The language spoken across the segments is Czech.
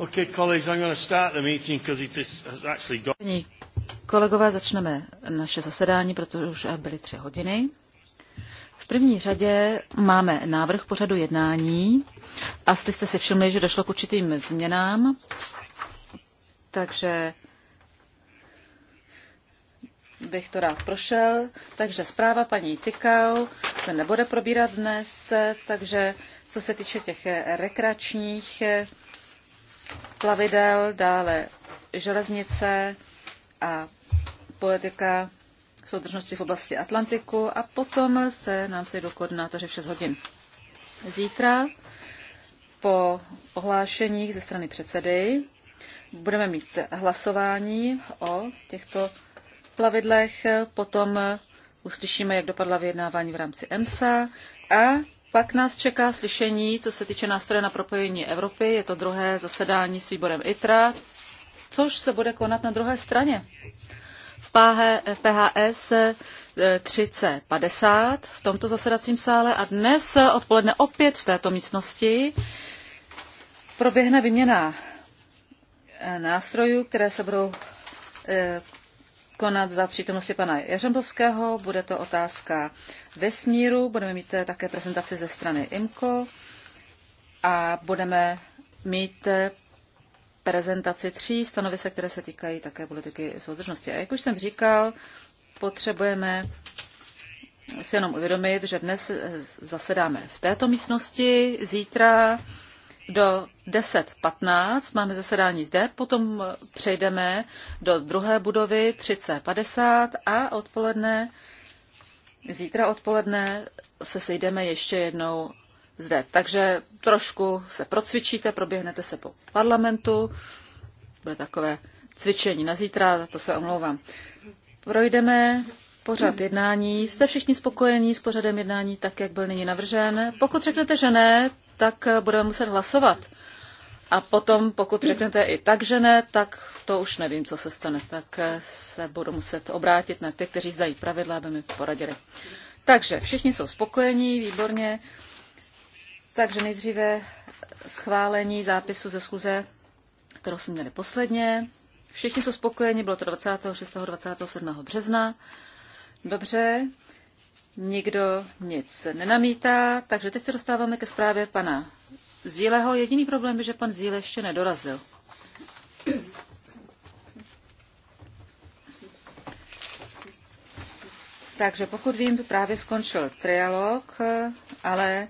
Okay, colleagues, I'm going to start the meeting because it has actually got... Kolegové, začneme naše zasedání, protože už byly tři hodiny. V první řadě máme návrh pořadu jednání. A jste, jste si všimli, že došlo k určitým změnám. Takže bych to rád prošel. Takže zpráva paní Tykau se nebude probírat dnes, takže co se týče těch rekreačních plavidel, dále železnice a politika soudržnosti v oblasti Atlantiku a potom se nám sejdou koordinátoři v 6 hodin. Zítra po ohlášeních ze strany předsedy budeme mít hlasování o těchto plavidlech, potom uslyšíme, jak dopadla vyjednávání v rámci EMSA a pak nás čeká slyšení, co se týče nástroje na propojení Evropy. Je to druhé zasedání s výborem ITRA, což se bude konat na druhé straně. V PHS e, 3050 eh, v tomto zasedacím sále a dnes eh, odpoledne opět v této místnosti proběhne výměna eh, nástrojů, které se budou konat za přítomnosti pana Jařembovského. Bude to otázka vesmíru. Budeme mít eh, také prezentaci ze strany IMCO a budeme mít eh, prezentaci tří stanovisek, které se týkají také politiky soudržnosti. A jak už jsem říkal, potřebujeme si jenom uvědomit, že dnes eh, zasedáme v této místnosti, zítra do 10.15 máme zasedání zde, potom přejdeme do druhé budovy 30.50 a odpoledne, zítra odpoledne se sejdeme ještě jednou zde. Takže trošku se procvičíte, proběhnete se po parlamentu, bude takové cvičení na zítra, to se omlouvám. Projdeme pořad jednání. Jste všichni spokojení s pořadem jednání tak, jak byl nyní navržen? Pokud řeknete, že ne, tak eh, budeme muset hlasovat. A potom, pokud řeknete i tak, že ne, tak to už nevím, co se stane. Tak eh, se budu muset obrátit na ty, kteří zdají pravidla, aby mi poradili. Takže všichni jsou spokojení, výborně. Takže nejdříve schválení zápisu ze schůze, kterou jsme měli posledně. Všichni jsou spokojeni, bylo to 26. 27. března. Dobře, Nikdo nic nenamítá, takže teď se dostáváme ke zprávě pana Zíleho. Jediný problém je, že pan Zíle ještě nedorazil. Takže pokud vím, právě skončil trialog, ale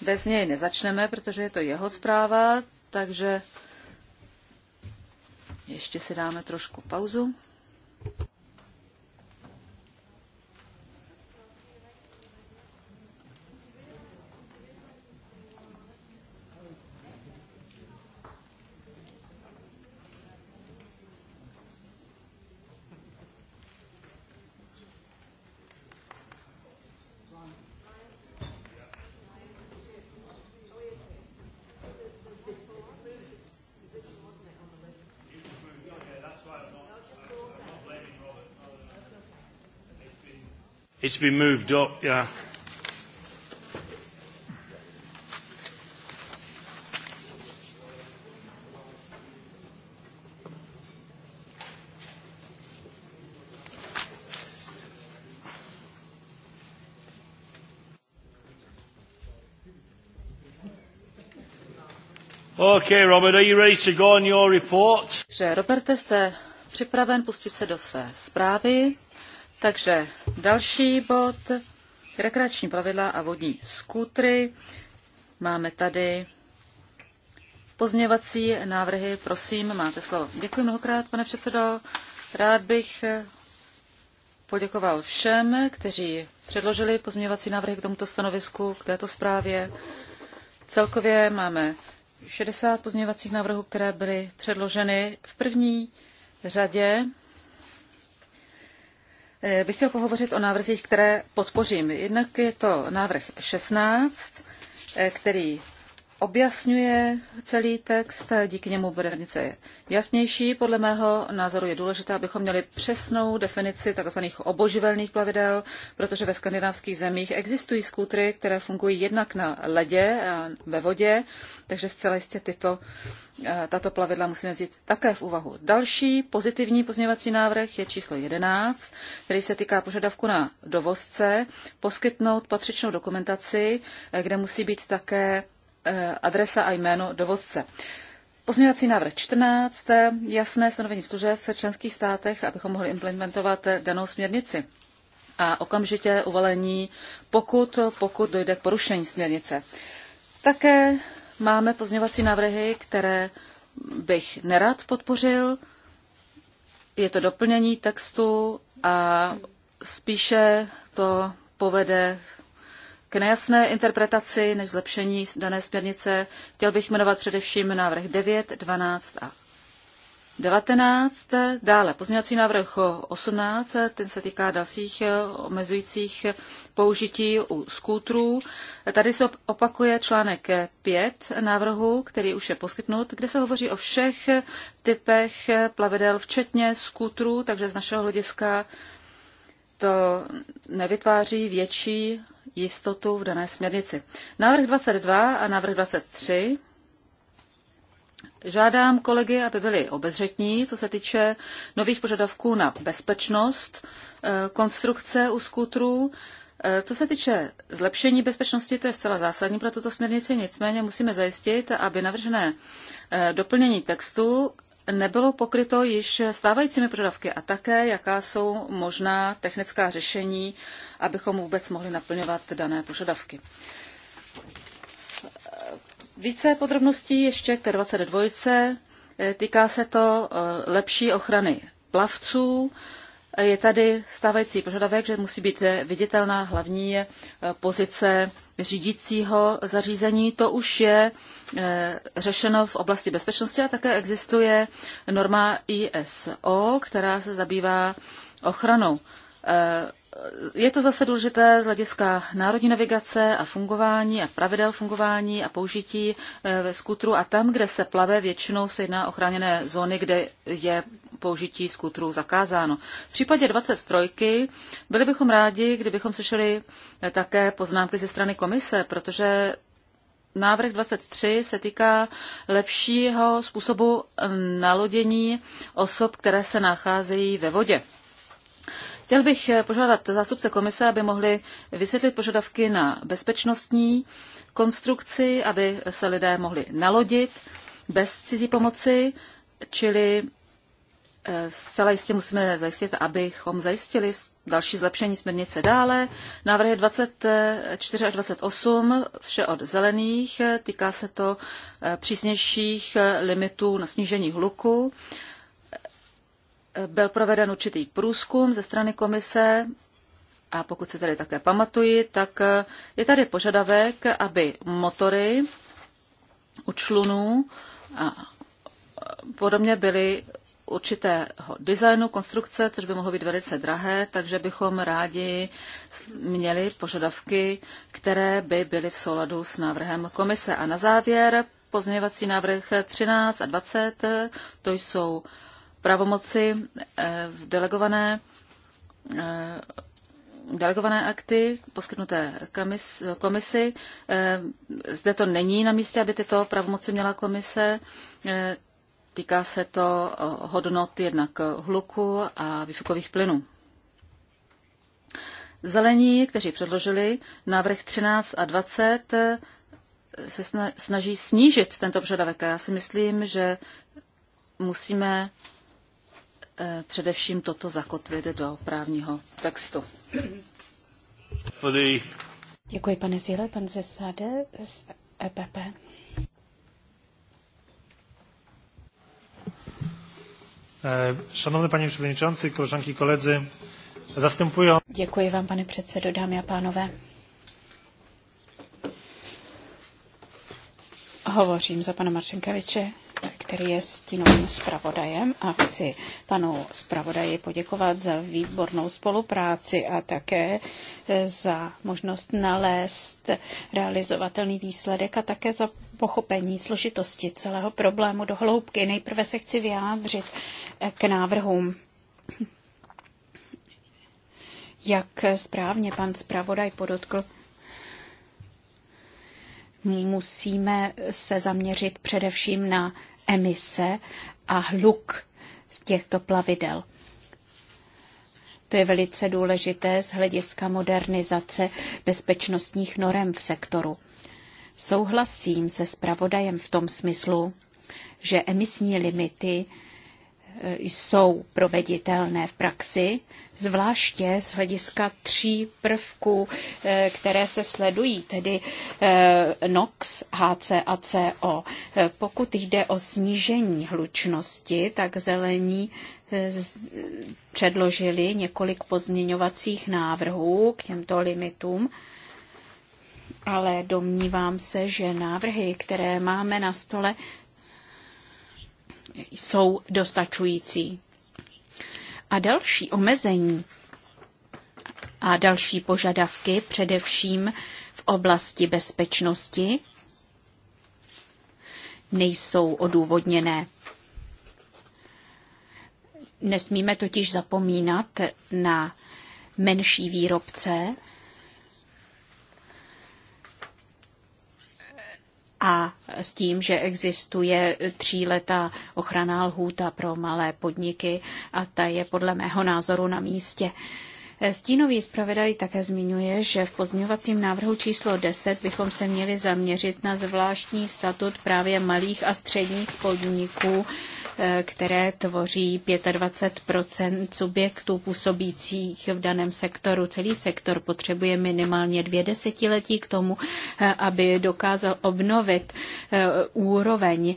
bez něj nezačneme, protože je to jeho zpráva, takže ještě si dáme trošku pauzu. It's been moved up, yeah. Okay, Robert, are you ready to go on your report? Že Roberte, jste připraven pustit se do své zprávy, takže Další bod, rekreační plavidla a vodní skutry. Máme tady pozměvací návrhy. Prosím, máte slovo. Děkuji mnohokrát, pane předsedo. Rád bych poděkoval všem, kteří předložili pozměvací návrhy k tomuto stanovisku, k této zprávě. Celkově máme 60 pozměvacích návrhů, které byly předloženy v první řadě. Eh, bych chtěl pohovořit o návrzích, které podpořím. Jednak je to návrh 16, eh, který objasňuje celý text, díky němu bude definice jasnější. Podle mého názoru je důležité, abychom měli přesnou definici tzv. oboživelných plavidel, protože ve skandinávských zemích existují skútry, které fungují jednak na ledě a ve vodě, takže zcela jistě tyto, eh, tato plavidla musíme vzít také v úvahu. Další pozitivní pozměvací návrh je číslo 11, který se týká požadavku na dovozce poskytnout patřičnou dokumentaci, eh, kde musí být také Eh, adresa a jméno dovozce. Pozměňovací návrh 14. Jasné stanovení služeb v členských státech, abychom mohli implementovat danou směrnici a okamžitě uvalení pokud, pokud dojde k porušení směrnice. Také máme pozměňovací návrhy, které bych nerad podpořil. Je to doplnění textu a spíše to povede k nejasné interpretaci než zlepšení dané směrnice. Chtěl bych jmenovat především návrh 9, 12 a 19. Dále pozměňovací návrh 18, ten se týká dalších omezujících použití u skútrů. Tady se opakuje článek 5 návrhu, který už je poskytnut, kde se hovoří o všech typech plavidel, včetně skútrů, takže z našeho hlediska to nevytváří větší jistotu v dané směrnici. Návrh 22 a návrh 23 Žádám kolegy, aby byli obezřetní, co se týče nových požadavků na bezpečnost eh, konstrukce u skutrů. Eh, co se týče zlepšení bezpečnosti, to je zcela zásadní pro tuto směrnici, nicméně musíme zajistit, aby navržené eh, doplnění textu nebylo pokryto již stávajícími požadavky a také, jaká jsou možná technická řešení, abychom vůbec mohli naplňovat dané požadavky. Více podrobností ještě k té 22. Týká se to eh, lepší ochrany plavců. Je tady stávající požadavek, že musí být eh, viditelná hlavní eh, pozice řídícího zařízení. To už je eh, řešeno v oblasti bezpečnosti a také existuje norma ISO, která se zabývá ochranou eh, je to zase důležité z hlediska národní navigace a fungování a pravidel fungování a použití eh, ve skutru a tam, kde se plave, většinou se jedná o chráněné zóny, kde je použití skutru zakázáno. V případě 23 byli bychom rádi, kdybychom slyšeli eh, také poznámky ze strany komise, protože návrh 23 se týká lepšího způsobu nalodění osob, které se nacházejí ve vodě. Chtěl bych eh, požádat zástupce komise, aby mohli vysvětlit požadavky na bezpečnostní konstrukci, aby se lidé mohli nalodit bez cizí pomoci, čili eh, zcela jistě musíme zajistit, abychom zajistili další zlepšení směrnice dále. Návrhy 24 až 28, vše od zelených, eh, týká se to přísnějších limitů na snížení hluku byl proveden určitý průzkum ze strany komise a pokud se tady také pamatuji, tak eh, je tady požadavek, aby motory u člunů a eh, podobně byly určitého designu konstrukce, což by mohlo být velice drahé, takže bychom rádi měli požadavky, které by byly v souladu s návrhem komise. A na závěr pozměňovací návrh 13 a 20, eh, to jsou pravomoci eh, v delegované eh, delegované akty poskytnuté komisi. Eh, zde to není na místě, aby tyto pravomoci měla komise. Týká se to hodnot jednak hluku a výfukových plynů. Zelení, kteří předložili návrh 13 a 20, se snaží snížit tento požadavek. Já si myslím, že musíme Eh, především toto zakotvit do právního textu. Děkuji, pane Zíle, pan Zesade z EPP. Eh, Szanowny panie przewodniczący, koleżanki i koledzy, zastępują. Děkuji vám, pane przewodniczący, dámy a panowie. Hovořím za pana Marčenkaviče, který je stínovým zpravodajem a chci panu zpravodaji poděkovat za výbornou spolupráci a také eh, za možnost nalézt realizovatelný výsledek a také za pochopení složitosti celého problému do hloubky. Nejprve se chci vyjádřit eh, k návrhům. Jak správně pan zpravodaj podotkl, musíme se zaměřit především na emise a hluk z těchto plavidel. To je velice důležité z hlediska modernizace bezpečnostních norem v sektoru. Souhlasím se spravodajem v tom smyslu, že emisní limity Eh, jsou proveditelné v praxi, zvláště z hlediska tří prvků, eh, které se sledují, tedy eh, NOx, HC a CO. Pokud jde o snížení hlučnosti, tak zelení předložili několik pozměňovacích návrhů k těmto limitům ale domnívám se, že návrhy, které máme na stole, jsou dostačující. A další omezení a další požadavky, především v oblasti bezpečnosti, nejsou odůvodněné. Nesmíme totiž zapomínat na menší výrobce, a s tím, že existuje tříletá ochranná lhůta pro malé podniky a ta je podle mého názoru na místě. Stínový zpravodaj také zmiňuje, že v pozměňovacím návrhu číslo 10 bychom se měli zaměřit na zvláštní statut právě malých a středních podniků Eh, které tvoří 25 subjektů působících v daném sektoru. Celý sektor potřebuje minimálně dvě desetiletí k tomu, eh, aby dokázal obnovit eh, úroveň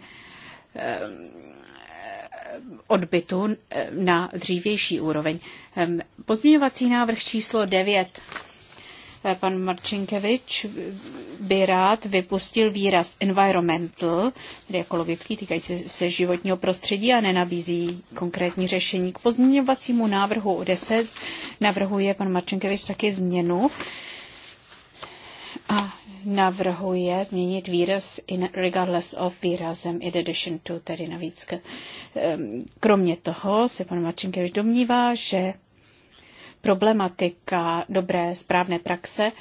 odbytu na dřívější úroveň. Pozměňovací návrh číslo 9 Pan Marčinkevič by rád vypustil výraz environmental, tedy ekologický, jako týkající se životního prostředí a nenabízí konkrétní řešení. K pozměňovacímu návrhu 10 navrhuje pan Marčinkevič taky změnu a navrhuje změnit výraz in regardless of výrazem in addition to, tedy navíc. Ehm, kromě toho se pan Marčinkevič domnívá, že problematika dobré správné praxe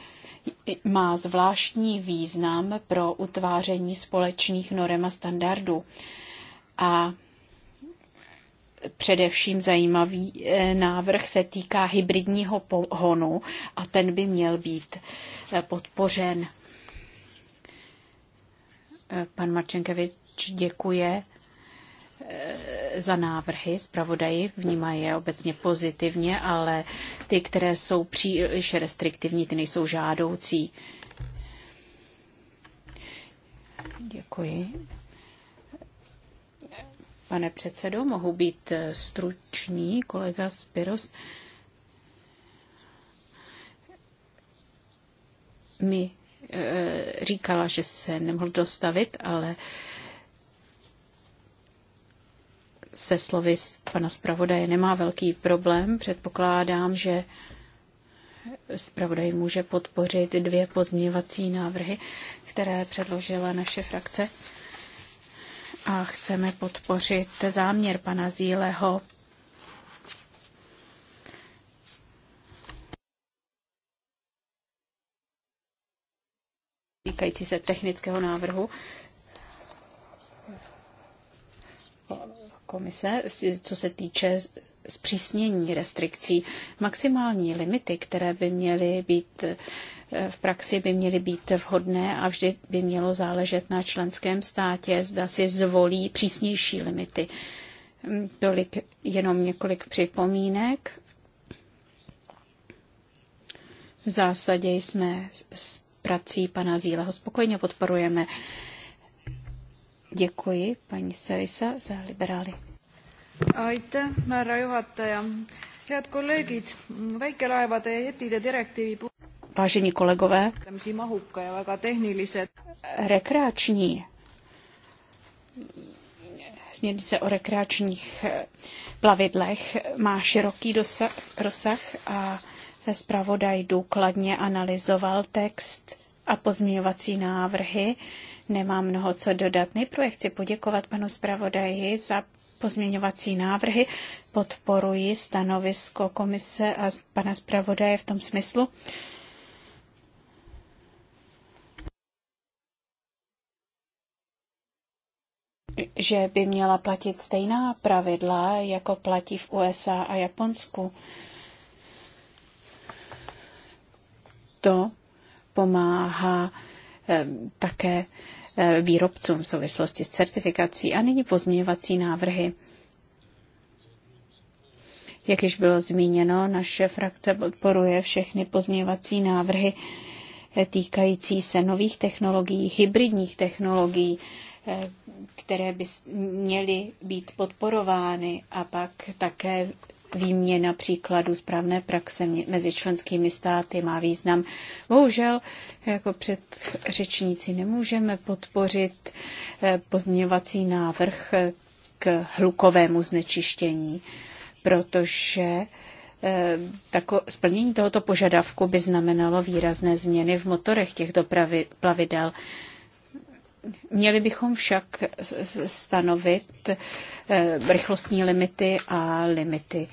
má zvláštní význam pro utváření společných norem a standardů. A především zajímavý eh, návrh se týká hybridního pohonu a ten by měl být eh, podpořen. Eh, pan Marčenkevič děkuje Eh, za návrhy zpravodaji, vnímají je obecně pozitivně, ale ty, které jsou příliš restriktivní, ty nejsou žádoucí. Děkuji. Pane předsedo, mohu být eh, stručný, kolega Spiros. Mi eh, říkala, že se nemohl dostavit, ale se slovy pana zpravodaje nemá velký problém. Předpokládám, že zpravodaj může podpořit dvě pozměňovací návrhy, které předložila naše frakce. A chceme podpořit záměr pana Zíleho týkající se technického návrhu komise, co se týče zpřísnění restrikcí. Maximální limity, které by měly být eh, v praxi by měly být vhodné a vždy by mělo záležet na členském státě, zda si zvolí přísnější limity. Mm, tolik jenom několik připomínek. V zásadě jsme s prací pana Zíleho spokojně podporujeme Děkuji, paní Selisa, za liberály. Aitäh, härra juhataja. Head kolleegid, väikelaevade jetide direktiivi Vážení kolegové, rekreační směrnice o rekreačních eh, plavidlech má široký dosah, rozsah a zpravodaj důkladně analyzoval text a pozměňovací návrhy, Nemám mnoho co dodat. Nejprve chci poděkovat panu zpravodaji za pozměňovací návrhy. Podporuji stanovisko komise a pana zpravodaje v tom smyslu, že by měla platit stejná pravidla, jako platí v USA a Japonsku. To pomáhá eh, také Eh, výrobcům v souvislosti s certifikací. A nyní pozměňovací návrhy. Jak již bylo zmíněno, naše frakce podporuje všechny pozměňovací návrhy eh, týkající se nových technologií, hybridních technologií, eh, které by měly být podporovány a pak také výměna příkladů správné praxe mezi členskými státy má význam. Bohužel, jako předřečníci, nemůžeme podpořit eh, pozměňovací návrh eh, k hlukovému znečištění, protože eh, tako, splnění tohoto požadavku by znamenalo výrazné změny v motorech těchto plavidel. Měli bychom však stanovit eh, rychlostní limity a limity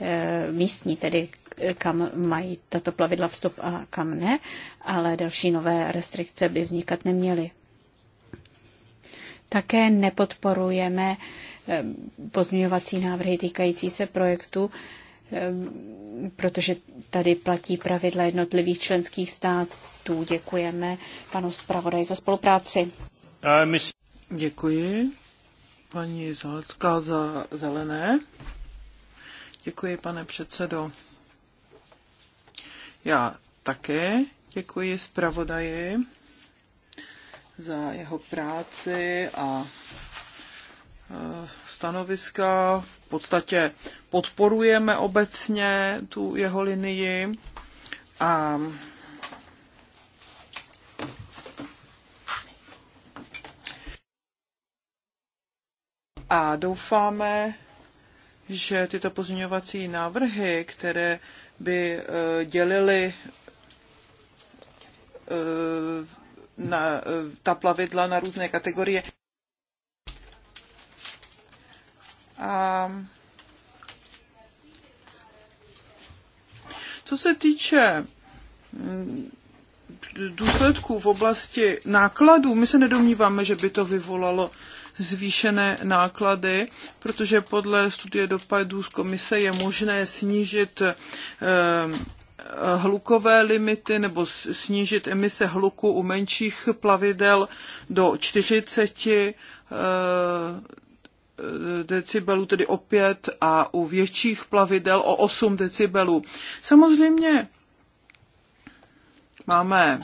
eh, místní, tedy kam mají tato plavidla vstup a kam ne, ale další nové restrikce by vznikat neměly. Také nepodporujeme eh, pozměňovací návrhy týkající se projektu, protože tady platí pravidla jednotlivých členských států. Děkujeme panu zpravodaji za spolupráci. Eh, děkuji, paní Zalecká za zelené. Děkuji, pane předsedo. Já také děkuji zpravodaji za jeho práci a eh, stanoviska. V podstatě podporujeme obecně tu jeho linii a a doufáme, že tyto pozměňovací návrhy, které by eh, dělily eh, na, eh, ta plavidla na různé kategorie. A co se týče mm, důsledků v oblasti nákladů, my se nedomníváme, že by to vyvolalo zvýšené náklady, protože podle studie dopadů z komise je možné snížit eh, hlukové limity nebo snížit emise hluku u menších plavidel do 40 eh, decibelů, tedy o 5 a u větších plavidel o 8 decibelů. Samozřejmě máme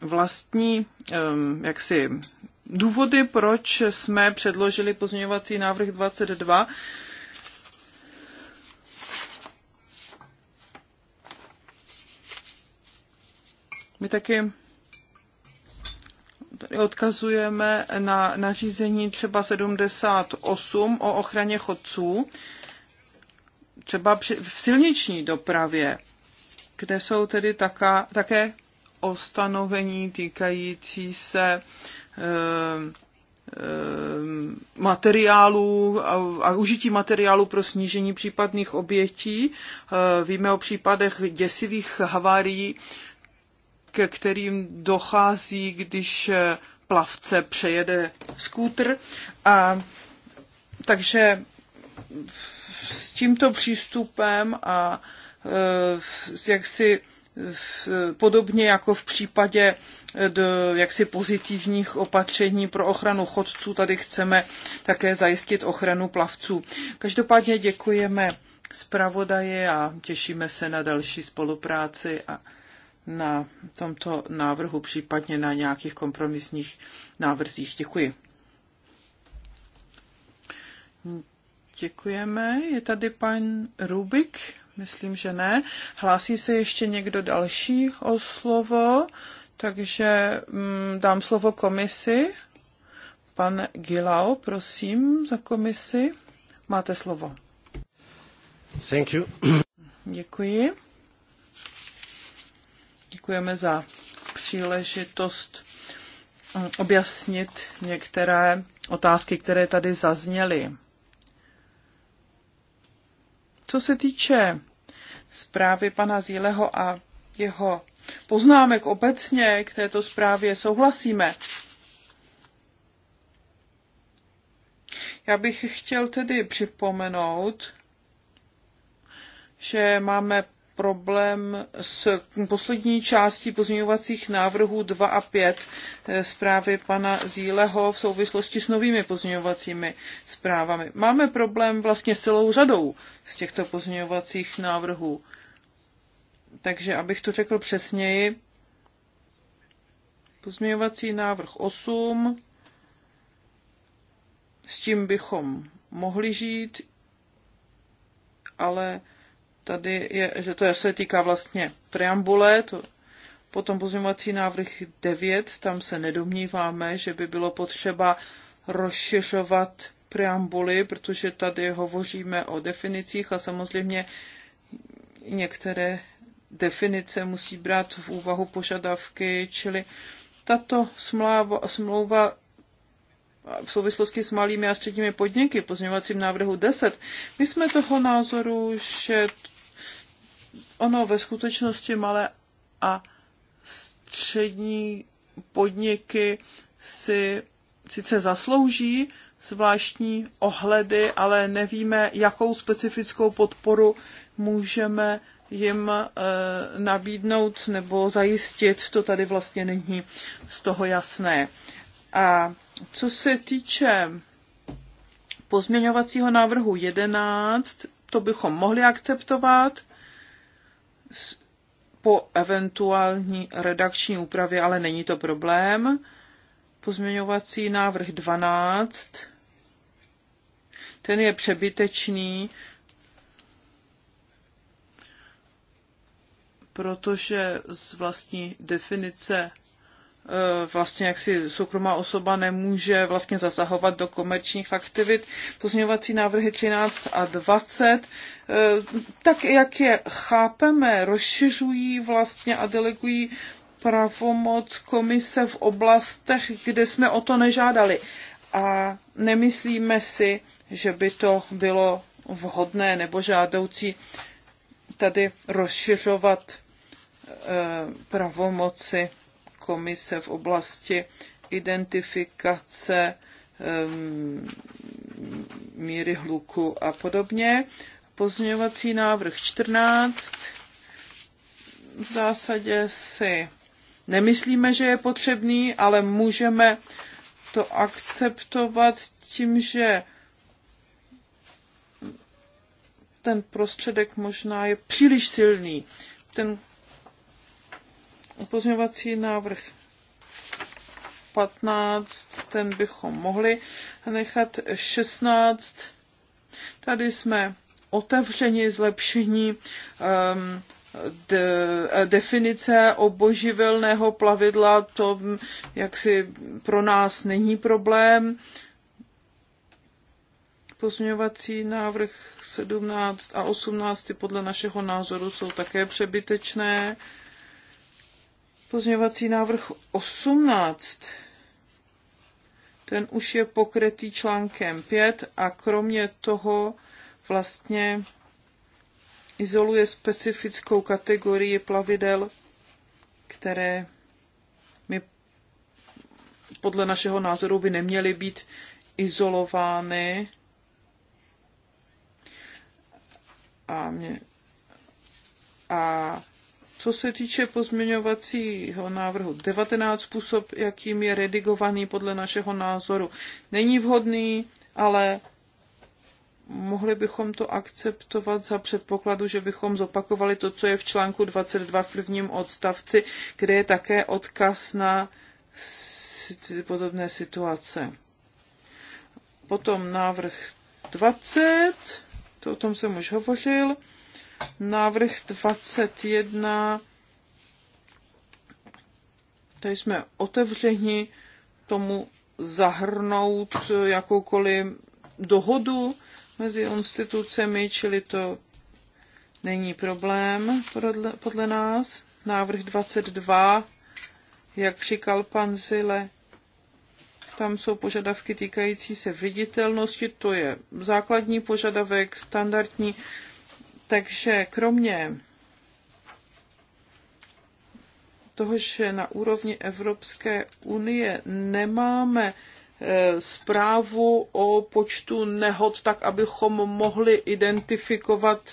vlastní jaksi důvody, proč jsme předložili pozměňovací návrh 22. My taky tady odkazujeme na nařízení třeba 78 o ochraně chodců, třeba při, v silniční dopravě, kde jsou tedy taká, také ostanovení týkající se ehm, ehm, materiálů a užití materiálu pro snížení případných obětí. Ehm, víme o případech děsivých havárií, ke kterým dochází, když eh, plavce přejede skútr. A takže s tímto přístupem a eh, jak si podobně jako v případě eh, jaksi pozitivních opatření pro ochranu chodců, tady chceme také zajistit ochranu plavců. Každopádně děkujeme zpravodaje a těšíme se na další spolupráci a na tomto návrhu, případně na nějakých kompromisních návrzích. Děkuji. Děkujeme. Je tady pan Rubik. Myslím, že ne. Hlásí se ještě někdo další o slovo, takže mm, dám slovo komisi. Pan Gilao, prosím, za komisi. Máte slovo. Thank you. Děkuji. Děkujeme za příležitost mm, objasnit některé otázky, které tady zazněly. Co se týče zprávy pana Zíleho a jeho poznámek obecně k této zprávě souhlasíme. Já bych chtěl tedy připomenout, že máme problém s poslední částí pozměňovacích návrhů 2 a 5 eh, zprávy pana Zíleho v souvislosti s novými pozměňovacími zprávami. Máme problém vlastně s celou řadou z těchto pozměňovacích návrhů. Takže abych to řekl přesněji, pozměňovací návrh 8, s tím bychom mohli žít, ale tady je, že to se týká vlastně preambule, to, potom pozměňovací návrh 9, tam se nedomníváme, že by bylo potřeba rozšiřovat preambuly, protože tady hovoříme o definicích a samozřejmě některé definice musí brát v úvahu požadavky, čili tato smlouva, smlouva v souvislosti s malými a středními podniky, pozměňovacím návrhu 10. My jsme toho názoru, že ono ve skutečnosti malé a střední podniky si sice zaslouží zvláštní ohledy, ale nevíme, jakou specifickou podporu můžeme jim e, nabídnout nebo zajistit. To tady vlastně není z toho jasné. A co se týče pozměňovacího návrhu 11, to bychom mohli akceptovat po eventuální redakční úpravě, ale není to problém. Pozměňovací návrh 12, ten je přebytečný, protože z vlastní definice Eh, vlastně jaksi soukromá osoba nemůže vlastně zasahovat do komerčních aktivit. Pozměňovací návrhy 13 a 20, eh, tak jak je chápeme, rozšiřují vlastně a delegují pravomoc komise v oblastech, kde jsme o to nežádali. A nemyslíme si, že by to bylo vhodné nebo žádoucí tady rozšiřovat eh, pravomoci komise v oblasti identifikace ehm, míry hluku a podobně. Pozměňovací návrh 14. V zásadě si nemyslíme, že je potřebný, ale můžeme to akceptovat tím, že ten prostředek možná je příliš silný. Ten Pozměňovací návrh 15, ten bychom mohli nechat 16. Tady jsme otevřeni zlepšení um, de, definice oboživelného plavidla, to hm, jaksi pro nás není problém. Pozměňovací návrh 17 a 18 podle našeho názoru jsou také přebytečné. Pozměňovací návrh 18. Ten už je pokrytý článkem 5 a kromě toho vlastně izoluje specifickou kategorii plavidel, které my podle našeho názoru by neměly být izolovány. A, mě, a co se týče pozměňovacího návrhu 19, způsob, jakým je redigovaný podle našeho názoru, není vhodný, ale mohli bychom to akceptovat za předpokladu, že bychom zopakovali to, co je v článku 22 v prvním odstavci, kde je také odkaz na podobné situace. Potom návrh 20, to o tom jsem už hovořil návrh 21. Tady jsme otevřeni tomu zahrnout jakoukoliv dohodu mezi institucemi, čili to není problém podle, podle nás. Návrh 22, jak říkal pan Zile, tam jsou požadavky týkající se viditelnosti, to je základní požadavek, standardní takže kromě toho, že na úrovni Evropské unie nemáme e, zprávu o počtu nehod, tak abychom mohli identifikovat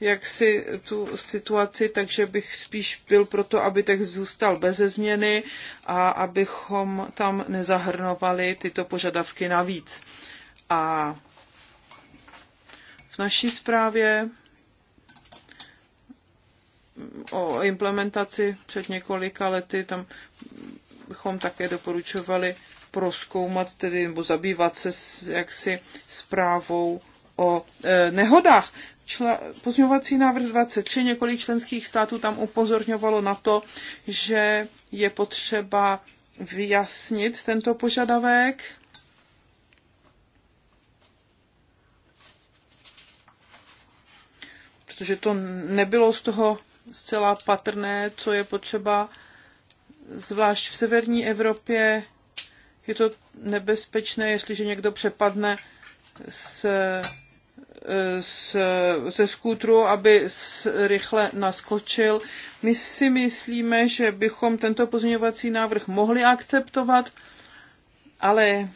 jak si tu situaci, takže bych spíš byl proto, aby tak zůstal beze změny a abychom tam nezahrnovali tyto požadavky navíc. A v naší zprávě o implementaci před několika lety, tam bychom také doporučovali proskoumat tedy nebo zabývat se s, jaksi zprávou o e, nehodách. Čla, pozměňovací návrh 23, několik členských států tam upozorňovalo na to, že je potřeba vyjasnit tento požadavek. Protože to nebylo z toho zcela patrné, co je potřeba, zvlášť v severní Evropě. Je to nebezpečné, jestliže někdo přepadne z, z, ze skútru, aby z, rychle naskočil. My si myslíme, že bychom tento pozměňovací návrh mohli akceptovat, ale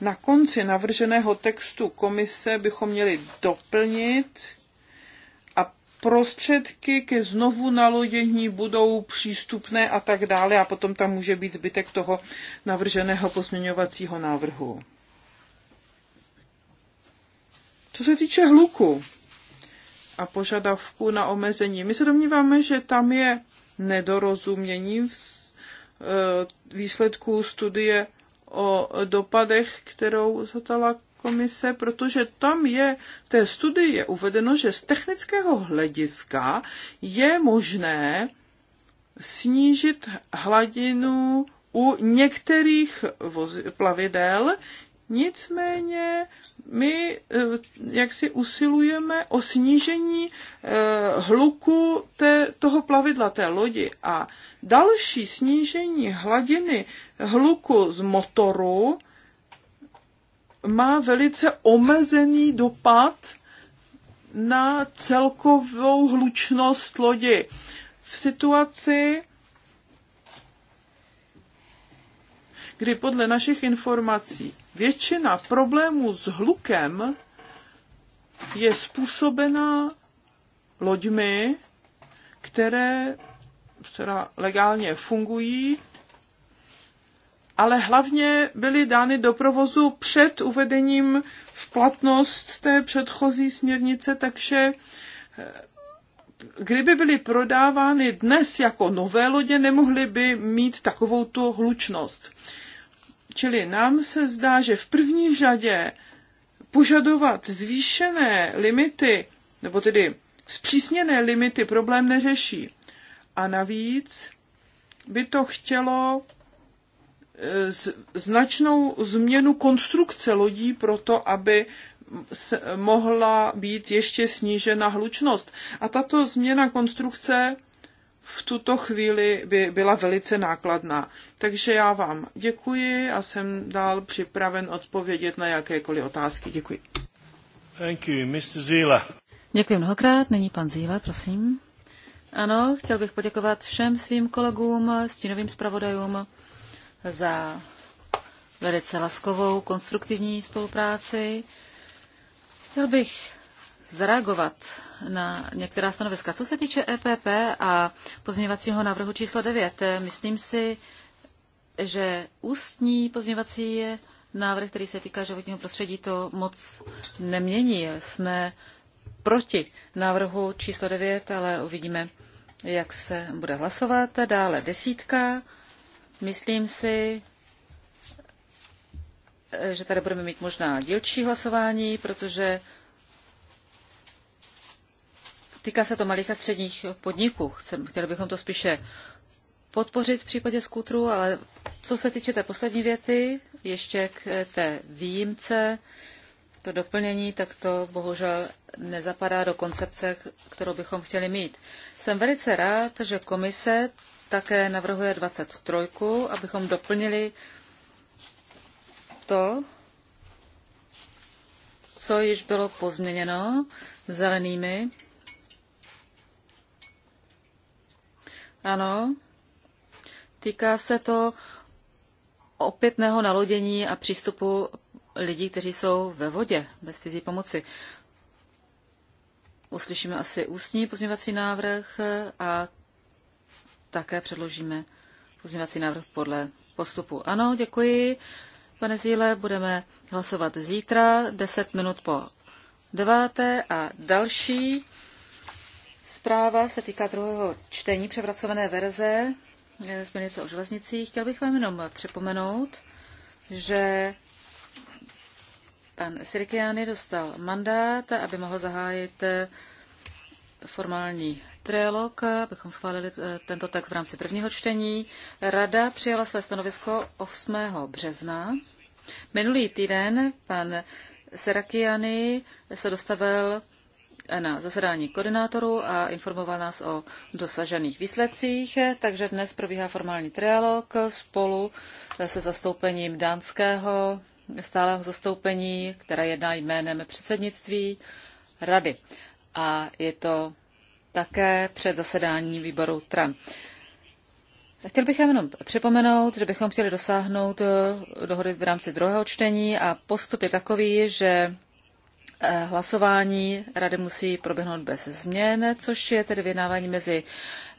na konci navrženého textu komise bychom měli doplnit prostředky ke znovu nalodění budou přístupné a tak dále a potom tam může být zbytek toho navrženého pozměňovacího návrhu. Co se týče hluku a požadavku na omezení, my se domníváme, že tam je nedorozumění v e, výsledků studie o dopadech, kterou zatala komise, protože tam je v té studii je uvedeno, že z technického hlediska je možné snížit hladinu u některých plavidel, nicméně my eh, jak si usilujeme o snížení eh, hluku té, toho plavidla, té lodi. A další snížení hladiny hluku z motoru má velice omezený dopad na celkovou hlučnost lodi. V situaci, kdy podle našich informací většina problémů s hlukem je způsobena loďmi, které legálně fungují ale hlavně byly dány do provozu před uvedením v platnost té předchozí směrnice, takže eh, kdyby byly prodávány dnes jako nové lodě, nemohly by mít takovou tu hlučnost. Čili nám se zdá, že v první řadě požadovat zvýšené limity, nebo tedy zpřísněné limity problém neřeší. A navíc by to chtělo značnou změnu konstrukce lodí proto, aby mohla být ještě snížena hlučnost. A tato změna konstrukce v tuto chvíli by byla velice nákladná. Takže já vám děkuji a jsem dál připraven odpovědět na jakékoliv otázky. Děkuji. Thank you, Mr. Zila. Děkuji mnohokrát. Není pan Zíle, prosím. Ano, chtěl bych poděkovat všem svým kolegům, stínovým zpravodajům za velice laskovou, konstruktivní spolupráci. Chtěl bych zareagovat na některá stanoviska. Co se týče EPP a pozměňovacího návrhu číslo 9, myslím si, že ústní pozměňovací návrh, který se týká životního prostředí, to moc nemění. Jsme proti návrhu číslo 9, ale uvidíme, jak se bude hlasovat. Dále desítka. Myslím si, že tady budeme mít možná dílčí hlasování, protože týká se to malých a středních podniků. chtěli bychom to spíše podpořit v případě skutru, ale co se týče té poslední věty, ještě k té výjimce, to doplnění, tak to bohužel nezapadá do koncepce, kterou bychom chtěli mít. Jsem velice rád, že komise také navrhuje 23, abychom doplnili to, co již bylo pozměněno zelenými. Ano, týká se to opětného nalodění a přístupu lidí, kteří jsou ve vodě bez cizí pomoci. Uslyšíme asi ústní pozměňovací návrh a také předložíme pozměňovací návrh podle postupu. Ano, děkuji. Pane Zíle, budeme hlasovat zítra 10 minut po deváté a další zpráva se týká druhého čtení převracované verze eh, směrnice o železnicích. Chtěl bych vám jenom připomenout, že pan Sirikiany dostal mandát, aby mohl zahájit eh, formální trilog, abychom schválili eh, tento text v rámci prvního čtení. Rada přijala své stanovisko 8. března. Minulý týden pan Serakiany se dostavil eh, na zasedání koordinátorů a informoval nás o dosažených výsledcích, takže dnes probíhá formální trialog spolu eh, se zastoupením dánského stáleho zastoupení, které jedná jménem předsednictví rady. A je to také před zasedáním výboru TRAN. Chtěl bych jenom připomenout, že bychom chtěli dosáhnout eh, dohody v rámci druhého čtení a postup je takový, že eh, hlasování rady musí proběhnout bez změn, což je tedy vyjednávání mezi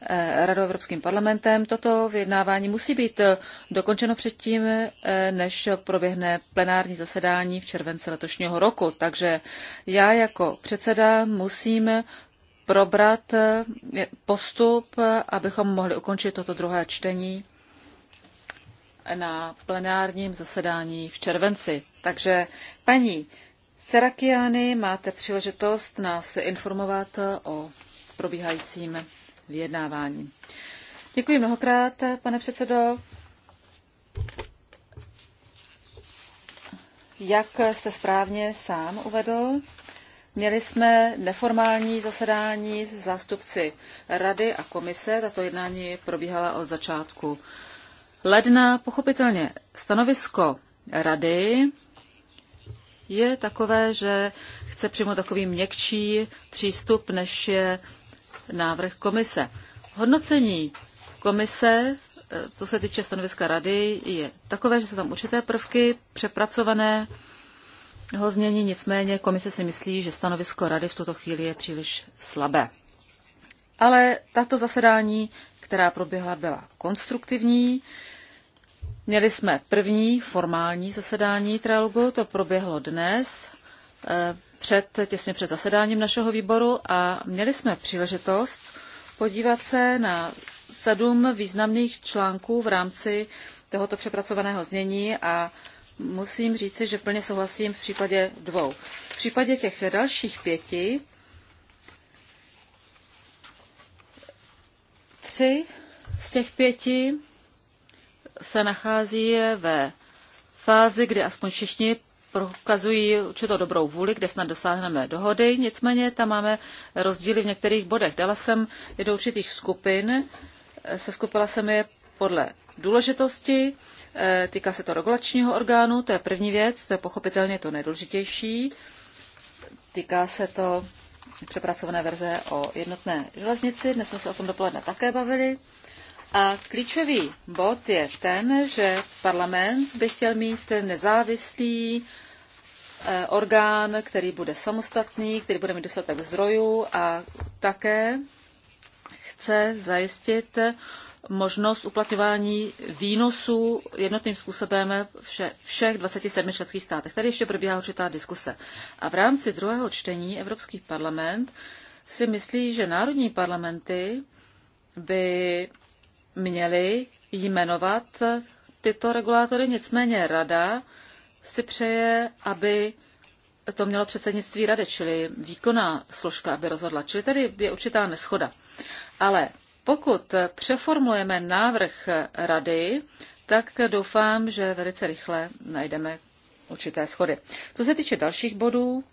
eh, radou a Evropským parlamentem. Toto vyjednávání musí být dokončeno předtím, než proběhne plenární zasedání v červenci letošního roku. Takže já jako předseda musím probrat eh, postup, abychom mohli ukončit toto druhé čtení na plenárním zasedání v červenci. Takže paní Serakiany, máte příležitost nás informovat o probíhajícím vyjednávání. Děkuji mnohokrát, pane předsedo. Jak jste správně sám uvedl, Měli jsme neformální zasedání s zástupci rady a komise. Tato jednání probíhala od začátku ledna. Pochopitelně stanovisko rady je takové, že chce přijmout takový měkčí přístup, než je návrh komise. Hodnocení komise, to eh, se týče stanoviska rady, je takové, že jsou tam určité prvky přepracované ho změní, nicméně komise si myslí, že stanovisko rady v tuto chvíli je příliš slabé. Ale tato zasedání, která proběhla, byla konstruktivní. Měli jsme první formální zasedání trialogu, to proběhlo dnes, eh, před, těsně před zasedáním našeho výboru a měli jsme příležitost podívat se na sedm významných článků v rámci tohoto přepracovaného znění a musím říci, že plně souhlasím v případě dvou. V případě těch dalších pěti, tři z těch pěti se nachází ve fázi, kdy aspoň všichni prokazují určitou dobrou vůli, kde snad dosáhneme dohody. Nicméně tam máme rozdíly v některých bodech. Dala jsem je do určitých skupin, seskupila jsem je podle důležitosti. Eh, týká se to regulačního orgánu, to je první věc, to je pochopitelně to nejdůležitější. Týká se to přepracované verze o jednotné železnici, dnes jsme se o tom dopoledne také bavili. A klíčový bod je ten, že parlament by chtěl mít nezávislý eh, orgán, který bude samostatný, který bude mít dostatek zdrojů a také chce zajistit možnost uplatňování výnosů jednotným způsobem vše, všech 27 členských státech. Tady ještě probíhá určitá diskuse. A v rámci druhého čtení Evropský parlament si myslí, že národní parlamenty by měly jmenovat tyto regulátory, nicméně rada si přeje, aby to mělo předsednictví rady, čili výkonná složka, aby rozhodla. Čili tady je určitá neschoda. Ale pokud přeformulujeme návrh rady, tak doufám, že velice rychle najdeme určité schody. Co se týče dalších bodů,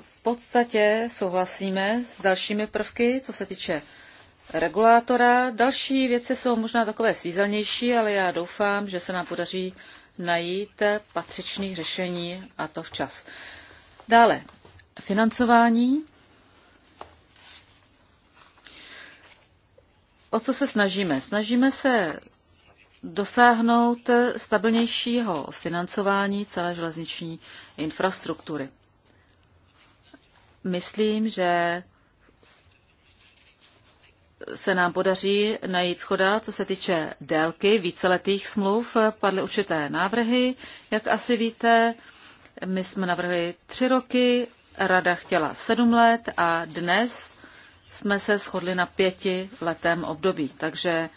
v podstatě souhlasíme s dalšími prvky, co se týče regulátora. Další věci jsou možná takové svízelnější, ale já doufám, že se nám podaří najít patřičných řešení a to včas. Dále, financování. o co se snažíme? Snažíme se dosáhnout stabilnějšího financování celé železniční infrastruktury. Myslím, že se nám podaří najít schoda, co se týče délky víceletých smluv. Padly určité návrhy, jak asi víte. My jsme navrhli tři roky, rada chtěla sedm let a dnes jsme se shodli na pěti letém období. Takže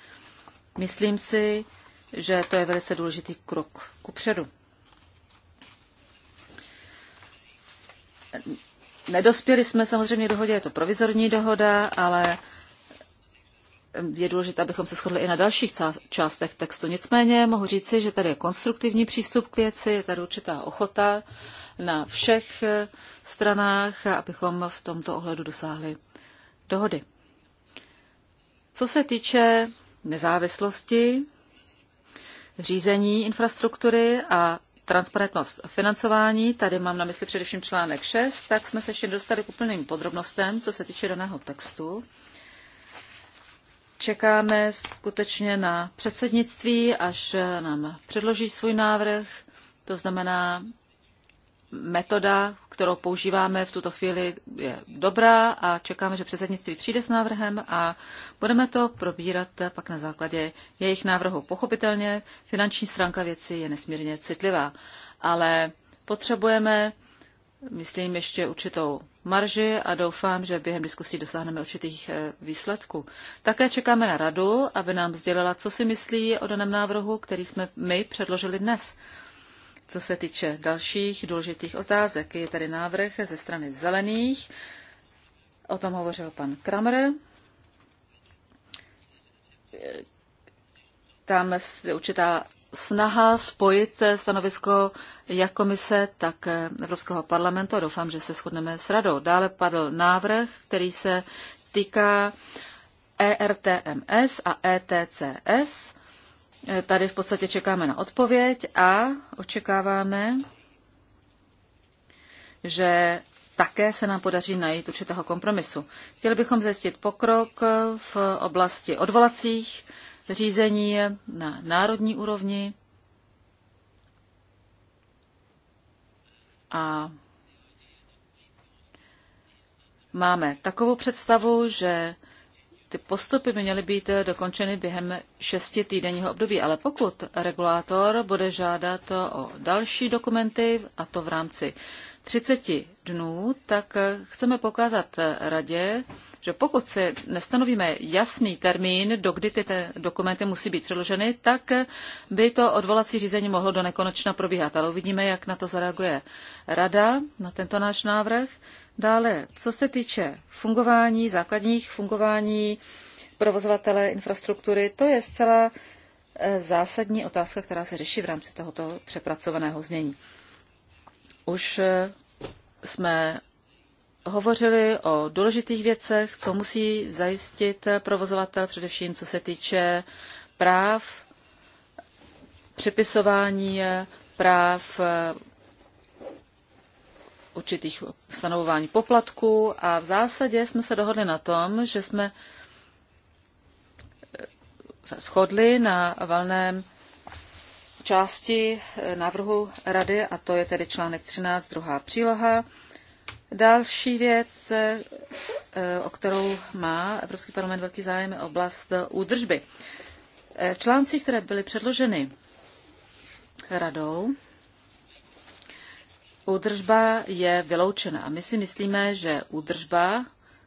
myslím si, že to je velice důležitý krok ku předu. Nedospěli jsme samozřejmě dohodě, je to provizorní dohoda, ale je důležité, abychom se shodli i na dalších částech textu. Nicméně mohu říci, že tady je konstruktivní přístup k věci, je tady určitá ochota na všech stranách, abychom v tomto ohledu dosáhli dohody. Co se týče nezávislosti, řízení infrastruktury a transparentnost financování, tady mám na mysli především článek 6, tak jsme se ještě dostali k úplným podrobnostem, co se týče daného textu. Čekáme skutečně na předsednictví, až nám předloží svůj návrh. To znamená, metoda, kterou používáme v tuto chvíli, je dobrá a čekáme, že předsednictví přijde s návrhem a budeme to probírat pak na základě jejich návrhu. Pochopitelně finanční stránka věci je nesmírně citlivá, ale potřebujeme, myslím, ještě určitou marži a doufám, že během diskusí dosáhneme určitých eh, výsledků. Také čekáme na radu, aby nám sdělila, co si myslí o daném návrhu, který jsme my předložili dnes. Co se týče dalších důležitých otázek, je tady návrh ze strany zelených. O tom hovořil pan Kramer. Tam je určitá snaha spojit stanovisko jak komise, tak Evropského parlamentu. Doufám, že se shodneme s radou. Dále padl návrh, který se týká ERTMS a ETCS. Tady v podstatě čekáme na odpověď a očekáváme, že také se nám podaří najít určitého kompromisu. Chtěli bychom zjistit pokrok v oblasti odvolacích řízení na národní úrovni a máme takovou představu, že ty postupy by měly být eh, dokončeny během šesti týdenního období, ale pokud regulátor bude žádat o další dokumenty, a to v rámci 30 dnů, tak eh, chceme pokázat eh, radě, že pokud si nestanovíme jasný termín, do kdy ty dokumenty musí být předloženy, tak by to odvolací řízení mohlo do nekonečna probíhat. Ale uvidíme, jak na to zareaguje rada, na tento náš návrh. Dále, co se týče fungování, základních fungování provozovatele infrastruktury, to je zcela eh, zásadní otázka, která se řeší v rámci tohoto přepracovaného znění. Už eh, jsme hovořili o důležitých věcech, co musí zajistit eh, provozovatel, především co se týče práv, připisování práv určitých stanovování poplatků a v zásadě jsme se dohodli na tom, že jsme eh, se shodli na valném části eh, návrhu rady, a to je tedy článek 13, druhá příloha. Další věc, eh, o kterou má Evropský parlament velký zájem, je oblast údržby. V článcích, které byly předloženy radou, údržba je vyloučena. A my si myslíme, že údržba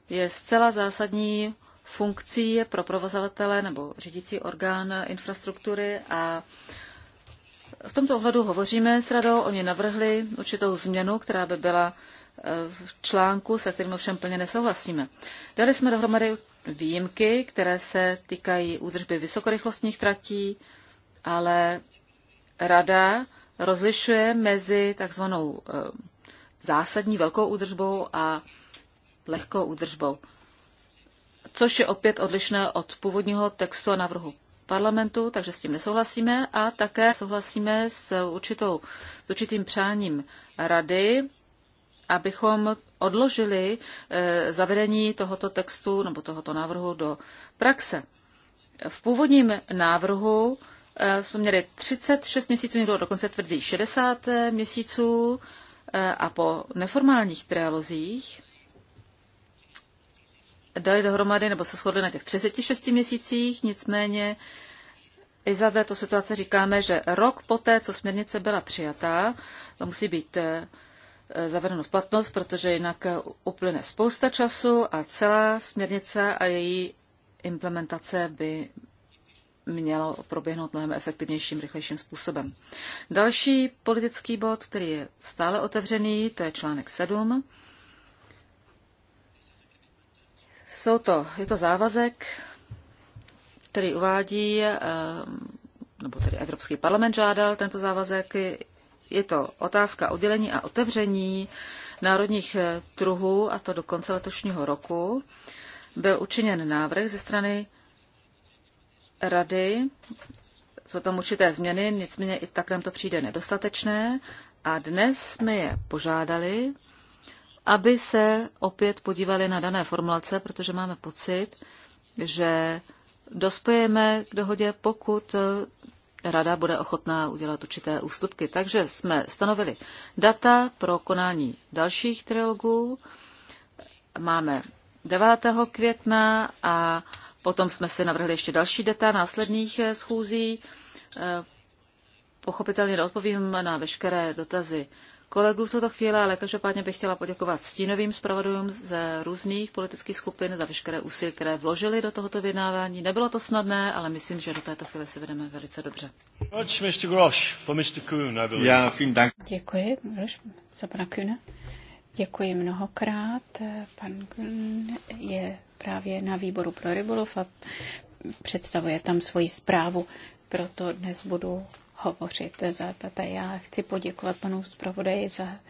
je zcela zásadní funkcí pro provozovatele nebo řídící orgán infrastruktury a v tomto ohledu hovoříme s radou. Oni navrhli určitou změnu, která by byla eh, v článku, se kterým ovšem plně nesouhlasíme. Dali jsme dohromady výjimky, které se týkají údržby vysokorychlostních tratí, ale rada rozlišuje mezi takzvanou eh, zásadní velkou údržbou a lehkou údržbou, což je opět odlišné od původního textu a návrhu parlamentu, takže s tím nesouhlasíme a také souhlasíme s, určitou, s určitým přáním rady, abychom odložili eh, zavedení tohoto textu nebo tohoto návrhu do praxe. V původním návrhu Eh, jsme měli 36 měsíců, někdo dokonce tvrdý 60 eh, měsíců eh, a po neformálních trialozích dali dohromady nebo se shodli na těch 36 měsících, nicméně i za této situace říkáme, že rok poté, co směrnice byla přijatá, to musí být zavedeno v platnost, protože jinak uplyne spousta času a celá směrnice a její implementace by mělo proběhnout mnohem efektivnějším, rychlejším způsobem. Další politický bod, který je stále otevřený, to je článek 7. Jsou to, je to závazek, který uvádí, eh, nebo tedy Evropský parlament žádal tento závazek, je to otázka oddělení a otevření národních eh, trhů, a to do konce letošního roku. Byl učiněn návrh ze strany rady. Jsou tam určité změny, nicméně i tak nám to přijde nedostatečné. A dnes jsme je požádali, aby se opět podívali na dané formulace, protože máme pocit, že dospějeme k dohodě, pokud rada bude ochotná udělat určité ústupky. Takže jsme stanovili data pro konání dalších trilogů. Máme 9. května a Potom jsme si navrhli ještě další data následných eh, schůzí. Eh, pochopitelně odpovím na veškeré dotazy kolegů v tuto chvíli, ale každopádně bych chtěla poděkovat stínovým zpravodajům ze různých politických skupin za veškeré úsilí, které vložili do tohoto vyjednávání. Nebylo to snadné, ale myslím, že do této chvíle si vedeme velice dobře. Děkuji, Groš, za pana Kuhna. Děkuji mnohokrát. Pan Gun je právě na výboru pro rybolov a představuje tam svoji zprávu. Proto dnes budu hovořit za PP. Já chci poděkovat panu zpravodaji za,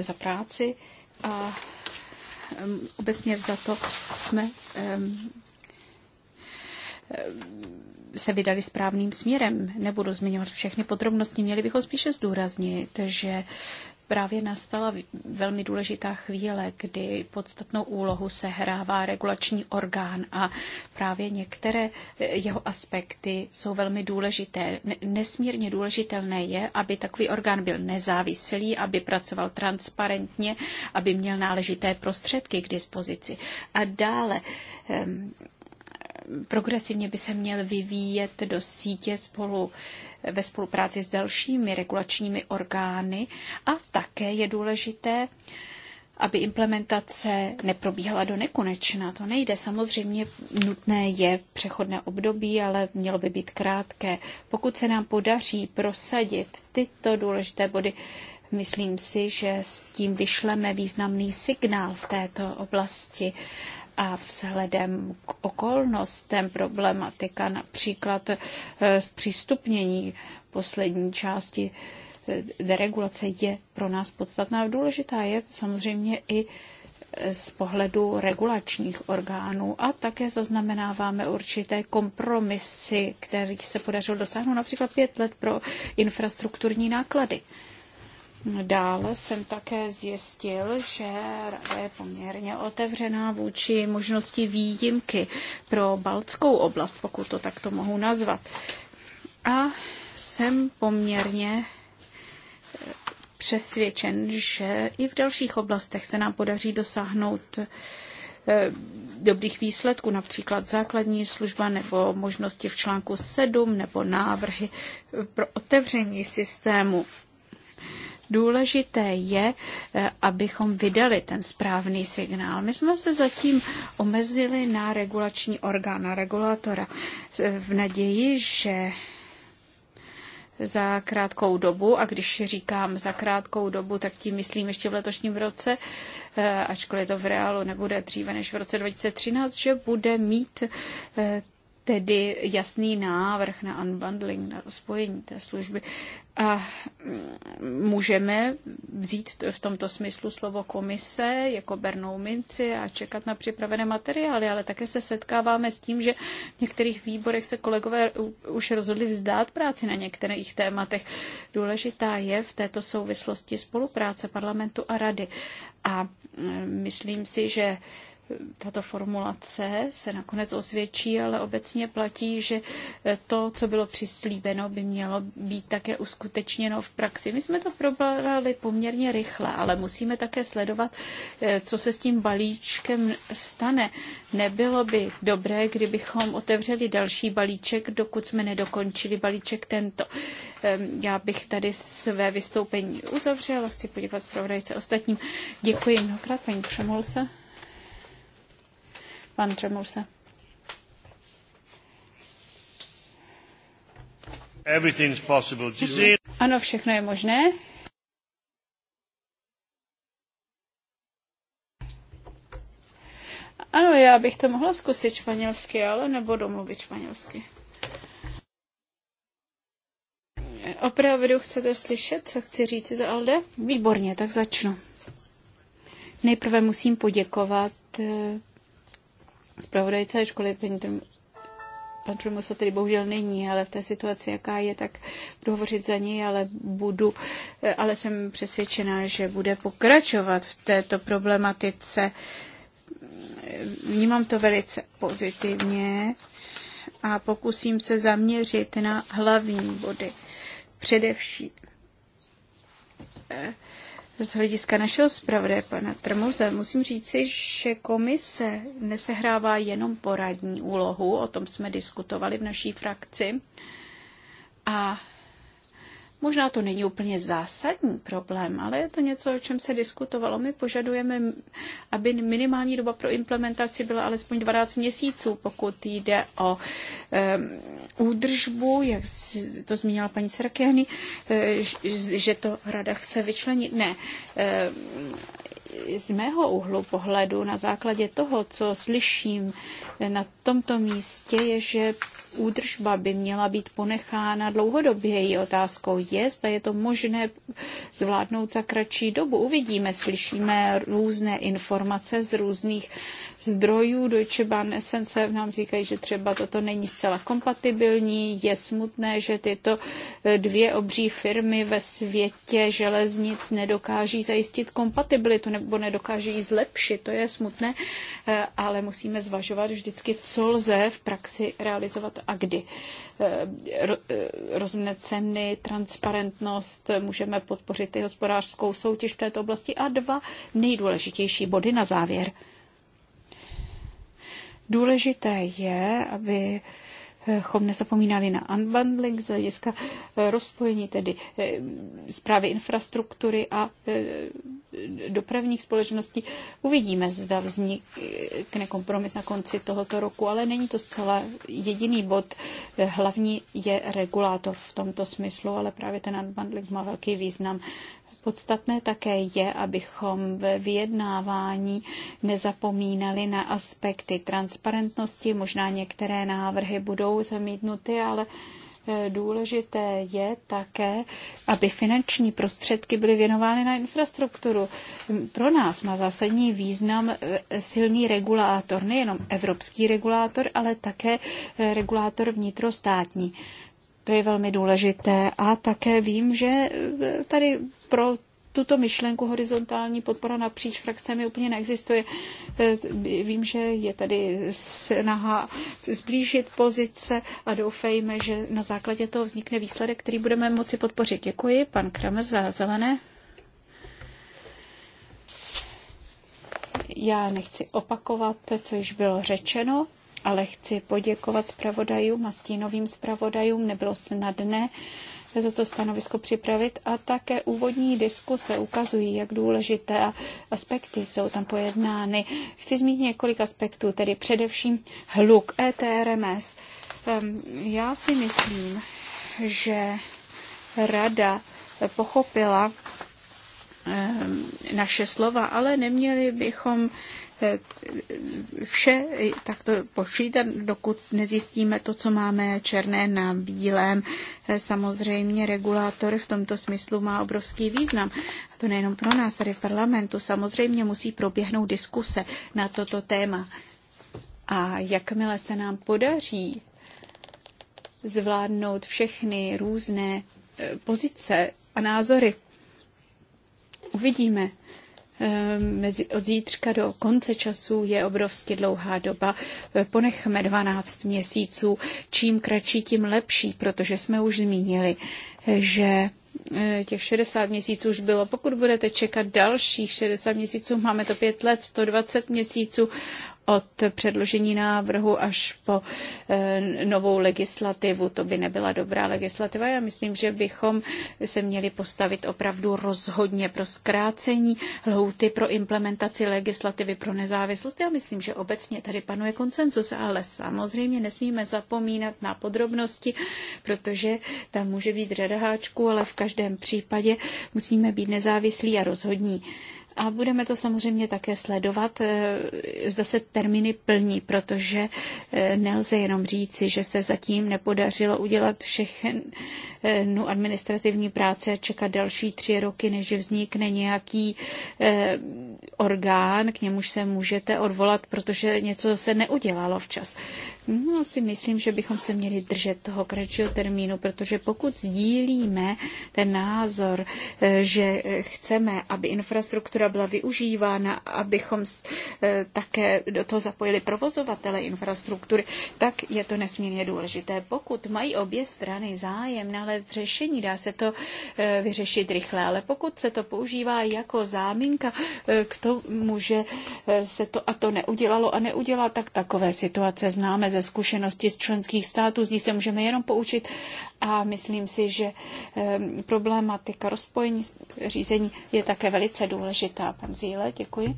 za práci a obecně za to jsme se vydali správným směrem. Nebudu zmiňovat všechny podrobnosti, měli bychom spíše zdůraznit, že Právě nastala velmi důležitá chvíle, kdy podstatnou úlohu sehrává regulační orgán a právě některé eh, jeho aspekty jsou velmi důležité. Nesmírně důležitelné je, aby takový orgán byl nezávislý, aby pracoval transparentně, aby měl náležité prostředky k dispozici. A dále ehm, progresivně by se měl vyvíjet do sítě spolu ve spolupráci s dalšími regulačními orgány a také je důležité, aby implementace neprobíhala do nekonečna. To nejde. Samozřejmě nutné je přechodné období, ale mělo by být krátké. Pokud se nám podaří prosadit tyto důležité body, myslím si, že s tím vyšleme významný signál v této oblasti a vzhledem k okolnostem problematika, například e, zpřístupnění poslední části e, deregulace je pro nás podstatná a důležitá je samozřejmě i e, z pohledu regulačních orgánů a také zaznamenáváme určité kompromisy, kterých se podařilo dosáhnout například pět let pro infrastrukturní náklady. Dále jsem také zjistil, že rada je poměrně otevřená vůči možnosti výjimky pro baltskou oblast, pokud to takto mohu nazvat. A jsem poměrně eh, přesvědčen, že i v dalších oblastech se nám podaří dosáhnout eh, dobrých výsledků, například základní služba nebo možnosti v článku 7 nebo návrhy pro otevření systému Důležité je, eh, abychom vydali ten správný signál. My jsme se zatím omezili na regulační orgán, na regulatora, eh, v naději, že za krátkou dobu, a když říkám za krátkou dobu, tak tím myslím ještě v letošním roce, eh, ačkoliv to v reálu nebude dříve než v roce 2013, že bude mít tedy jasný návrh na unbundling, na spojení té služby. A mm, můžeme vzít v tomto smyslu slovo komise jako bernou minci a čekat na připravené materiály, ale také se setkáváme s tím, že v některých výborech se kolegové už rozhodli vzdát práci na některých tématech. Důležitá je v této souvislosti spolupráce parlamentu a rady. A mm, myslím si, že tato formulace se nakonec osvědčí, ale obecně platí, že to, co bylo přislíbeno, by mělo být také uskutečněno v praxi. My jsme to probrali poměrně rychle, ale musíme také sledovat, eh, co se s tím balíčkem stane. Nebylo by dobré, kdybychom otevřeli další balíček, dokud jsme nedokončili balíček tento. Já bych tady své vystoupení uzavřela. Chci podívat zpravodajce ostatním. Děkuji mnohokrát, paní Přemolse. Pan Tremousa. Ano, všechno je možné. Ano, já bych to mohla zkusit španělsky, ale nebo domluvit španělsky. Opravdu chcete slyšet, co chci říct za Alde? Výborně, tak začnu. Nejprve musím poděkovat eh, zpravodajce, školy, paní pan Trumosa tedy bohužel není, ale v té situaci, jaká je, tak budu hovořit za něj, ale budu, eh, ale jsem přesvědčená, že bude pokračovat v této problematice. Vnímám to velice pozitivně a pokusím se zaměřit na hlavní body. Především eh, z hlediska našeho zpravodaje, pana Trmuze, musím říci, že komise nesehrává jenom poradní úlohu, o tom jsme diskutovali v naší frakci. A Možná to není úplně zásadní problém, ale je to něco, o čem se diskutovalo. My požadujeme, aby minimální doba pro implementaci byla alespoň 12 měsíců, pokud jde o um, údržbu, jak to zmínila paní Srakiany, e, že to rada chce vyčlenit. Ne, um, z mého úhlu pohledu na základě toho, co slyším na tomto místě, je, že údržba by měla být ponechána dlouhodobě. Její otázkou je, zda je to možné zvládnout za kratší dobu. Uvidíme, slyšíme různé informace z různých zdrojů. Deutsche Bahn Essence nám říkají, že třeba toto není zcela kompatibilní. Je smutné, že tyto dvě obří firmy ve světě železnic nedokáží zajistit kompatibilitu nebo nebo nedokáže ji zlepšit. To je smutné, eh, ale musíme zvažovat vždycky, co lze v praxi realizovat a kdy. Eh, eh, rozumné ceny, transparentnost, můžeme podpořit i hospodářskou soutěž v této oblasti. A dva nejdůležitější body na závěr. Důležité je, aby abychom nezapomínali na unbundling z hlediska eh, rozpojení tedy eh, zprávy infrastruktury a eh, dopravních společností. Uvidíme, zda vznikne kompromis na konci tohoto roku, ale není to zcela jediný bod. Hlavní je regulátor v tomto smyslu, ale právě ten unbundling má velký význam Podstatné také je, abychom ve vyjednávání nezapomínali na aspekty transparentnosti. Možná některé návrhy budou zamítnuty, ale eh, důležité je také, aby finanční prostředky byly věnovány na infrastrukturu. Pro nás má zásadní význam eh, silný regulátor, nejenom evropský regulátor, ale také eh, regulátor vnitrostátní. To je velmi důležité a také vím, že tady pro tuto myšlenku horizontální podpora napříč frakcemi úplně neexistuje. Eh, vím, že je tady snaha zblížit pozice a doufejme, že na základě toho vznikne výsledek, který budeme moci podpořit. Děkuji, pan Kramer za zelené. Já nechci opakovat, co již bylo řečeno, ale chci poděkovat zpravodajům a stínovým zpravodajům. Nebylo snadné toto stanovisko připravit a také úvodní diskuse ukazují, jak důležité aspekty jsou tam pojednány. Chci zmínit několik aspektů, tedy především hluk ETRMS. Já si myslím, že rada pochopila naše slova, ale neměli bychom Eh, vše eh, takto počítat, dokud nezjistíme to, co máme černé na bílém. Eh, samozřejmě regulátor v tomto smyslu má obrovský význam. A to nejenom pro nás tady v parlamentu. Samozřejmě musí proběhnout diskuse na toto téma. A jakmile se nám podaří zvládnout všechny různé pozice a názory, uvidíme, Ehm, mezi, od zítřka do konce času je obrovsky dlouhá doba. Eh, ponechme 12 měsíců, čím kratší, tím lepší, protože jsme už zmínili, eh, že eh, těch 60 měsíců už bylo. Pokud budete čekat dalších 60 měsíců, máme to 5 let, 120 měsíců, od předložení návrhu až po eh, novou legislativu. To by nebyla dobrá legislativa. Já myslím, že bychom se měli postavit opravdu rozhodně pro zkrácení lhouty pro implementaci legislativy pro nezávislost. Já myslím, že obecně tady panuje konsenzus, ale samozřejmě nesmíme zapomínat na podrobnosti, protože tam může být řada háčků, ale v každém případě musíme být nezávislí a rozhodní. A budeme to samozřejmě také sledovat, eh, zda se termíny plní, protože eh, nelze jenom říci, že se zatím nepodařilo udělat všechnu eh, administrativní práce a čekat další tři roky, než vznikne nějaký orgán, k němuž se můžete odvolat, protože něco se neudělalo včas. No, si myslím, že bychom se měli držet toho kratšího termínu, protože pokud sdílíme ten názor, eh, že chceme, aby infrastruktura byla využívána, abychom eh, také do toho zapojili provozovatele infrastruktury, tak je to nesmírně důležité. Pokud mají obě strany zájem nalézt řešení, dá se to eh, vyřešit rychle, ale pokud se to používá jako záminka k tomu, že se to a to neudělalo a neudělá, tak takové situace známe ze zkušenosti z členských států, z ní se můžeme jenom poučit a myslím si, že ehm, problematika rozpojení řízení je také velice důležitá. Pan Zíle, děkuji.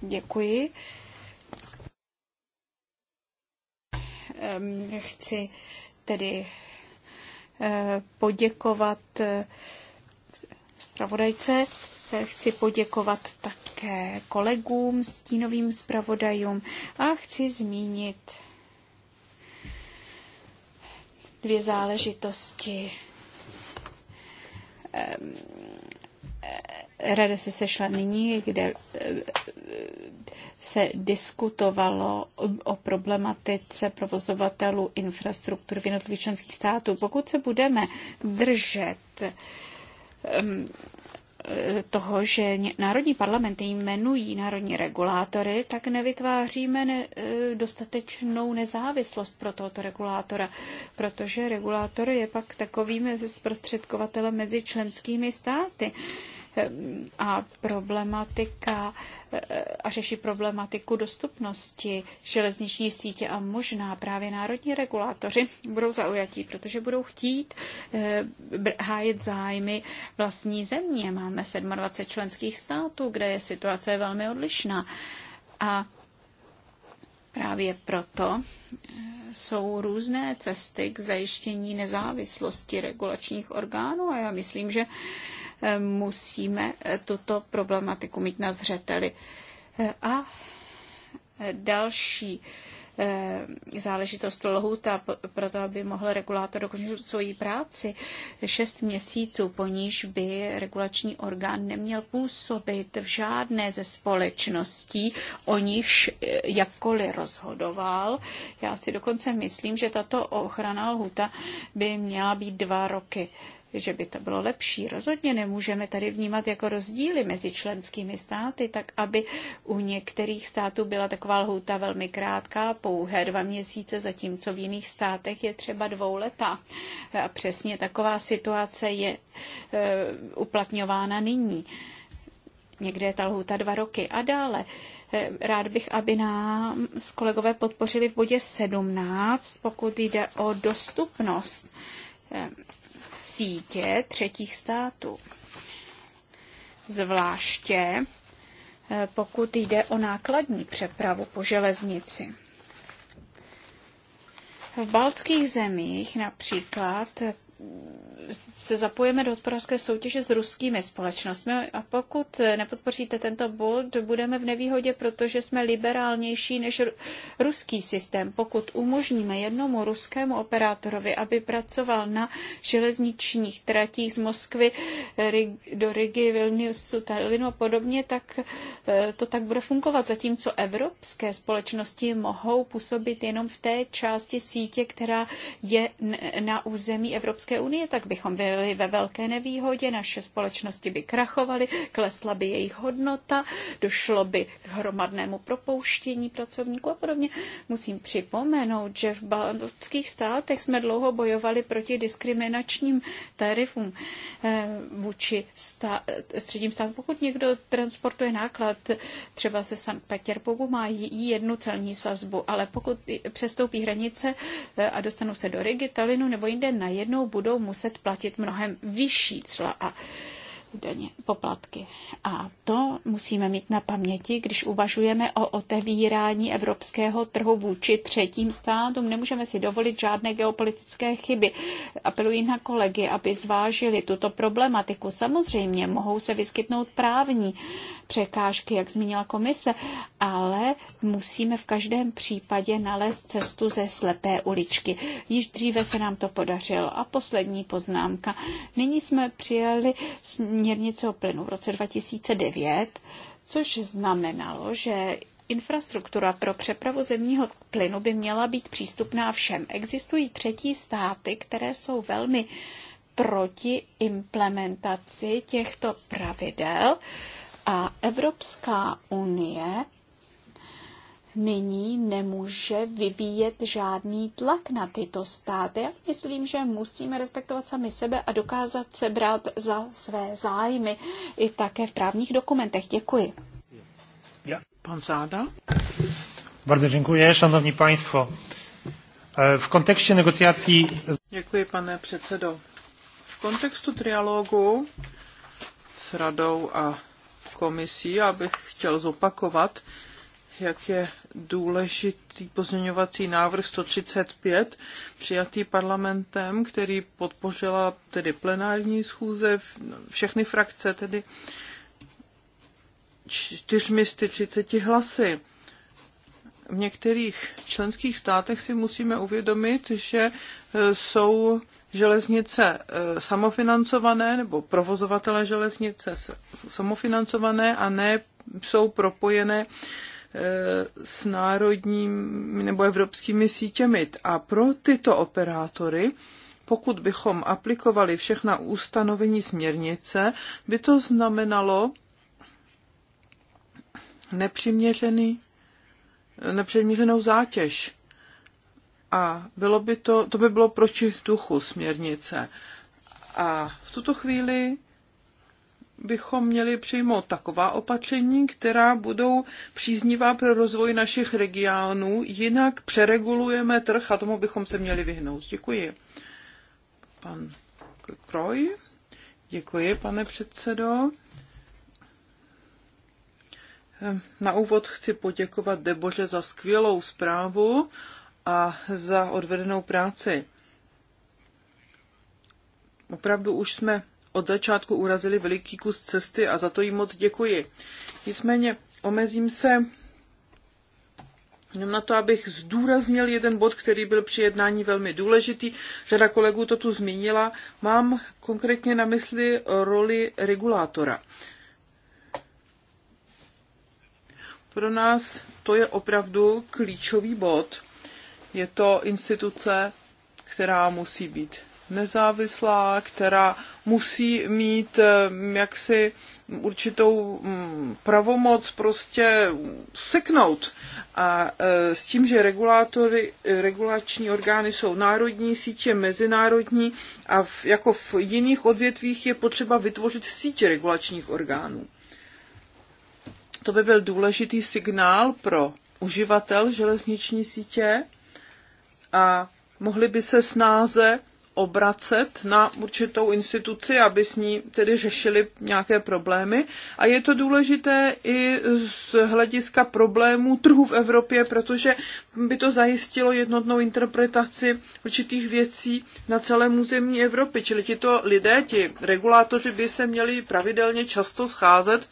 Děkuji. Ehm, chci tedy eh, poděkovat eh, zpravodajce Chci poděkovat také kolegům, stínovým zpravodajům a chci zmínit dvě záležitosti. Ehm, rada se sešla nyní, kde ehm, se diskutovalo o problematice provozovatelů infrastruktury v jednotlivých členských států. Pokud se budeme držet ehm, Eh, toho, že národní parlamenty jmenují národní regulátory, tak nevytváříme ne, eh, dostatečnou nezávislost pro tohoto regulátora, protože regulátor je pak takovým zprostředkovatelem mezi členskými státy. Ehm, a problematika Eh, a řeší problematiku dostupnosti železniční sítě a možná právě národní regulátoři budou zaujatí, protože budou chtít eh, hájet zájmy vlastní země. Máme 27 členských států, kde je situace velmi odlišná. A Právě proto eh, jsou různé cesty k zajištění nezávislosti regulačních orgánů a já myslím, že musíme tuto problematiku mít na zřeteli. A další eh, záležitost lhůta pro to, aby mohl regulátor dokončit svoji práci. Šest měsíců, po níž by regulační orgán neměl působit v žádné ze společností, o níž eh, jakkoliv rozhodoval. Já si dokonce myslím, že tato ochrana lhůta by měla být dva roky že by to bylo lepší. Rozhodně nemůžeme tady vnímat jako rozdíly mezi členskými státy, tak aby u některých států byla taková lhůta velmi krátká, pouhé dva měsíce, zatímco v jiných státech je třeba dvou leta. A přesně taková situace je e, uplatňována nyní. Někde je ta lhůta dva roky a dále. E, rád bych, aby nám s kolegové podpořili v bodě 17, pokud jde o dostupnost e, sítě třetích států. Zvláště eh, pokud jde o nákladní přepravu po železnici. V baltských zemích například se zapojíme do hospodářské soutěže s ruskými společnostmi a pokud nepodpoříte tento bod, budeme v nevýhodě, protože jsme liberálnější než ruský systém. Pokud umožníme jednomu ruskému operátorovi, aby pracoval na železničních tratích z Moskvy do Rigi, Vilniusu, Tallinu a podobně, tak eh, to tak bude fungovat. Zatímco evropské společnosti mohou působit jenom v té části sítě, která je na území Evropské unie, tak bych bychom byli ve velké nevýhodě, naše společnosti by krachovaly, klesla by jejich hodnota, došlo by k hromadnému propouštění pracovníků a podobně. Musím připomenout, že v baltských státech jsme dlouho bojovali proti diskriminačním tarifům eh, vůči stá- středním státům. Pokud někdo transportuje náklad, třeba se Sankt Petěrburgu má jednu celní sazbu, ale pokud přestoupí hranice eh, a dostanou se do Rigi, Talinu nebo jinde, najednou budou muset platit platit mnohem vyšší cla a daně, poplatky. A to musíme mít na paměti, když uvažujeme o otevírání evropského trhu vůči třetím státům. Nemůžeme si dovolit žádné geopolitické chyby. Apeluji na kolegy, aby zvážili tuto problematiku. Samozřejmě mohou se vyskytnout právní překážky, jak zmínila komise, ale musíme v každém případě nalézt cestu ze slepé uličky. Již dříve se nám to podařilo. A poslední poznámka. Nyní jsme přijali směrnice o plynu v roce 2009, což znamenalo, že Infrastruktura pro přepravu zemního plynu by měla být přístupná všem. Existují třetí státy, které jsou velmi proti implementaci těchto pravidel a Evropská unie nyní nemůže vyvíjet žádný tlak na tyto státy. Já myslím, že musíme respektovat sami sebe a dokázat se brát za své zájmy i také v právních dokumentech. Děkuji. Ja. Pan Záda. Bardzo dziękuję, szanowni państwo. V e, kontextu negocjacji... Děkuji, pane předsedo. V kontextu trialogu s radou a komisí, abych chtěl zopakovat, jak je důležitý pozměňovací návrh 135 přijatý parlamentem, který podpořila tedy plenární schůze, všechny frakce tedy čtyřmi z 30 hlasy. V některých členských státech si musíme uvědomit, že e, jsou železnice e, samofinancované nebo provozovatele železnice samofinancované a ne jsou propojené Eh, s národními nebo evropskými sítěmi. A pro tyto operátory pokud bychom aplikovali všechna ustanovení směrnice, by to znamenalo nepřiměřený, nepřiměřenou zátěž. A bylo by to, to by bylo proti duchu směrnice. A v tuto chvíli bychom měli přijmout taková opatření, která budou příznivá pro rozvoj našich regionů, jinak přeregulujeme trh a tomu bychom se měli vyhnout. Děkuji. Pan Kroj. Děkuji, pane předsedo. Na úvod chci poděkovat Deboře za skvělou zprávu a za odvedenou práci. Opravdu už jsme od začátku urazili veliký kus cesty a za to jim moc děkuji. Nicméně omezím se jenom na to, abych zdůraznil jeden bod, který byl při jednání velmi důležitý. Řada kolegů to tu zmínila. Mám konkrétně na mysli roli regulátora. Pro nás to je opravdu klíčový bod. Je to instituce, která musí být nezávislá, která musí mít eh, jaksi určitou mm, pravomoc prostě seknout. A eh, s tím, že regulátory, regulační orgány jsou národní, sítě mezinárodní a v, jako v jiných odvětvích je potřeba vytvořit sítě regulačních orgánů. To by byl důležitý signál pro uživatel železniční sítě a mohli by se snáze obracet na určitou instituci, aby s ní tedy řešili nějaké problémy. A je to důležité i z hlediska problémů trhu v Evropě, protože by to zajistilo jednotnou interpretaci určitých věcí na celém území Evropy. Čili tito lidé, ti regulátoři by se měli pravidelně často scházet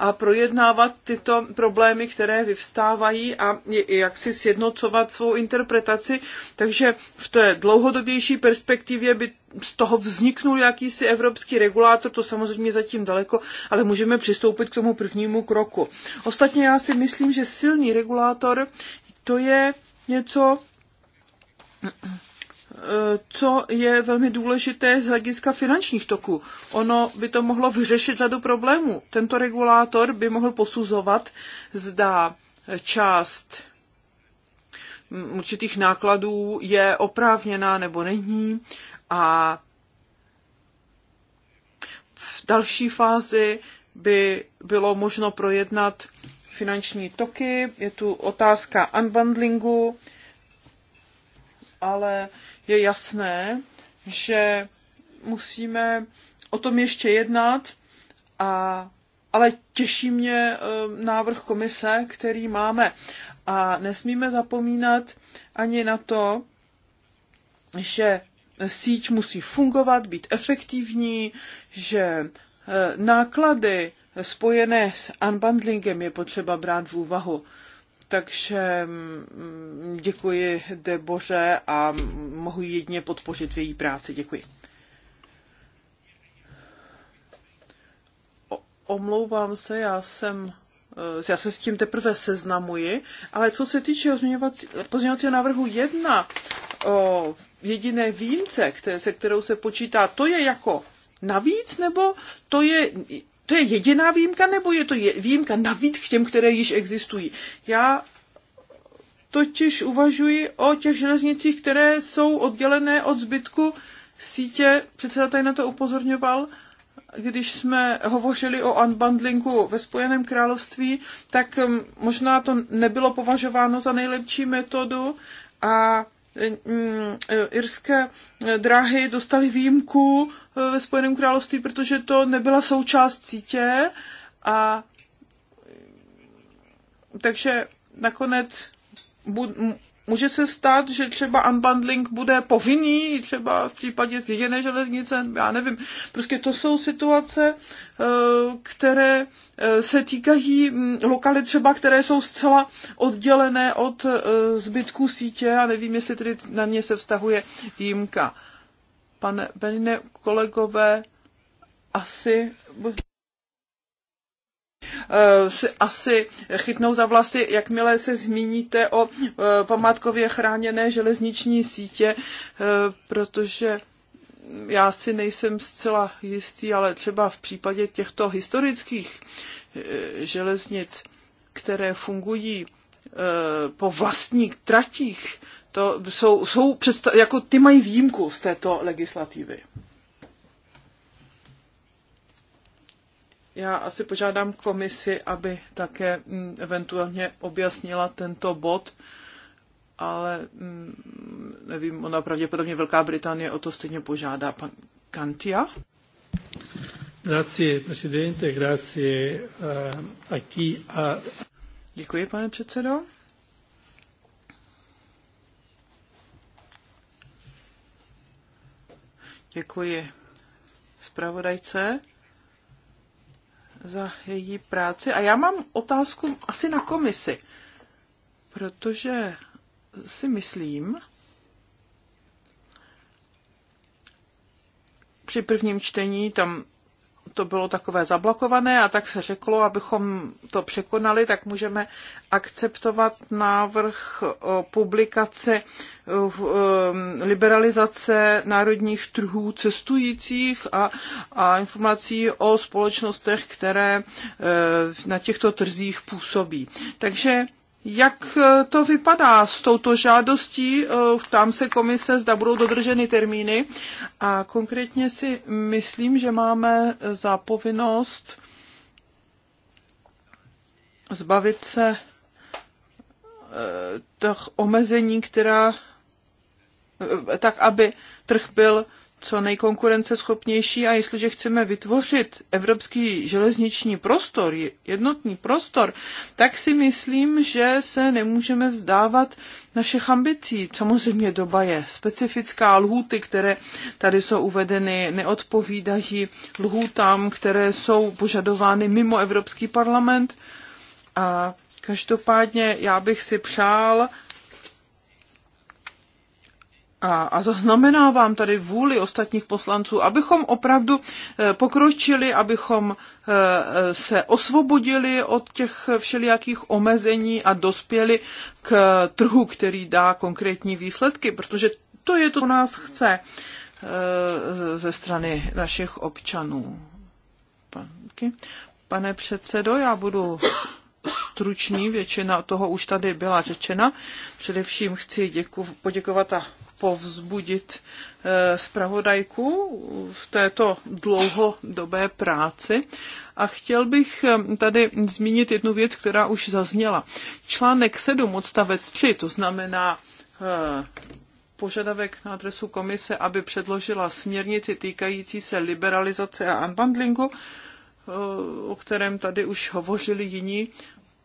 a projednávat tyto problémy, které vyvstávají a jak si sjednocovat svou interpretaci. Takže v té dlouhodobější perspektivě by z toho vzniknul jakýsi evropský regulátor, to samozřejmě zatím daleko, ale můžeme přistoupit k tomu prvnímu kroku. Ostatně já si myslím, že silný regulátor to je něco, co je velmi důležité z hlediska finančních toků. Ono by to mohlo vyřešit řadu problémů. Tento regulátor by mohl posuzovat, zda část určitých nákladů je oprávněná nebo není a v další fázi by bylo možno projednat finanční toky. Je tu otázka unbundlingu, ale je jasné, že musíme o tom ještě jednat, a, ale těší mě um, návrh komise, který máme. A nesmíme zapomínat ani na to, že síť musí fungovat, být efektivní, že eh, náklady spojené s unbundlingem je potřeba brát v úvahu. Takže mm, děkuji Deboře a mohu jedině podpořit v její práci. Děkuji. O, omlouvám se, já jsem eh, já se s tím teprve seznamuji, ale co se týče pozměňovacího návrhu jedna, o jediné výjimce, které, se kterou se počítá, to je jako navíc, nebo to je to je jediná výjimka, nebo je to výjimka navíc k těm, které již existují? Já totiž uvažuji o těch železnicích, které jsou oddělené od zbytku sítě. Předseda tady na to upozorňoval když jsme hovořili o unbundlingu ve Spojeném království, tak mm, možná to nebylo považováno za nejlepší metodu a Eh, mm, eh, irské eh, dráhy dostaly výjimku ve Spojeném království, protože to nebyla součást sítě a takže nakonec může se stát, že třeba unbundling bude povinný, třeba v případě zjedené železnice, já nevím. Prostě to jsou situace, eh, které eh, se týkají hm, lokalit třeba, které jsou zcela oddělené od eh, zbytku sítě a nevím, jestli tedy na ně se vztahuje výjimka. Pane Benine, kolegové, asi Eh, se asi chytnou za vlasy, jakmile se zmíníte o eh, památkově chráněné železniční sítě, eh, protože já si nejsem zcela jistý, ale třeba v případě těchto historických železnic, které fungují po vlastních tratích, to jsou, jsou jako ty mají výjimku z této legislativy. Já asi požádám komisi, aby také mm, eventuálně objasnila tento bod, ale mm, nevím, ona pravděpodobně Velká Británie o to stejně požádá. Pan Kantia? Grazie, presidente, grazie eh, a chi a... Děkuji, pane předsedo. Děkuji zpravodajce za její práci. A já mám otázku asi na komisi, protože si myslím, při prvním čtení tam to bylo takové zablokované a tak se řeklo, abychom to překonali, tak můžeme akceptovat návrh eh, publikace eh, eh, liberalizace národních trhů cestujících a, a informací o společnostech, které na těchto trzích působí. Takže jak e, to vypadá s touto žádostí? E, Tam se komise, zda budou dodrženy termíny. A konkrétně si myslím, že máme povinnost zbavit se e, těch omezení, která tak, aby trh byl co nejkonkurenceschopnější a jestliže chceme vytvořit evropský železniční prostor, jednotný prostor, tak si myslím, že se nemůžeme vzdávat našich ambicí. Samozřejmě doba je specifická, lhůty, které tady jsou uvedeny, neodpovídají lhůtám, které jsou požadovány mimo Evropský parlament. A každopádně já bych si přál, a, a zaznamenávám tady vůli ostatních poslanců, abychom opravdu eh, pokročili, abychom eh, se osvobodili od těch všelijakých omezení a dospěli k trhu, který dá konkrétní výsledky, protože to je to, co nás chce eh, ze strany našich občanů. Pane předsedo, já budu stručný, většina toho už tady byla řečena. Především chci děku, poděkovat a povzbudit eh, zpravodajku v této dlouhodobé práci. A chtěl bych eh, tady zmínit jednu věc, která už zazněla. Článek 7 odstavec 3, to znamená eh, požadavek na adresu komise, aby předložila směrnici týkající se liberalizace a unbundlingu, o kterém tady už hovořili jiní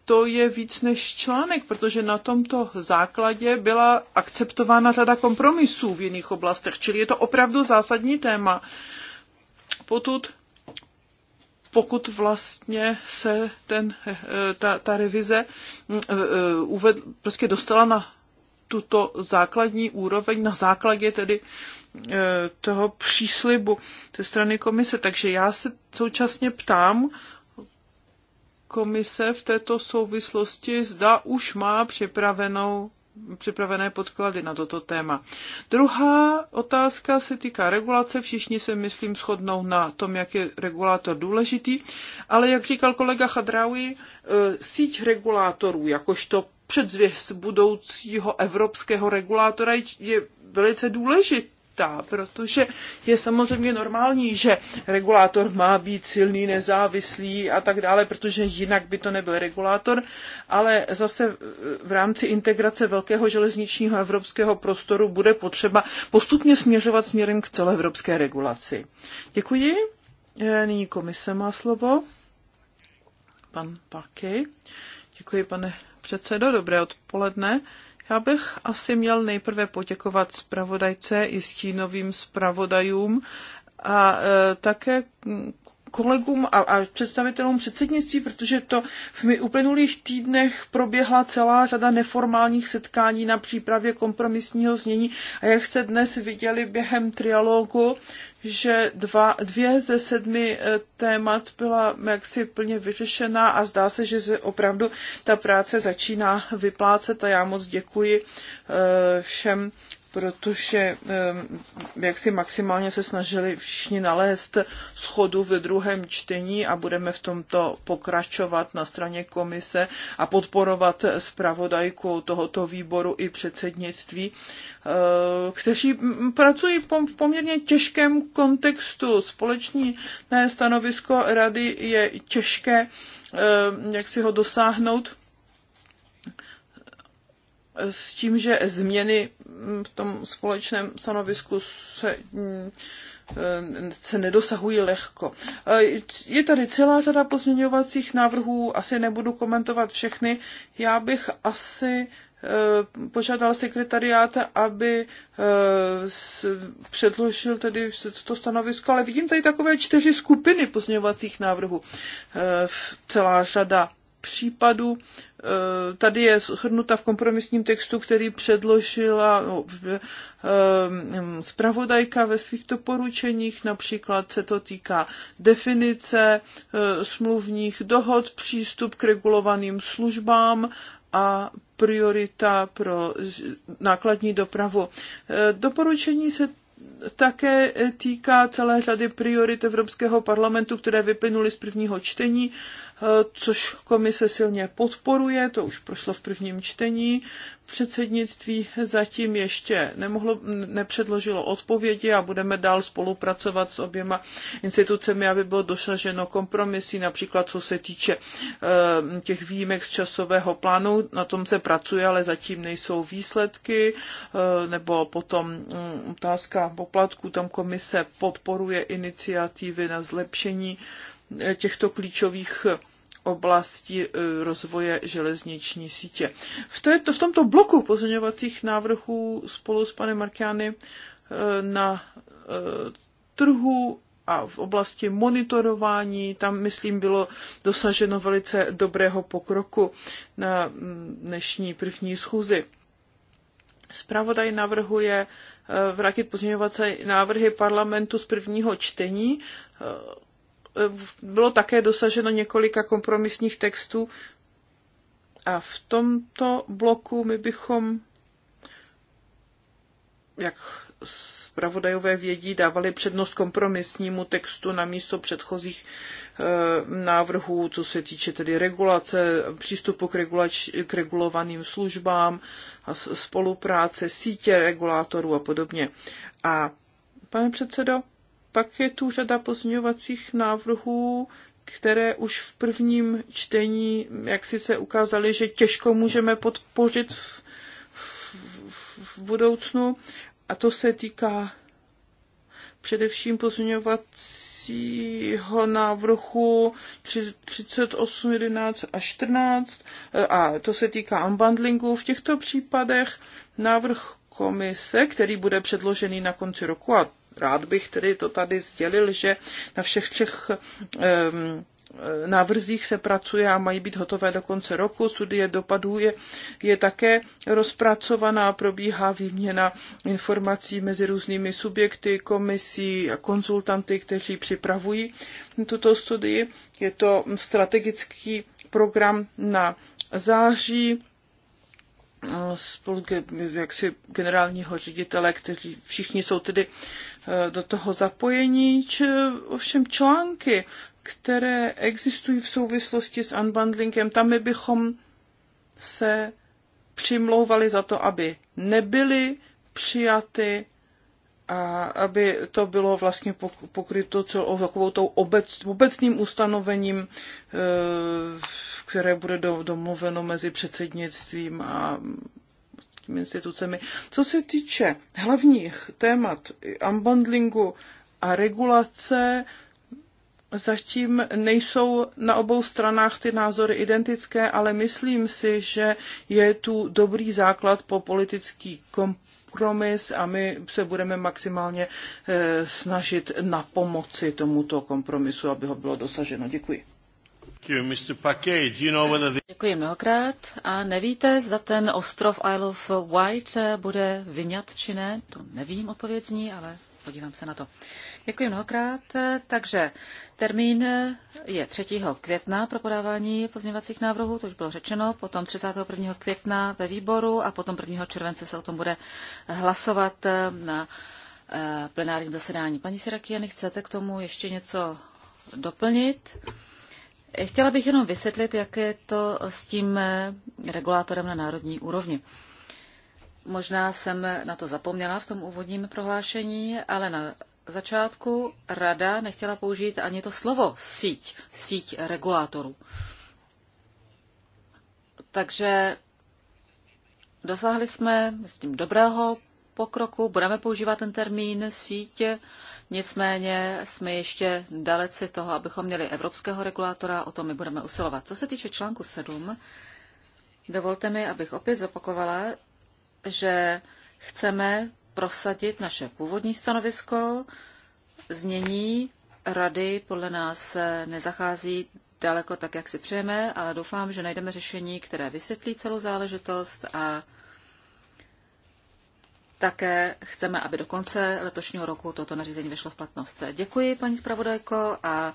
to je víc než článek, protože na tomto základě byla akceptována řada kompromisů v jiných oblastech, čili je to opravdu zásadní téma. Potud, pokud vlastně se ten, eh, ta, ta revize mm, eh, eh, uved, prostě dostala na tuto základní úroveň, na základě tedy toho příslibu té strany komise. Takže já se současně ptám, komise v této souvislosti zda už má připravenou připravené podklady na toto téma. Druhá otázka se týká regulace. Všichni se, myslím, shodnou na tom, jak je regulátor důležitý, ale jak říkal kolega Chadraui, e, síť regulátorů, jakožto předzvěst budoucího evropského regulátora je velice důležitý důležitá, protože je samozřejmě normální, že regulátor má být silný, nezávislý a tak dále, protože jinak by to nebyl regulátor, ale zase v rámci integrace velkého železničního evropského prostoru bude potřeba postupně směřovat směrem k celoevropské regulaci. Děkuji. E, nyní komise má slovo. Pan Paky. Děkuji, pane předsedo. Dobré odpoledne. Já bych asi měl nejprve poděkovat zpravodajce i stínovým zpravodajům a e, také kolegům a, a představitelům předsednictví, protože to v uplynulých týdnech proběhla celá řada neformálních setkání na přípravě kompromisního znění a jak jste dnes viděli během trialogu, že dva, dvě ze sedmi eh, témat byla jaksi plně vyřešena a zdá se, že se opravdu ta práce začíná vyplácet a já moc děkuji eh, všem protože jak si maximálně se snažili všichni nalézt schodu ve druhém čtení a budeme v tomto pokračovat na straně komise a podporovat zpravodajku tohoto výboru i předsednictví, eh, kteří pracují v poměrně těžkém kontextu. Společné stanovisko rady je těžké, eh, jak si ho dosáhnout s tím, že změny mm, v tom společném stanovisku se, mm, e, se nedosahují lehko. E, je tady celá řada pozměňovacích návrhů, asi nebudu komentovat všechny. Já bych asi e, požádal sekretariát, aby předložil tedy to stanovisko, ale vidím tady takové čtyři skupiny pozměňovacích návrhů. Celá řada případů eh, tady je shrnuta v kompromisním textu, který předložila no, eh, mm, zpravodajka ve svých doporučeních. Například se to týká definice eh, smluvních dohod, přístup k regulovaným službám a priorita pro nákladní dopravu. Doporučení se také týká celé řady priorit Evropského parlamentu, které vyplynuly z prvního čtení Eh, což komise silně podporuje, to už prošlo v prvním čtení. Předsednictví zatím ještě nemohlo, nepředložilo odpovědi a budeme dál spolupracovat s oběma institucemi, aby bylo dosaženo kompromisí, například co se týče eh, těch výjimek z časového plánu. Na tom se pracuje, ale zatím nejsou výsledky, eh, nebo potom mm, otázka poplatků, tam komise podporuje iniciativy na zlepšení těchto klíčových oblasti eh, rozvoje železniční sítě. V, této, v tomto bloku pozměňovacích návrhů spolu s panem Markiany eh, na eh, trhu a v oblasti monitorování, tam, myslím, bylo dosaženo velice dobrého pokroku na mm, dnešní první schůzi. Zpravodaj navrhuje vrátit pozměňovací návrhy parlamentu z prvního čtení bylo také dosaženo několika kompromisních textů a v tomto bloku my bychom, jak zpravodajové vědí, dávali přednost kompromisnímu textu na místo předchozích eh, návrhů, co se týče tedy regulace, přístupu k, regulač, k regulovaným službám a spolupráce, sítě regulátorů a podobně. A pane předsedo, pak je tu řada pozměňovacích návrhů, které už v prvním čtení, jak si se ukázali, že těžko můžeme podpořit v, v, v budoucnu. A to se týká především pozměňovacího návrhu 38, 11 a 14 a to se týká unbundlingu. V těchto případech návrh komise, který bude předložený na konci roku a rád bych tedy to tady sdělil, že na všech těch um, eh, návrzích se pracuje a mají být hotové do konce roku. Studie dopadů je, je také rozpracovaná, probíhá výměna informací mezi různými subjekty, komisí a konzultanty, kteří připravují tuto studii. Je to strategický program na září spolu jaksi generálního ředitele, kteří všichni jsou tedy e, do toho zapojení, či ovšem články, které existují v souvislosti s unbundlingem, tam my bychom se přimlouvali za to, aby nebyly přijaty a aby to bylo vlastně pokryto celou takovou tou obec, obecným ustanovením, e, které bude domluveno mezi předsednictvím a těmi institucemi. Co se týče hlavních témat unbundlingu a regulace, zatím nejsou na obou stranách ty názory identické, ale myslím si, že je tu dobrý základ po politický kompromis kompromis a my se budeme maximálně eh, snažit na pomoci tomuto kompromisu, aby ho bylo dosaženo. Děkuji. Děkuji mnohokrát a nevíte, zda ten ostrov Isle of Wight eh, bude vyňat či ne? To nevím, odpověď zní, ale podívám se na to. Děkuji mnohokrát. Takže termín je 3. května pro podávání pozměňovacích návrhů, to už bylo řečeno, potom 31. května ve výboru a potom 1. července se o tom bude hlasovat na eh, plenárním zasedání. Paní Sirakiany, chcete k tomu ještě něco doplnit? Chtěla bych jenom vysvětlit, jak je to s tím eh, regulátorem na národní úrovni. Možná jsem na to zapomněla v tom úvodním prohlášení, ale na začátku rada nechtěla použít ani to slovo síť, síť regulátorů. Takže dosáhli jsme, tím dobrého pokroku, budeme používat ten termín síť, nicméně jsme ještě daleci toho, abychom měli evropského regulátora, o tom my budeme usilovat. Co se týče článku 7, dovolte mi, abych opět zopakovala, že chceme prosadit naše původní stanovisko. Znění rady podle nás nezachází daleko tak, jak si přejeme, ale doufám, že najdeme řešení, které vysvětlí celou záležitost a také chceme, aby do konce letošního roku toto nařízení vyšlo v platnost. Děkuji, paní zpravodajko, a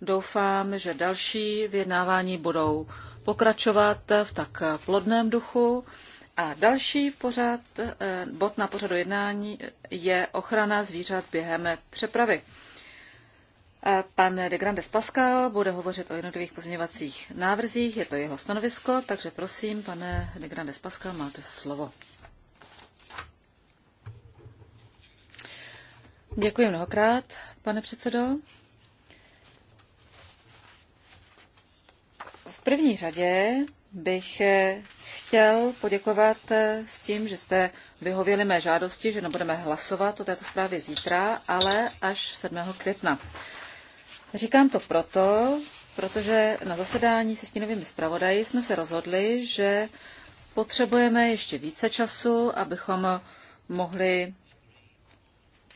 doufám, že další vyjednávání budou pokračovat v tak plodném duchu. A další pořad, eh, bod na pořadu jednání je ochrana zvířat během přepravy. Pan de Grandes Pascal bude hovořit o jednotlivých pozměňovacích návrzích, je to jeho stanovisko, takže prosím, pane de Grandes Pascal, máte slovo. Děkuji mnohokrát, pane předsedo. V první řadě bych chtěl poděkovat eh, s tím, že jste vyhověli mé žádosti, že nebudeme hlasovat o této zprávě zítra, ale až 7. května. Říkám to proto, protože na zasedání se stínovými zpravodaji jsme se rozhodli, že potřebujeme ještě více času, abychom mohli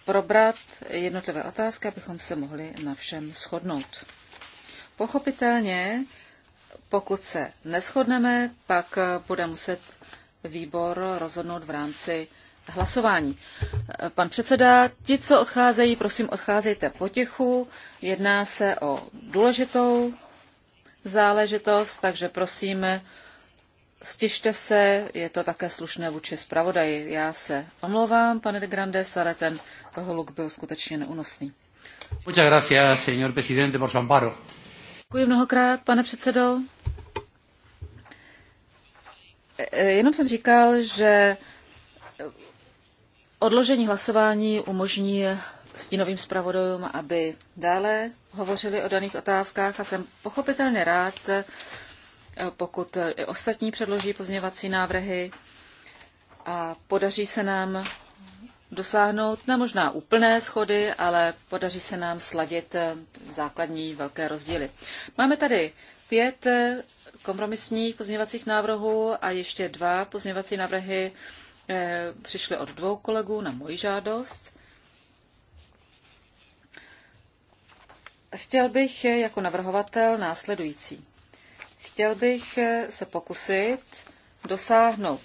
probrat jednotlivé otázky, abychom se mohli na všem shodnout. Pochopitelně pokud se neschodneme, pak eh, bude muset výbor rozhodnout v rámci hlasování. Eh, pan předseda, ti, co odcházejí, prosím, odcházejte potichu. Jedná se o důležitou záležitost, takže prosím, stište se, je to také slušné vůči zpravodaji. Já se omlouvám, pane de Grandes, ale ten hluk byl skutečně neunosný. Muchas gracias, señor presidente, por su amparo. Děkuji mnohokrát, pane předsedo. Jenom jsem říkal, že odložení hlasování umožní stínovým zpravodajům, aby dále hovořili o daných otázkách a jsem pochopitelně rád, pokud i ostatní předloží pozměňovací návrhy a podaří se nám dosáhnout ne možná úplné schody, ale podaří se nám sladit eh, základní velké rozdíly. Máme tady pět eh, kompromisních pozměňovacích návrhů a ještě dva pozměňovací návrhy eh, přišly od dvou kolegů na moji žádost. Chtěl bych jako navrhovatel následující. Chtěl bych se pokusit dosáhnout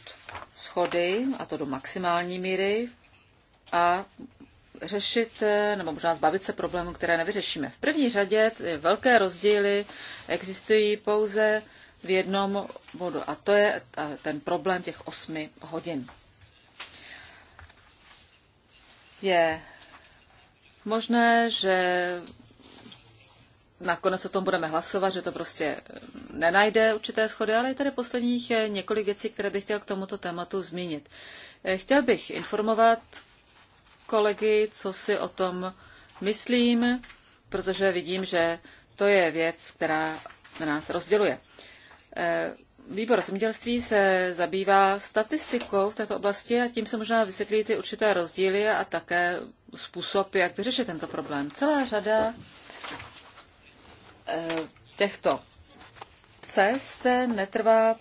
schody, a to do maximální míry, a řešit eh, nebo možná zbavit se problémů, které nevyřešíme. V první řadě ty velké rozdíly existují pouze v jednom bodu a to je eh, ten problém těch osmi hodin. Je možné, že nakonec o tom budeme hlasovat, že to prostě eh, nenajde určité schody, ale je tady posledních několik věcí, které bych chtěl k tomuto tématu zmínit. Chtěl bych informovat kolegy, co si o tom myslím, protože vidím, že to je věc, která nás rozděluje. Eh, Výbor zemědělství se zabývá statistikou v této oblasti a tím se možná vysvětlí ty určité rozdíly a také způsob, jak vyřešit tento problém. Celá řada eh, těchto cest netrvá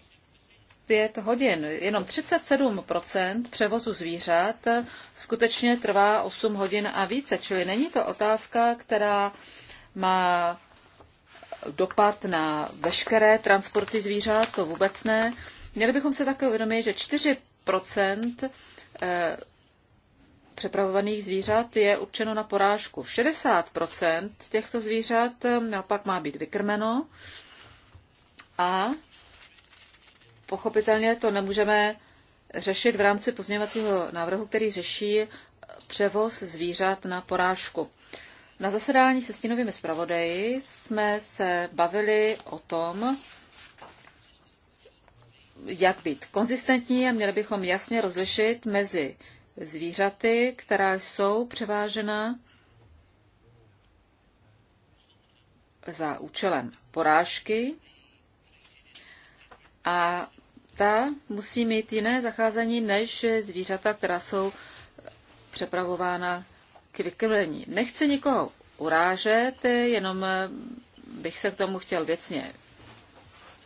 pět hodin. Jenom 37% převozu zvířat skutečně trvá 8 hodin a více, čili není to otázka, která má dopad na veškeré transporty zvířat, to vůbec ne. Měli bychom se také uvědomit, že 4% eh, přepravovaných zvířat je určeno na porážku. 60% těchto zvířat eh, naopak má být vykrmeno a Pochopitelně to nemůžeme řešit v rámci pozměňovacího návrhu, který řeší převoz zvířat na porážku. Na zasedání se stínovými zpravodaji jsme se bavili o tom, jak být konzistentní a měli bychom jasně rozlišit mezi zvířaty, která jsou převážena za účelem porážky a ta musí mít jiné zacházení než zvířata, která jsou přepravována k vykrvení. Nechci nikoho urážet, jenom eh, bych se k tomu chtěl věcně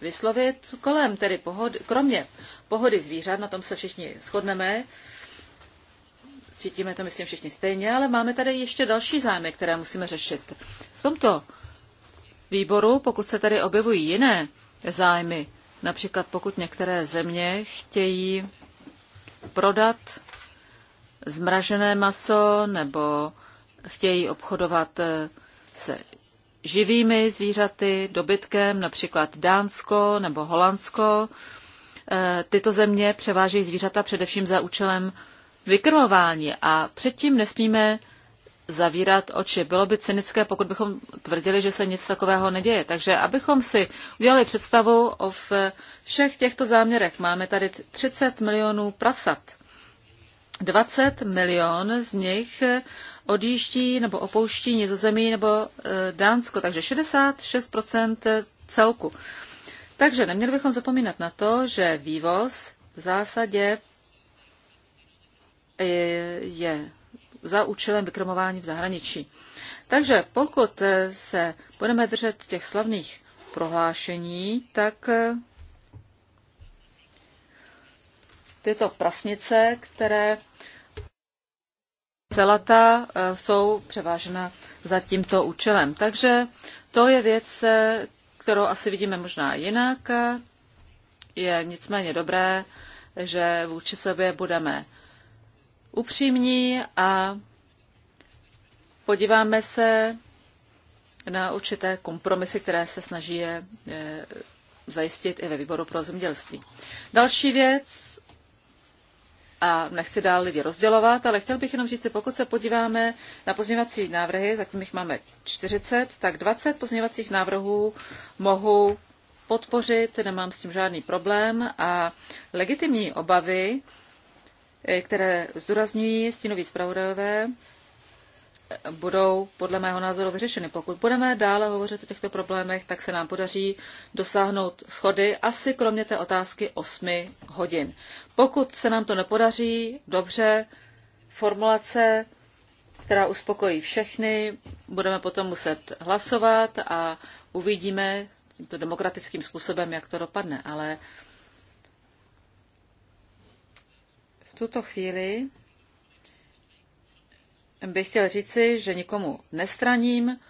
vyslovit. Kolem tedy pohody, kromě pohody zvířat, na tom se všichni shodneme, cítíme to, myslím, všichni stejně, ale máme tady ještě další zájmy, které musíme řešit. V tomto výboru, pokud se tady objevují jiné zájmy, Například pokud některé země chtějí prodat zmražené maso nebo chtějí obchodovat eh, se živými zvířaty, dobytkem, například Dánsko nebo Holandsko. Eh, tyto země převážejí zvířata především za účelem vykrmování a předtím nesmíme zavírat oči. Bylo by cynické, pokud bychom tvrdili, že se nic takového neděje. Takže abychom si udělali představu o všech těchto záměrech. Máme tady 30 milionů prasat. 20 milion z nich odjíždí nebo opouští Nizozemí nebo e, Dánsko, takže 66% celku. Takže neměli bychom zapomínat na to, že vývoz v zásadě e, je za účelem vykromování v zahraničí. Takže pokud eh, se budeme držet těch slavných prohlášení, tak eh, tyto prasnice, které celata eh, jsou převážena za tímto účelem. Takže to je věc, kterou asi vidíme možná jinak. Je nicméně dobré, že vůči sobě budeme upřímní a podíváme se na určité kompromisy, které se snaží je zajistit i ve výboru pro zemědělství. Další věc, a nechci dál lidi rozdělovat, ale chtěl bych jenom říct, pokud se podíváme na pozměňovací návrhy, zatím jich máme 40, tak 20 pozměňovacích návrhů mohu podpořit, nemám s tím žádný problém a legitimní obavy, Eh, které zdůrazňují stínoví zpravodajové, budou podle mého názoru vyřešeny. Pokud budeme dále hovořit o těchto problémech, tak se nám podaří dosáhnout schody asi kromě té otázky 8 hodin. Pokud se nám to nepodaří, dobře, formulace, která uspokojí všechny, budeme potom muset hlasovat a uvidíme tímto demokratickým způsobem, jak to dopadne. Ale tuto chvíli bych chtěl říci, že nikomu nestraním,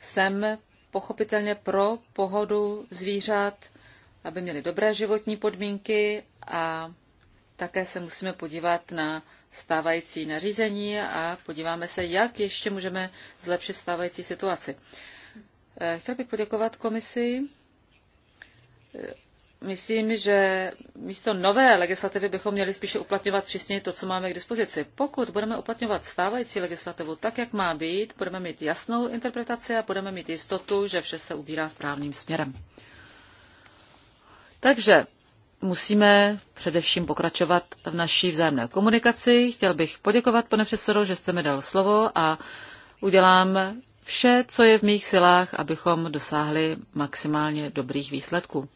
jsem pochopitelně pro pohodu zvířat, aby měli dobré životní podmínky a také se musíme podívat na stávající nařízení a podíváme se, jak ještě můžeme zlepšit stávající situaci. Eh, chtěl bych poděkovat komisi myslím, že místo nové legislativy bychom měli spíše uplatňovat přísněji to, co máme k dispozici. Pokud budeme uplatňovat stávající legislativu tak, jak má být, budeme mít jasnou interpretaci a budeme mít jistotu, že vše se ubírá správným směrem. Takže musíme především pokračovat v naší vzájemné komunikaci. Chtěl bych poděkovat, pane předsedo, že jste mi dal slovo a udělám vše, co je v mých silách, abychom dosáhli maximálně dobrých výsledků.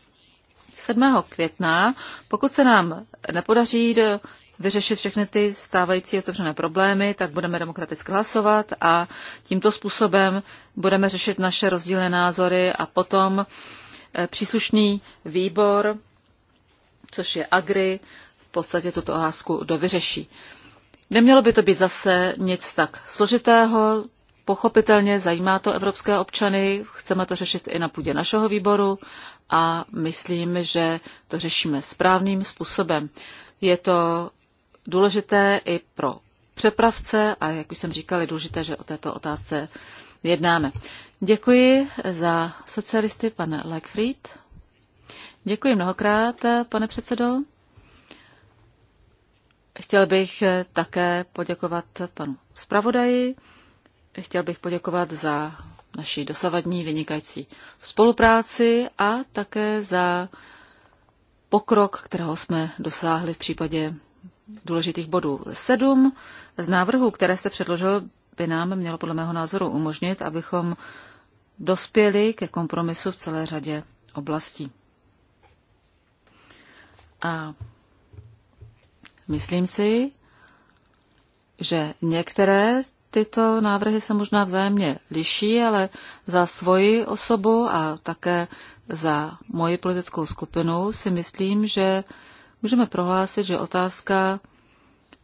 7. května, pokud se nám nepodaří do, vyřešit všechny ty stávající otevřené problémy, tak budeme demokraticky hlasovat a tímto způsobem budeme řešit naše rozdílné názory a potom eh, příslušný výbor, což je Agri, v podstatě tuto otázku dovyřeší. Nemělo by to být zase nic tak složitého, Pochopitelně zajímá to evropské občany, chceme to řešit i na půdě našeho výboru a myslím, že to řešíme správným způsobem. Je to důležité i pro přepravce a, jak už jsem říkal, je důležité, že o této otázce jednáme. Děkuji za socialisty, pane Leckfried. Děkuji mnohokrát, pane předsedo. Chtěl bych také poděkovat panu zpravodaji. Chtěl bych poděkovat za naší dosavadní vynikající spolupráci a také za pokrok, kterého jsme dosáhli v případě důležitých bodů. Sedm z návrhů, které jste předložil, by nám mělo podle mého názoru umožnit, abychom dospěli ke kompromisu v celé řadě oblastí. A myslím si, že některé tyto návrhy se možná vzájemně liší, ale za svoji osobu a také za moji politickou skupinu si myslím, že můžeme prohlásit, že otázka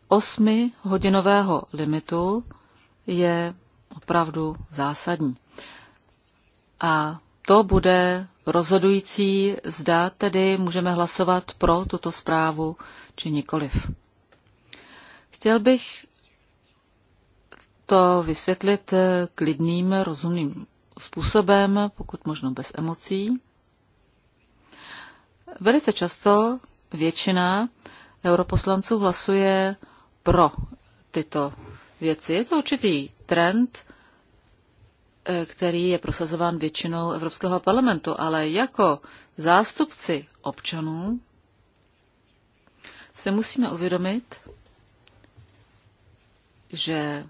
osmi hodinového limitu je opravdu zásadní. A to bude rozhodující, zda tedy můžeme hlasovat pro tuto zprávu či nikoliv. Chtěl bych to vysvětlit eh, klidným, rozumným způsobem, pokud možno bez emocí. Velice často většina europoslanců hlasuje pro tyto věci. Je to určitý trend, eh, který je prosazován většinou Evropského parlamentu, ale jako zástupci občanů se musíme uvědomit, že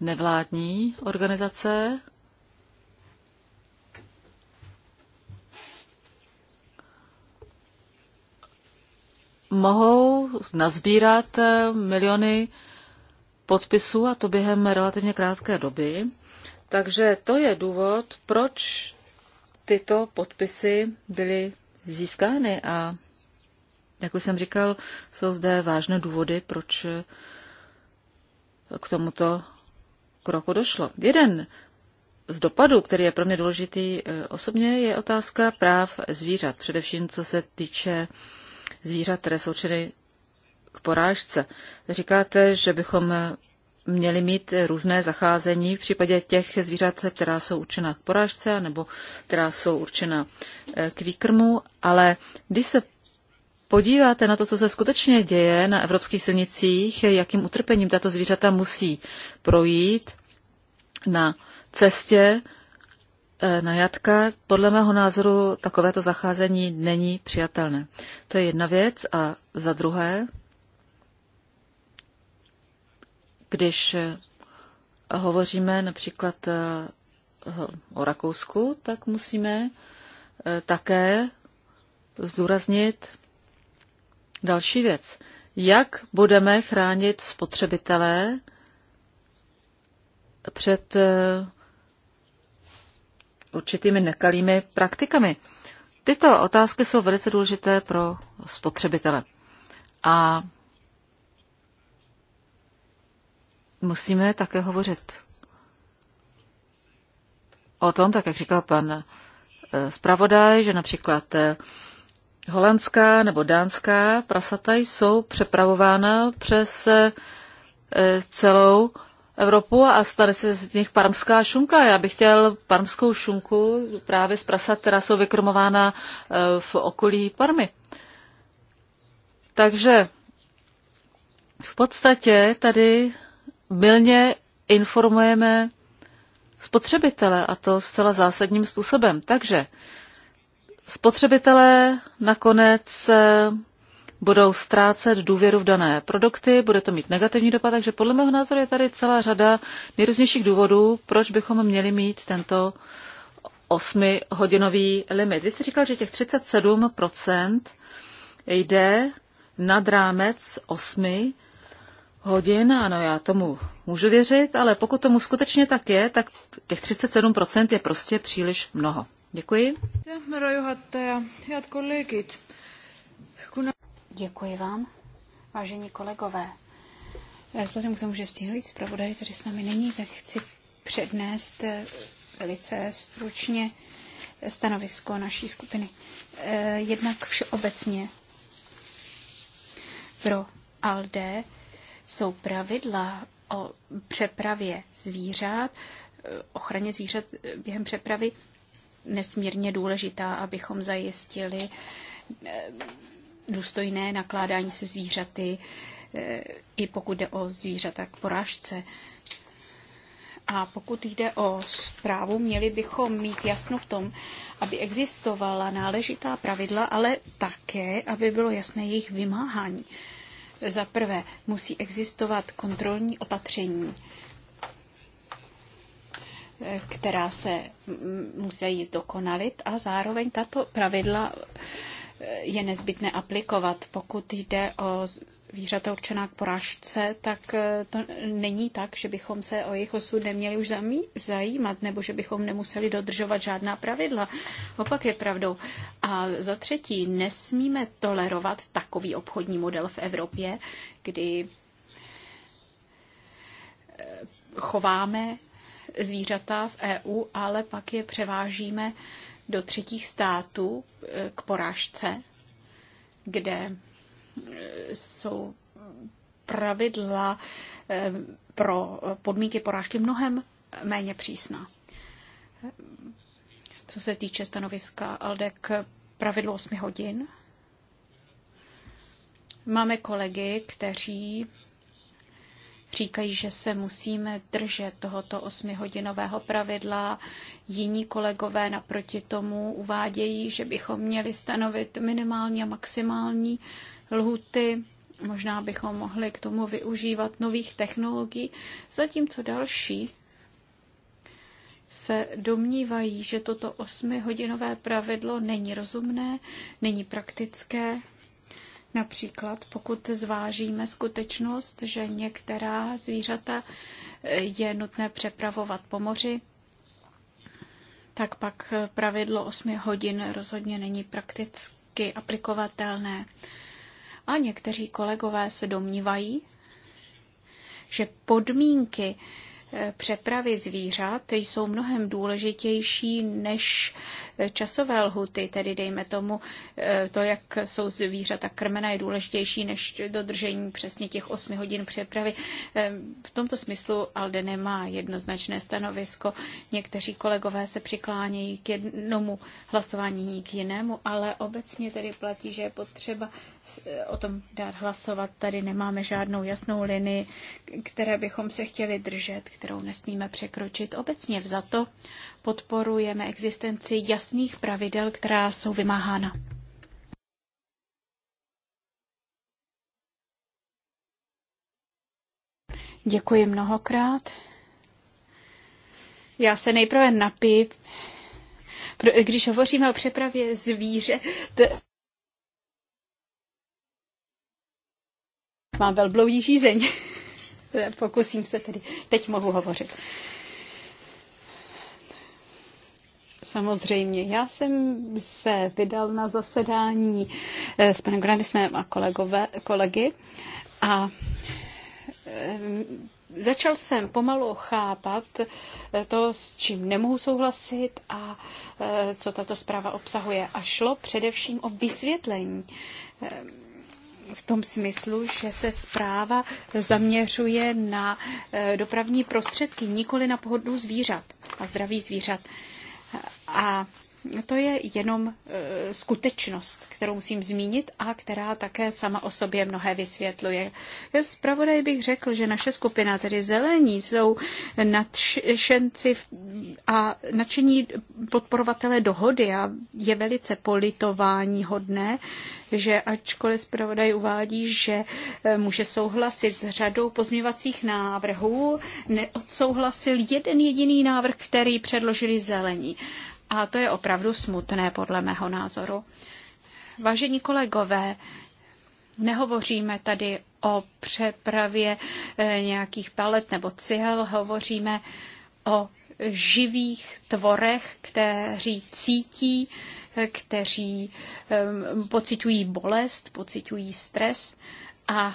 nevládní organizace. mohou nazbírat eh, miliony podpisů a to během relativně krátké doby. Takže to je důvod, proč tyto podpisy byly získány a jak už jsem říkal, jsou zde vážné důvody, proč k tomuto kroku došlo. Jeden z dopadů, který je pro mě důležitý eh, osobně, je otázka práv zvířat, především co se týče zvířat, které jsou čili k porážce. Říkáte, že bychom měli mít různé zacházení v případě těch zvířat, která jsou určena k porážce nebo která jsou určena eh, k výkrmu, ale když se podíváte na to, co se skutečně děje na evropských silnicích, jakým utrpením tato zvířata musí projít na cestě, eh, na jatka, podle mého názoru takovéto zacházení není přijatelné. To je jedna věc. A za druhé, když eh, hovoříme například eh, o Rakousku, tak musíme také zdůraznit Další věc. Jak budeme chránit spotřebitelé před eh, určitými nekalými praktikami? Tyto otázky jsou velice důležité pro spotřebitele. A musíme také hovořit o tom, tak jak říkal pan eh, zpravodaj, že například eh, holandská nebo dánská prasata jsou přepravována přes e, celou Evropu a stane se z nich parmská šunka. Já bych chtěl parmskou šunku právě z prasat, která jsou vykrmována e, v okolí Parmy. Takže v podstatě tady mylně informujeme spotřebitele a to zcela zásadním způsobem. Takže spotřebitelé nakonec eh, budou ztrácet důvěru v dané produkty, bude to mít negativní dopad, takže podle mého názoru je tady celá řada nejrůznějších důvodů, proč bychom měli mít tento osmihodinový limit. Vy jste říkal, že těch 37% jde nad rámec osmi hodin, ano, já tomu můžu věřit, ale pokud tomu skutečně tak je, tak těch 37% je prostě příliš mnoho. Děkuji. Děkuji vám, vážení kolegové. Vzhledem k tomu, že stíhlující zpravodaj tady s námi není, tak chci přednést eh, velice stručně eh, stanovisko naší skupiny. Eh, jednak všeobecně pro ALDE jsou pravidla o přepravě zvířat, ochraně zvířat během přepravy nesmírně důležitá, abychom zajistili eh, důstojné nakládání se zvířaty, eh, i pokud jde o zvířata k porážce. A pokud jde o zprávu, měli bychom mít jasno v tom, aby existovala náležitá pravidla, ale také, aby bylo jasné jejich vymáhání. Za prvé, musí existovat kontrolní opatření která se musí zdokonalit a zároveň tato pravidla je nezbytné aplikovat. Pokud jde o zvířata určená k porážce, tak eh, to není tak, že bychom se o jejich osud neměli už zajímat, nebo že bychom nemuseli dodržovat žádná pravidla. Opak je pravdou. A za třetí, nesmíme tolerovat takový obchodní model v Evropě, kdy eh, chováme zvířata v EU, ale pak je převážíme do třetích států eh, k porážce, kde eh, jsou pravidla eh, pro podmínky porážky mnohem méně přísná. Co se týče stanoviska aldek pravidlo 8 hodin, máme kolegy, kteří říkají, že se musíme držet tohoto osmihodinového pravidla. Jiní kolegové naproti tomu uvádějí, že bychom měli stanovit minimální a maximální lhuty. Možná bychom mohli k tomu využívat nových technologií, zatímco další se domnívají, že toto osmihodinové pravidlo není rozumné, není praktické Například pokud zvážíme skutečnost, že některá zvířata eh, je nutné přepravovat po moři, tak pak eh, pravidlo 8 hodin rozhodně není prakticky aplikovatelné. A někteří kolegové se domnívají, že podmínky přepravy zvířat jsou mnohem důležitější než časové lhuty, tedy dejme tomu eh, to, jak jsou zvířata krmena, je důležitější než dodržení přesně těch 8 hodin přepravy. Eh, v tomto smyslu Alde nemá jednoznačné stanovisko. Někteří kolegové se přiklánějí k jednomu hlasování, k jinému, ale obecně tedy platí, že je potřeba o tom dát hlasovat. Tady nemáme žádnou jasnou linii, které bychom se chtěli držet, kterou nesmíme překročit. Obecně vzato podporujeme existenci jasných pravidel, která jsou vymáhána. Děkuji mnohokrát. Já se nejprve napiju. Když hovoříme o přepravě zvíře, Mám velbloudí žízeň. Pokusím se tedy. Teď mohu hovořit. Samozřejmě. Já jsem se vydal na zasedání eh, s panem Grandismem a kolegové, kolegy a eh, začal jsem pomalu chápat eh, to, s čím nemohu souhlasit a co tato zpráva obsahuje. A šlo především o vysvětlení v tom smyslu, že se zpráva zaměřuje na e, dopravní prostředky, nikoli na pohodu zvířat a zdraví zvířat. A to je jenom e, skutečnost, kterou musím zmínit a která také sama o sobě mnohé vysvětluje. Zpravodaj bych řekl, že naše skupina, tedy zelení, jsou nadšenci a nadšení podporovatele dohody a je velice politování hodné, že ačkoliv zpravodaj uvádí, že e, může souhlasit s řadou pozměvacích návrhů, neodsouhlasil jeden jediný návrh, který předložili zelení. A to je opravdu smutné podle mého názoru. Vážení kolegové, nehovoříme tady o přepravě eh, nějakých palet nebo cihel, hovoříme o živých tvorech, kteří cítí, eh, kteří eh, pocitují bolest, pocitují stres a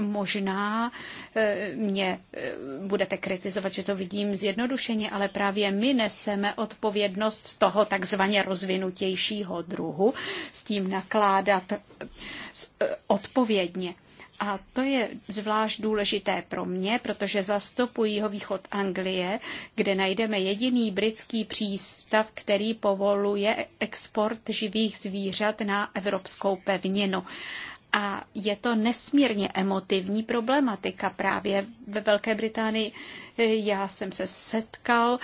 Možná eh, mě eh, budete kritizovat, že to vidím zjednodušeně, ale právě my neseme odpovědnost toho takzvaně rozvinutějšího druhu s tím nakládat eh, odpovědně. A to je zvlášť důležité pro mě, protože zastupuji jeho východ Anglie, kde najdeme jediný britský přístav, který povoluje export živých zvířat na evropskou pevninu. A je to nesmírně emotivní problematika právě ve Velké Británii. Já jsem se setkal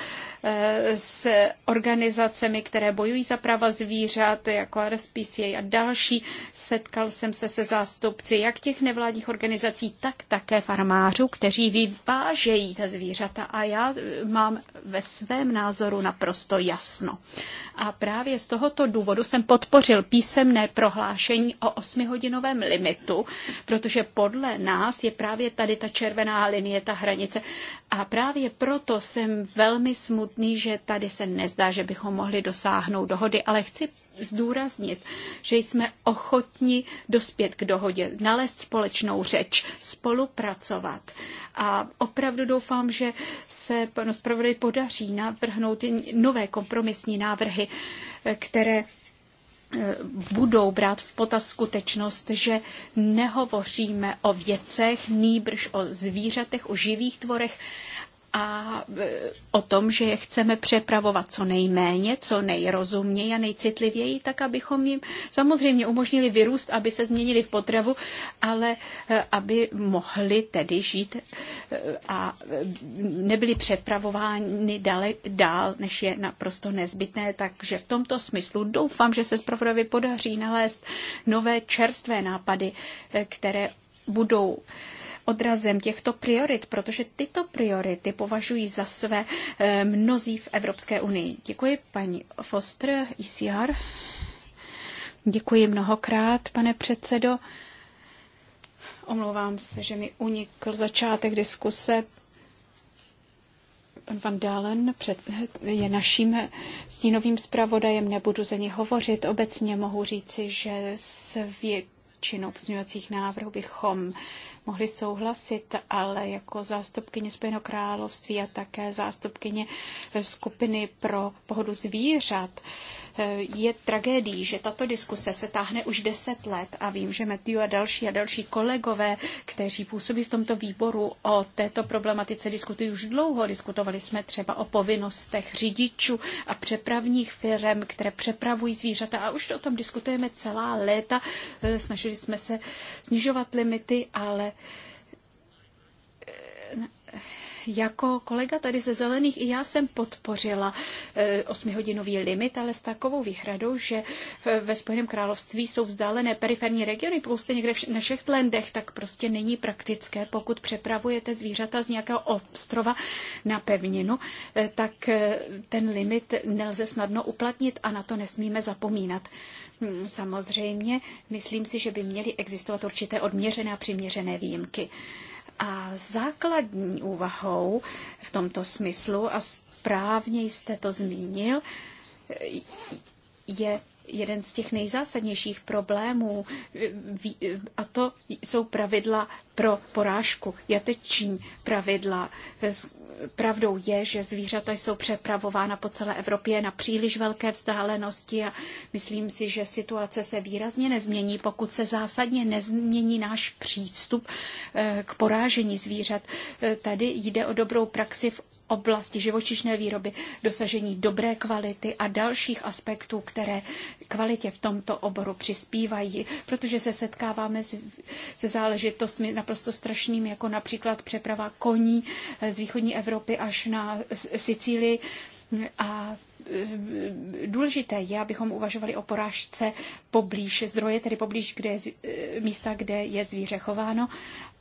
eh, s organizacemi, které bojují za práva zvířat, jako RSPCA a další. Setkal jsem se se zástupci jak těch nevládních organizací, tak také farmářů, kteří vyvážejí ta zvířata. A já eh, mám ve svém názoru naprosto jasno. A právě z tohoto důvodu jsem podpořil písemné prohlášení o osmihodinovém limitu, protože podle nás je právě tady ta červená linie, ta hranice. A a právě proto jsem velmi smutný, že tady se nezdá, že bychom mohli dosáhnout dohody, ale chci zdůraznit, že jsme ochotni dospět k dohodě, nalézt společnou řeč, spolupracovat. A opravdu doufám, že se panu zpravodaj podaří navrhnout nové kompromisní návrhy, které budou brát v potaz skutečnost, že nehovoříme o věcech, nýbrž o zvířatech, o živých tvorech a e, o tom, že je chceme přepravovat co nejméně, co nejrozuměji a nejcitlivěji, tak abychom jim samozřejmě umožnili vyrůst, aby se změnili v potravu, ale e, aby mohli tedy žít a nebyly přepravovány dál, než je naprosto nezbytné. Takže v tomto smyslu doufám, že se zpravodajovi podaří nalézt nové čerstvé nápady, eh, které budou odrazem těchto priorit, protože tyto priority považují za své eh, mnozí v Evropské unii. Děkuji paní Foster, ICR. Děkuji mnohokrát, pane předsedo. Omlouvám se, že mi unikl začátek diskuse. Pan Van Dalen před, je naším stínovým zpravodajem, nebudu za ně hovořit. Obecně mohu říci, že s většinou pozměňovacích návrhů bychom mohli souhlasit, ale jako zástupkyně Spojeného království a také zástupkyně skupiny pro pohodu zvířat Eh, je tragédií, že tato diskuse se táhne už deset let a vím, že Matthew a další a další kolegové, kteří působí v tomto výboru o této problematice diskutují už dlouho. Diskutovali jsme třeba o povinnostech řidičů a přepravních firm, které přepravují zvířata a už o tom diskutujeme celá léta. Eh, snažili jsme se snižovat limity, ale eh, jako kolega tady ze Zelených i já jsem podpořila eh, osmihodinový limit, ale s takovou výhradou, že eh, ve Spojeném království jsou vzdálené periferní regiony, prostě někde na Šechtlendech, tak prostě není praktické, pokud přepravujete zvířata z nějakého ostrova na pevninu, eh, tak ten limit nelze snadno uplatnit a na to nesmíme zapomínat. Hm, samozřejmě, myslím si, že by měly existovat určité odměřené a přiměřené výjimky. A základní úvahou v tomto smyslu, a správně jste to zmínil, je jeden z těch nejzásadnějších problémů a to jsou pravidla pro porážku, jateční pravidla. Pravdou je, že zvířata jsou přepravována po celé Evropě na příliš velké vzdálenosti a myslím si, že situace se výrazně nezmění, pokud se zásadně nezmění náš přístup eh, k porážení zvířat. Eh, tady jde o dobrou praxi v oblasti živočišné výroby, dosažení dobré kvality a dalších aspektů, které kvalitě v tomto oboru přispívají, protože se setkáváme se záležitostmi naprosto strašnými, jako například přeprava koní eh, z východní Evropy až na Sicílii a důležité je, abychom uvažovali o porážce poblíž zdroje, tedy poblíž kde je, eh, místa, kde je zvíře chováno.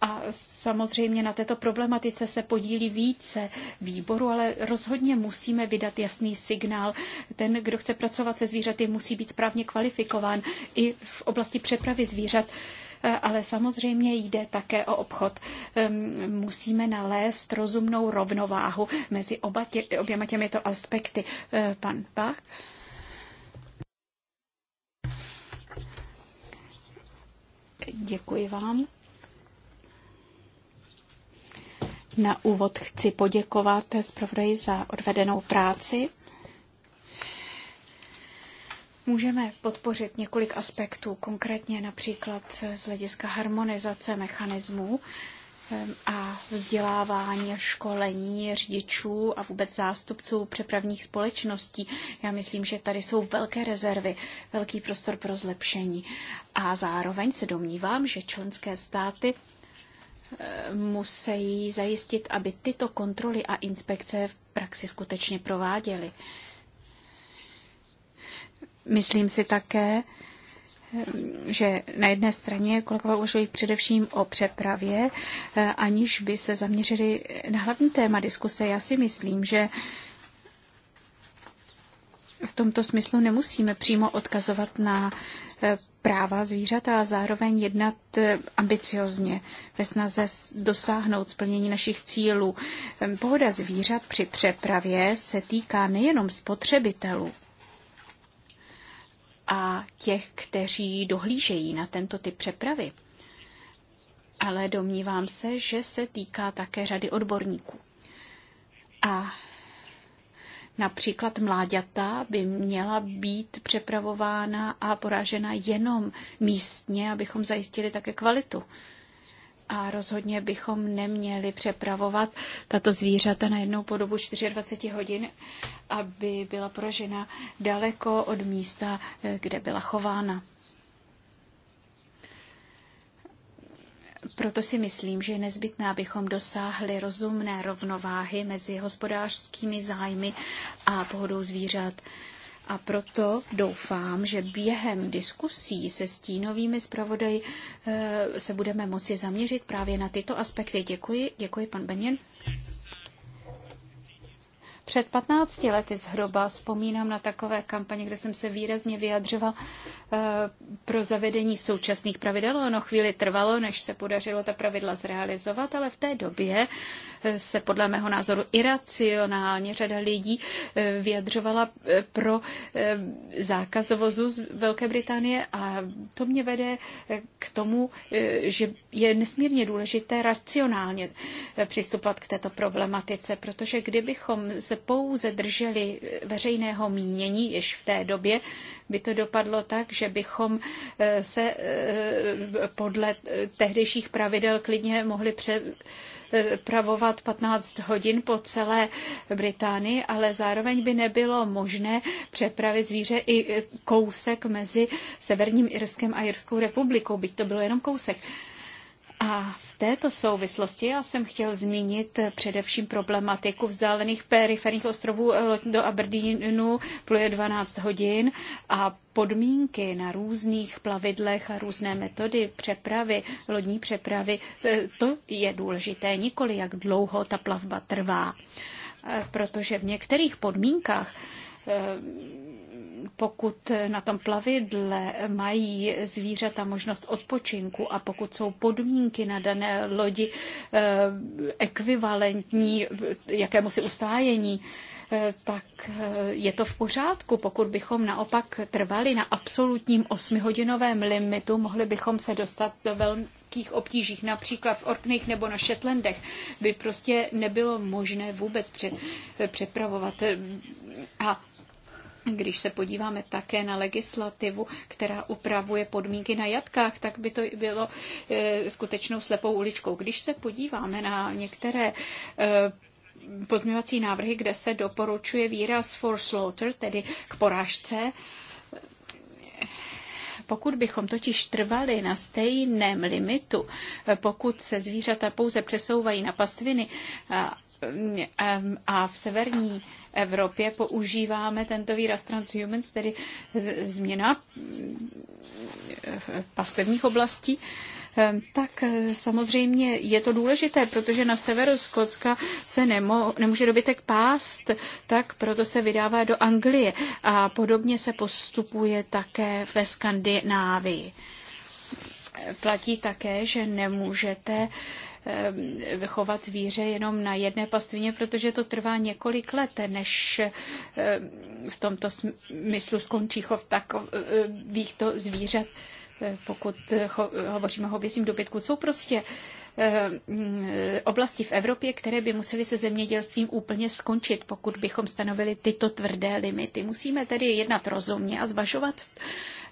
A samozřejmě na této problematice se podílí více výboru, ale rozhodně musíme vydat jasný signál. Ten, kdo chce pracovat se zvířaty, musí být správně kvalifikován i v oblasti přepravy zvířat ale samozřejmě jde také o obchod. Musíme nalézt rozumnou rovnováhu mezi oba tě, oběma těmito aspekty. Eh, pan Bach? Děkuji vám. Na úvod chci poděkovat zpravodaji za odvedenou práci. Můžeme podpořit několik aspektů, konkrétně například z hlediska harmonizace mechanismů ehm, a vzdělávání a školení řidičů a vůbec zástupců přepravních společností. Já myslím, že tady jsou velké rezervy, velký prostor pro zlepšení. A zároveň se domnívám, že členské státy ehm, musí zajistit, aby tyto kontroly a inspekce v praxi skutečně prováděly. Myslím si také, že na jedné straně kolegové uvažují především o přepravě, aniž by se zaměřili na hlavní téma diskuse. Já si myslím, že v tomto smyslu nemusíme přímo odkazovat na práva zvířat a zároveň jednat ambiciozně ve snaze dosáhnout splnění našich cílů. Pohoda zvířat při přepravě se týká nejenom spotřebitelů, a těch, kteří dohlížejí na tento typ přepravy. Ale domnívám se, že se týká také řady odborníků. A Například mláďata by měla být přepravována a poražena jenom místně, abychom zajistili také kvalitu a rozhodně bychom neměli přepravovat tato zvířata na jednou po dobu 24 hodin, aby byla prožena daleko od místa, eh, kde byla chována. Proto si myslím, že je nezbytné, abychom dosáhli rozumné rovnováhy mezi hospodářskými zájmy a pohodou zvířat. A proto doufám, že během diskusí se stínovými zpravodaji eh, se budeme moci zaměřit právě na tyto aspekty. Děkuji, děkuji pan Benjen. Před 15 lety zhruba vzpomínám na takové kampaně, kde jsem se výrazně vyjadřoval eh, pro zavedení současných pravidel. Ono chvíli trvalo, než se podařilo ta pravidla zrealizovat, ale v té době eh, se podle mého názoru iracionálně řada lidí eh, vyjadřovala pro zákaz dovozu z Velké Británie a to mě vede k tomu, že je nesmírně důležité racionálně přistupovat k této problematice, protože kdybychom se pouze drželi veřejného mínění jež v té době, by to dopadlo tak, že bychom eh, se eh, podle tehdejších pravidel klidně mohli pře pravovat 15 hodin po celé Británii, ale zároveň by nebylo možné přepravit zvíře i kousek mezi Severním Irskem a Irskou republikou, byť to bylo jenom kousek. A v této souvislosti já jsem chtěl zmínit především problematiku vzdálených periferních ostrovů eh, do Aberdeenu pluje 12 hodin a podmínky na různých plavidlech a různé metody přepravy, lodní přepravy, eh, to je důležité, nikoli jak dlouho ta plavba trvá. Eh, protože v některých podmínkách pokud na tom plavidle mají zvířata možnost odpočinku a pokud jsou podmínky na dané lodi eh, ekvivalentní jakému si ustájení, eh, tak eh, je to v pořádku. Pokud bychom naopak trvali na absolutním osmihodinovém limitu, mohli bychom se dostat do velkých obtížích, například v Orknech nebo na Šetlandech, by prostě nebylo možné vůbec přepravovat. A když se podíváme také na legislativu, která upravuje podmínky na jatkách, tak by to bylo e, skutečnou slepou uličkou. Když se podíváme na některé e, pozměvací návrhy, kde se doporučuje výraz for slaughter, tedy k porážce, pokud bychom totiž trvali na stejném limitu, e, pokud se zvířata pouze přesouvají na pastviny a v severní Evropě používáme tento výraz transhumans, tedy změna mm, pastevních oblastí, tak eh, samozřejmě je to důležité, protože na severu Skotska se nemo, nemůže dobytek pást, tak proto se vydává do Anglie a podobně se postupuje také ve Skandinávii. Platí také, že nemůžete uh, vychovat eh, zvíře jenom na jedné pastvině, protože to trvá několik let, než eh, v tomto smyslu skončí chov to zvířat eh, pokud hovoříme o hovězím dobytku, jsou prostě Eh, oblasti v Evropě, které by musely se zemědělstvím úplně skončit, pokud bychom stanovili tyto tvrdé limity. Musíme tedy jednat rozumně a zvažovat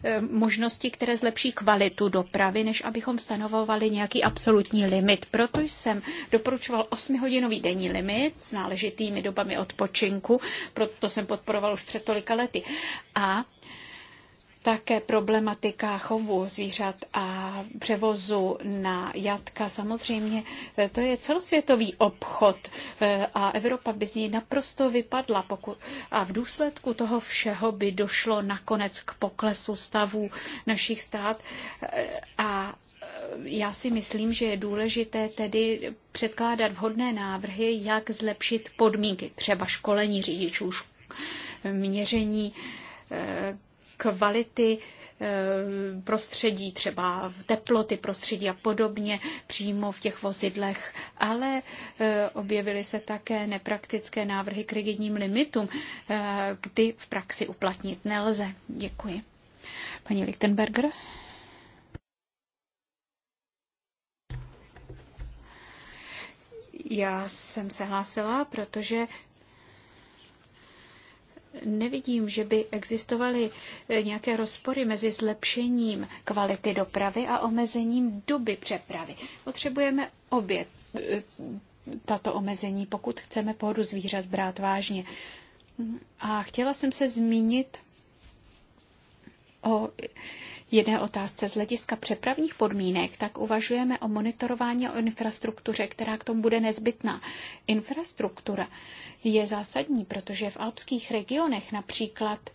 eh, možnosti, které zlepší kvalitu dopravy, než abychom stanovovali nějaký absolutní limit. Proto jsem doporučoval 8-hodinový denní limit s náležitými dobami odpočinku, proto jsem podporoval už před tolika lety. A také problematika chovu zvířat a převozu na jatka. Samozřejmě eh, to je celosvětový obchod eh, a Evropa by z ní naprosto vypadla. Pokud, a v důsledku toho všeho by došlo nakonec k poklesu stavů našich stát eh, a já si myslím, že je důležité tedy předkládat vhodné návrhy, jak zlepšit podmínky, třeba školení řidičů, měření kvality eh, prostředí, třeba teploty prostředí a podobně přímo v těch vozidlech, ale eh, objevily se také nepraktické návrhy k rigidním limitům, eh, kdy v praxi uplatnit nelze. Děkuji. Paní Lichtenberger? Já jsem se hlásila, protože nevidím, že by existovaly eh, nějaké rozpory mezi zlepšením kvality dopravy a omezením doby přepravy. Potřebujeme obě eh, tato omezení, pokud chceme pohodu zvířat brát vážně. A chtěla jsem se zmínit o jedné otázce. Z hlediska přepravních podmínek tak uvažujeme o monitorování o infrastruktuře, která k tomu bude nezbytná. Infrastruktura je zásadní, protože v alpských regionech například,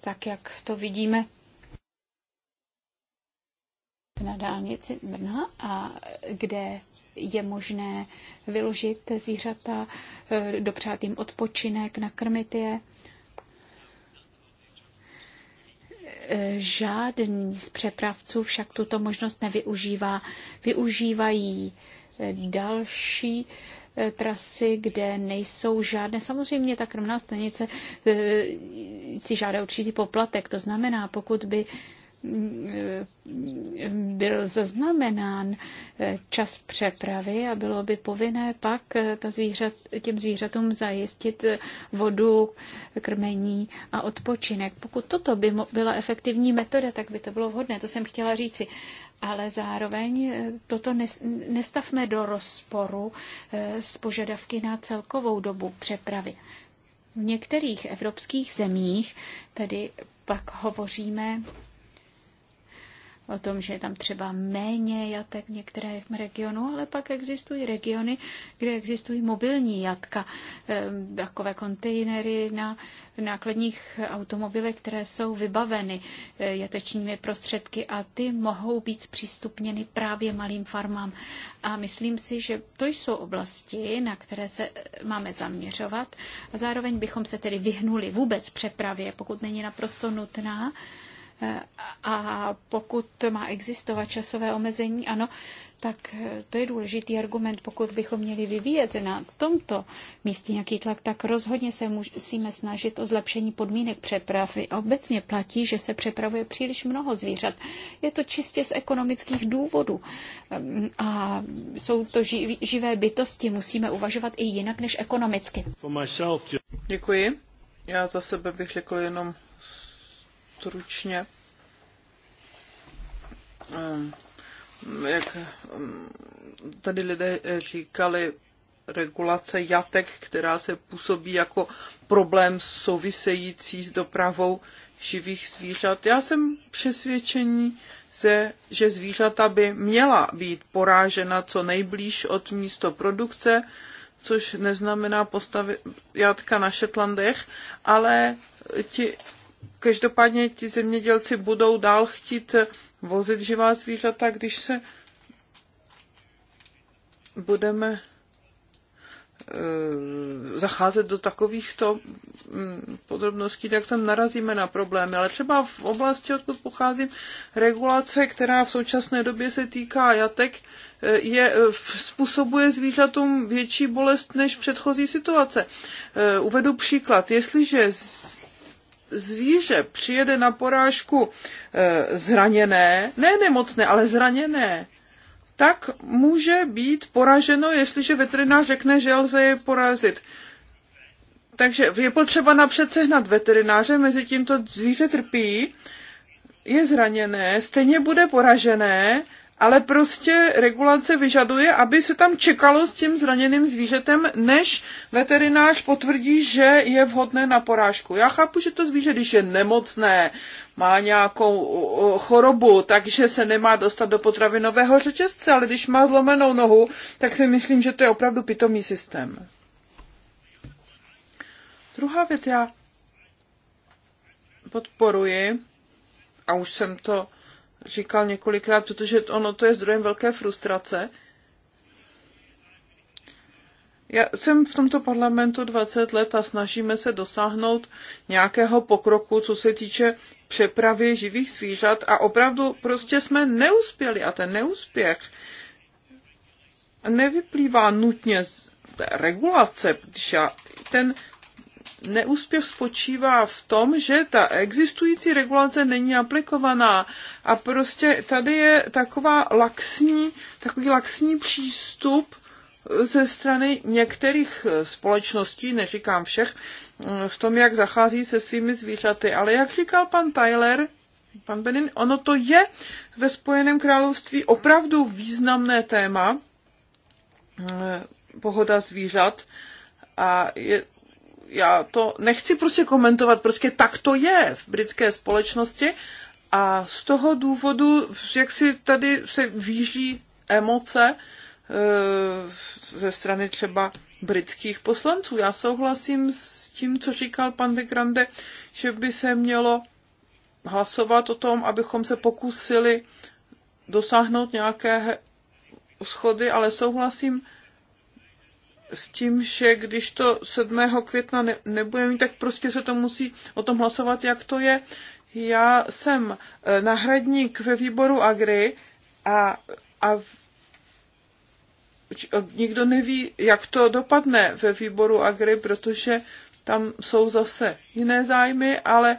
tak jak to vidíme, na dálnici Brna a kde je možné vyložit zvířata, e, dopřát jim odpočinek, nakrmit je. Žádný z přepravců však tuto možnost nevyužívá. Využívají eh, další eh, trasy, kde nejsou žádné. Samozřejmě ta krmná stanice eh, si žádá určitý poplatek. To znamená, pokud by byl zaznamenán eh, čas přepravy a bylo by povinné pak eh, ta zvířat, těm zvířatům zajistit eh, vodu, krmení a odpočinek. Pokud toto by byla efektivní metoda, tak by to bylo vhodné, to jsem chtěla říci. Ale zároveň toto nestavme do rozporu s požadavky na celkovou dobu přepravy. V některých evropských zemích tedy pak hovoříme o tom, že je tam třeba méně jatek v některých regionu, ale pak existují regiony, kde existují mobilní jatka, ehm, takové kontejnery na nákladních automobilech, které jsou vybaveny eh, jatečními prostředky a ty mohou být zpřístupněny právě malým farmám. A myslím si, že to jsou oblasti, na které se eh, máme zaměřovat a zároveň bychom se tedy vyhnuli vůbec přepravě, pokud není naprosto nutná a pokud má existovat časové omezení, ano, tak to je důležitý argument. Pokud bychom měli vyvíjet na tomto místě nějaký tlak, tak rozhodně se musíme snažit o zlepšení podmínek přepravy. Obecně platí, že se přepravuje příliš mnoho zvířat. Je to čistě z ekonomických důvodů. A jsou to živé bytosti, musíme uvažovat i jinak než ekonomicky. Děkuji. Já za sebe bych řekl jenom stručně. Ehm, jak ehm, tady lidé říkali, regulace jatek, která se působí jako problém související s dopravou živých zvířat. Já jsem přesvědčení, se, že zvířata by měla být porážena co nejblíž od místo produkce, což neznamená postavit játka na Šetlandech, ale ti Každopádně ti zemědělci budou dál chtít vozit živá zvířata, když se budeme eh, zacházet do takovýchto mm, podrobností, tak tam narazíme na problémy. Ale třeba v oblasti, odkud pocházím, regulace, která v současné době se týká jatek, eh, je, eh, způsobuje zvířatům větší bolest než předchozí situace. Uvedu příklad. Jestliže zvíře přijede na porážku e, zraněné, ne nemocné, ale zraněné, tak může být poraženo, jestliže veterinář řekne, že lze je porazit. Takže je potřeba napřed sehnat veterináře, mezi tím to zvíře trpí, je zraněné, stejně bude poražené ale prostě regulace vyžaduje, aby se tam čekalo s tím zraněným zvířetem, než veterinář potvrdí, že je vhodné na porážku. Já chápu, že to zvíře, když je nemocné, má nějakou chorobu, takže se nemá dostat do potravinového řetězce, ale když má zlomenou nohu, tak si myslím, že to je opravdu pitomý systém. Druhá věc, já podporuji, a už jsem to říkal několikrát, protože ono to je zdrojem velké frustrace. Já jsem v tomto parlamentu 20 let a snažíme se dosáhnout nějakého pokroku, co se týče přepravy živých zvířat a opravdu prostě jsme neuspěli a ten neúspěch nevyplývá nutně z regulace, když já ten neúspěch spočívá v tom, že ta existující regulace není aplikovaná a prostě tady je taková laxní, takový laxní přístup ze strany některých eh, společností, neříkám všech, mm, v tom, jak zachází se svými zvířaty. Ale jak říkal pan Tyler, pan Benin, ono to je ve Spojeném království opravdu významné téma, eh, pohoda zvířat. A je já to nechci prostě komentovat, prostě tak to je v britské společnosti a z toho důvodu, jak si tady se výží emoce eh, ze strany třeba britských poslanců. Já souhlasím s tím, co říkal pan Vigrande, že by se mělo hlasovat o tom, abychom se pokusili dosáhnout nějaké schody, ale souhlasím s tím, že když to 7. května ne, nebudeme mít, tak prostě se to musí o tom hlasovat, jak to je. Já jsem eh, nahradník ve výboru Agri a, a eh, nikdo neví, jak to dopadne ve výboru Agri, protože tam jsou zase jiné zájmy, ale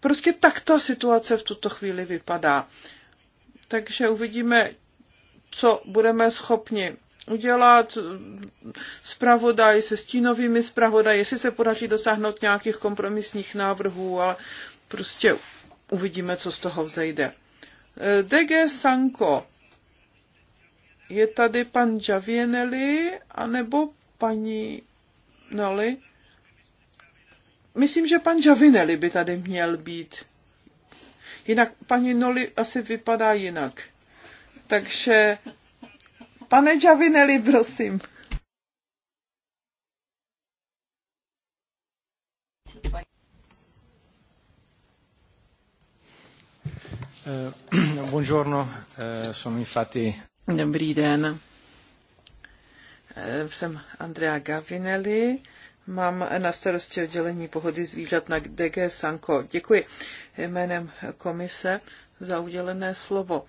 prostě takto situace v tuto chvíli vypadá. Takže uvidíme, co budeme schopni udělat. Eh, zpravodaj se stínovými zpravodaji, jestli se podaří dosáhnout nějakých kompromisních návrhů, ale prostě uvidíme, co z toho vzejde. Eh, DG Sanko. Je tady pan Javieneli, anebo paní Noli? Myslím, že pan Javineli by tady měl být. Jinak paní Noli asi vypadá jinak. Takže Pane Javinelli, prosím. Eh, buongiorno, eh, sono infatti... Dobrý den. Eh, jsem Andrea Gavinelli, mám na starosti oddělení pohody zvířat na DG Sanko. Děkuji jménem komise za udělené slovo.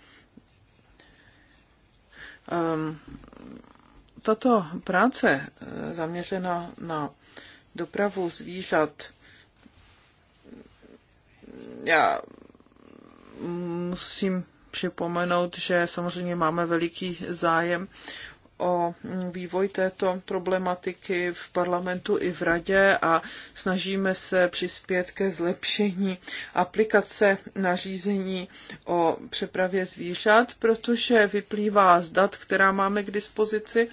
Ehm, tato práce eh, zaměřena na dopravu zvířat, já musím připomenout, že samozřejmě máme veliký zájem o vývoj této problematiky v parlamentu i v radě a snažíme se přispět ke zlepšení aplikace nařízení o přepravě zvířat, protože vyplývá z dat, která máme k dispozici,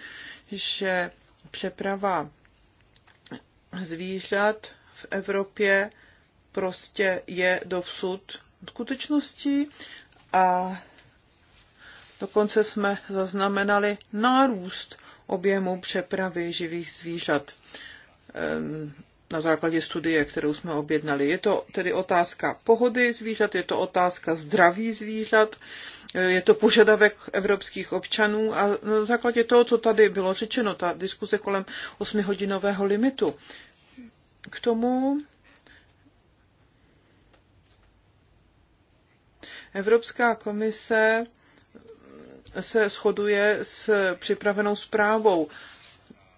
že přeprava zvířat v Evropě prostě je dosud skutečností a Dokonce jsme zaznamenali nárůst objemu přepravy živých zvířat ehm, na základě studie, kterou jsme objednali. Je to tedy otázka pohody zvířat, je to otázka zdraví zvířat, eh, je to požadavek evropských občanů a na základě toho, co tady bylo řečeno, ta diskuze kolem 8-hodinového limitu. K tomu Evropská komise se shoduje s připravenou zprávou.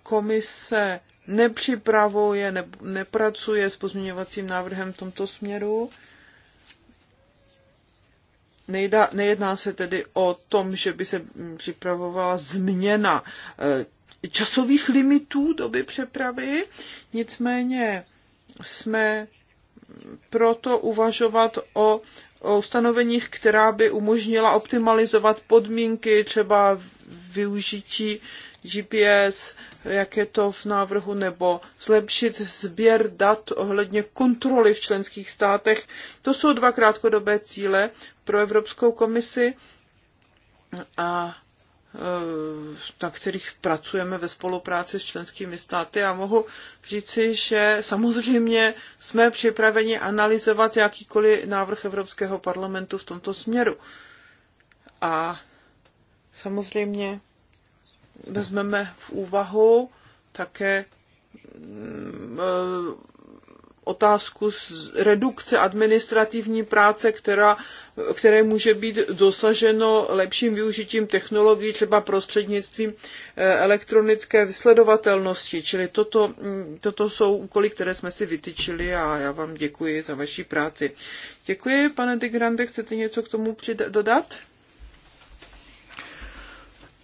Komise nepřipravuje, ne, nepracuje s pozměňovacím návrhem v tomto směru. Nejda, nejedná se tedy o tom, že by se připravovala změna eh, časových limitů doby přepravy, nicméně jsme proto uvažovat o o ustanoveních, která by umožnila optimalizovat podmínky třeba využití GPS, jak je to v návrhu, nebo zlepšit sběr dat ohledně kontroly v členských státech. To jsou dva krátkodobé cíle pro Evropskou komisi a Eh, na kterých pracujeme ve spolupráci s členskými státy a mohu říci, že samozřejmě jsme připraveni analyzovat jakýkoliv návrh Evropského parlamentu v tomto směru. A samozřejmě vezmeme v úvahu také mm, eh, otázku z redukce administrativní práce, která, které může být dosaženo lepším využitím technologií, třeba prostřednictvím eh, elektronické vysledovatelnosti. Čili toto, mm, toto jsou úkoly, které jsme si vytyčili a já vám děkuji za vaši práci. Děkuji, pane de Grande, chcete něco k tomu přida- dodat?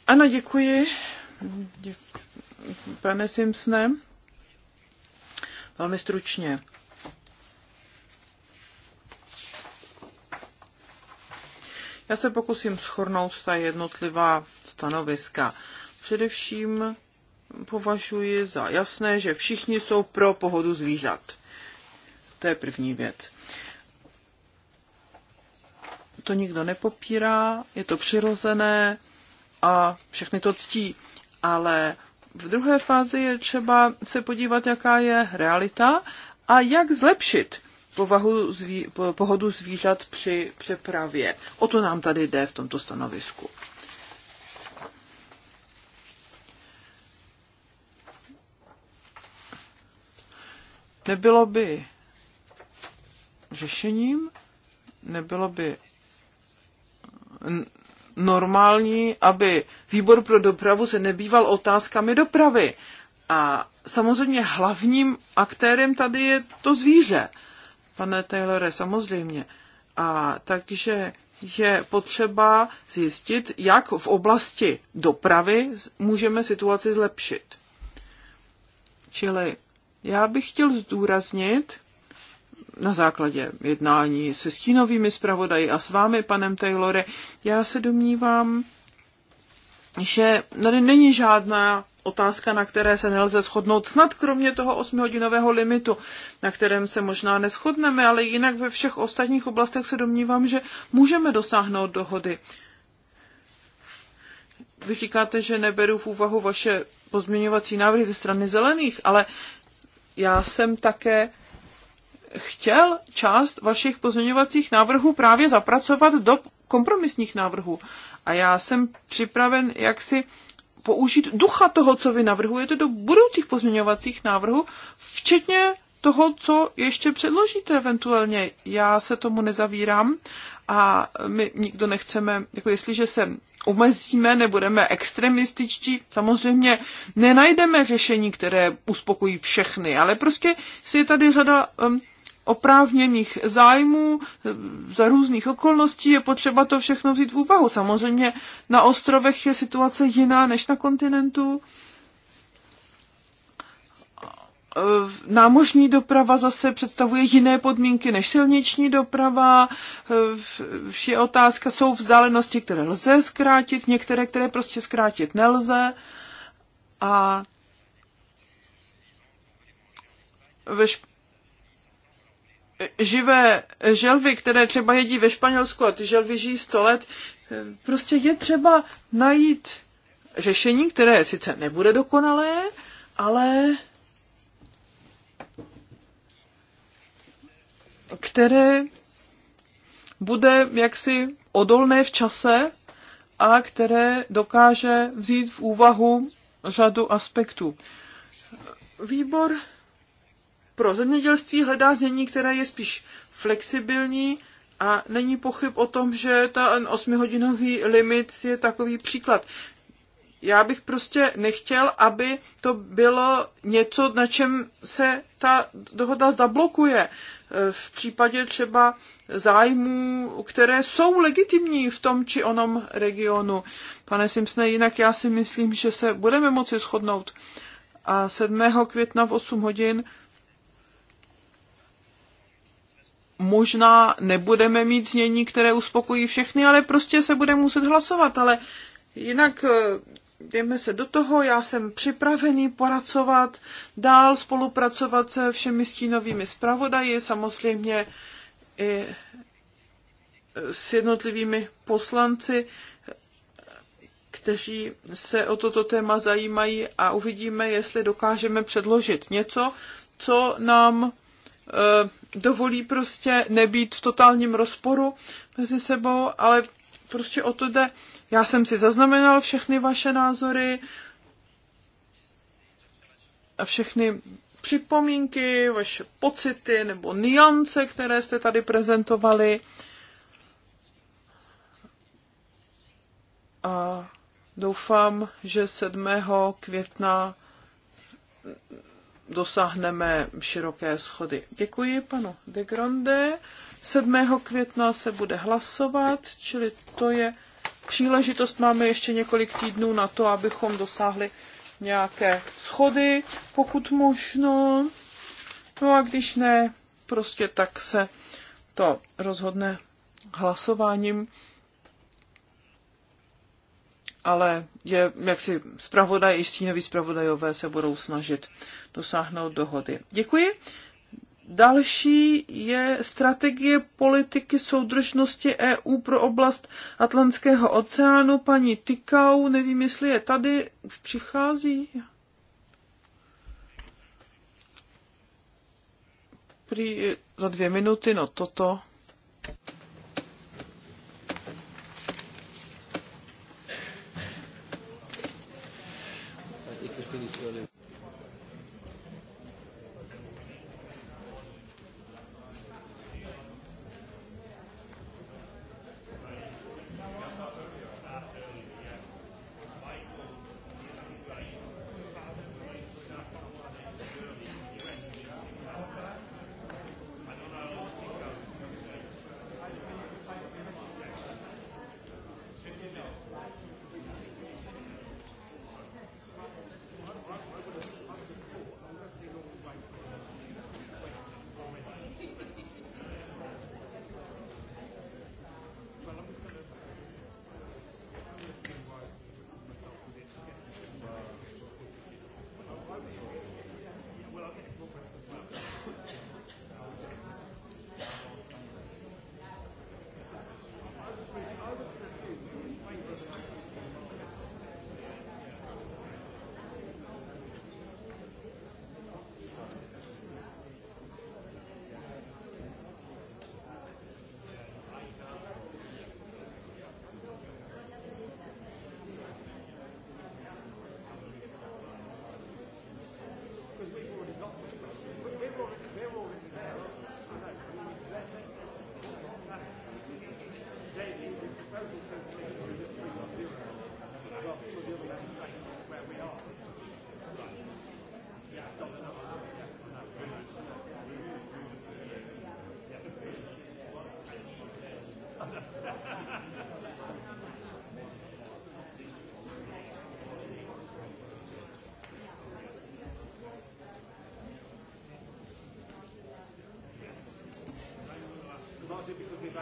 Ano, děkuji. Děkuji. Pane Simpsonem. Velmi stručně. Já se pokusím schrnout ta jednotlivá stanoviska. Především považuji za jasné, že všichni jsou pro pohodu zvířat. To je první věc. To nikdo nepopírá, je to přirozené a všechny to ctí. Ale v druhé fázi je třeba se podívat, jaká je realita a jak zlepšit povahu zví, pohodu zvířat při přepravě. O to nám tady jde v tomto stanovisku. Nebylo by řešením, nebylo by normální, aby výbor pro dopravu se nebýval otázkami dopravy. A samozřejmě hlavním aktérem tady je to zvíře pane Taylore, samozřejmě. A takže je potřeba zjistit, jak v oblasti dopravy můžeme situaci zlepšit. Čili já bych chtěl zdůraznit na základě jednání se stínovými zpravodaji a s vámi, panem Taylore, já se domnívám, že tady není žádná otázka, na které se nelze shodnout, snad kromě toho osmihodinového limitu, na kterém se možná neschodneme, ale jinak ve všech ostatních oblastech se domnívám, že můžeme dosáhnout dohody. Vy říkáte, že neberu v úvahu vaše pozměňovací návrhy ze strany zelených, ale já jsem také chtěl část vašich pozměňovacích návrhů právě zapracovat do kompromisních návrhů. A já jsem připraven jaksi použít ducha toho, co vy navrhujete do budoucích pozměňovacích návrhů, včetně toho, co ještě předložíte eventuálně. Já se tomu nezavírám a my nikdo nechceme, jako jestliže se omezíme, nebudeme extremističtí, samozřejmě nenajdeme řešení, které uspokojí všechny, ale prostě si je tady řada um, oprávněných zájmů za různých okolností je potřeba to všechno vzít v úvahu. Samozřejmě na ostrovech je situace jiná než na kontinentu. Námožní doprava zase představuje jiné podmínky než silniční doprava. Je otázka, jsou vzdálenosti, které lze zkrátit, některé, které prostě zkrátit nelze. A ve živé želvy, které třeba jedí ve Španělsku a ty želvy žijí 100 let, eh, prostě je třeba najít řešení, které sice nebude dokonalé, ale které bude jaksi odolné v čase a které dokáže vzít v úvahu řadu aspektů. Výbor pro zemědělství hledá znění, které je spíš flexibilní a není pochyb o tom, že ten osmihodinový limit je takový příklad. Já bych prostě nechtěl, aby to bylo něco, na čem se ta dohoda zablokuje. E, v případě třeba zájmů, které jsou legitimní v tom či onom regionu. Pane Simpsone, jinak já si myslím, že se budeme moci shodnout. A 7. května v 8 hodin možná nebudeme mít znění, které uspokojí všechny, ale prostě se bude muset hlasovat, ale jinak jdeme eh, se do toho, já jsem připravený poracovat, dál spolupracovat se všemi stínovými zpravodaji, samozřejmě i s jednotlivými poslanci, kteří se o toto téma zajímají a uvidíme, jestli dokážeme předložit něco, co nám Eh, dovolí prostě nebýt v totálním rozporu mezi sebou, ale prostě o to jde. Já jsem si zaznamenal všechny vaše názory a všechny připomínky, vaše pocity nebo niance, které jste tady prezentovali. A doufám, že 7. května dosáhneme široké schody. Děkuji panu de Grande. 7. května se bude hlasovat, čili to je příležitost. Máme ještě několik týdnů na to, abychom dosáhli nějaké schody, pokud možno. No a když ne, prostě tak se to rozhodne hlasováním ale je, jak si zpravodaj i stínoví zpravodajové se budou snažit dosáhnout dohody. Děkuji. Další je strategie politiky soudržnosti EU pro oblast Atlantského oceánu. Paní Tykau, nevím, jestli je tady, už přichází. Prý za dvě minuty, no toto. chtěli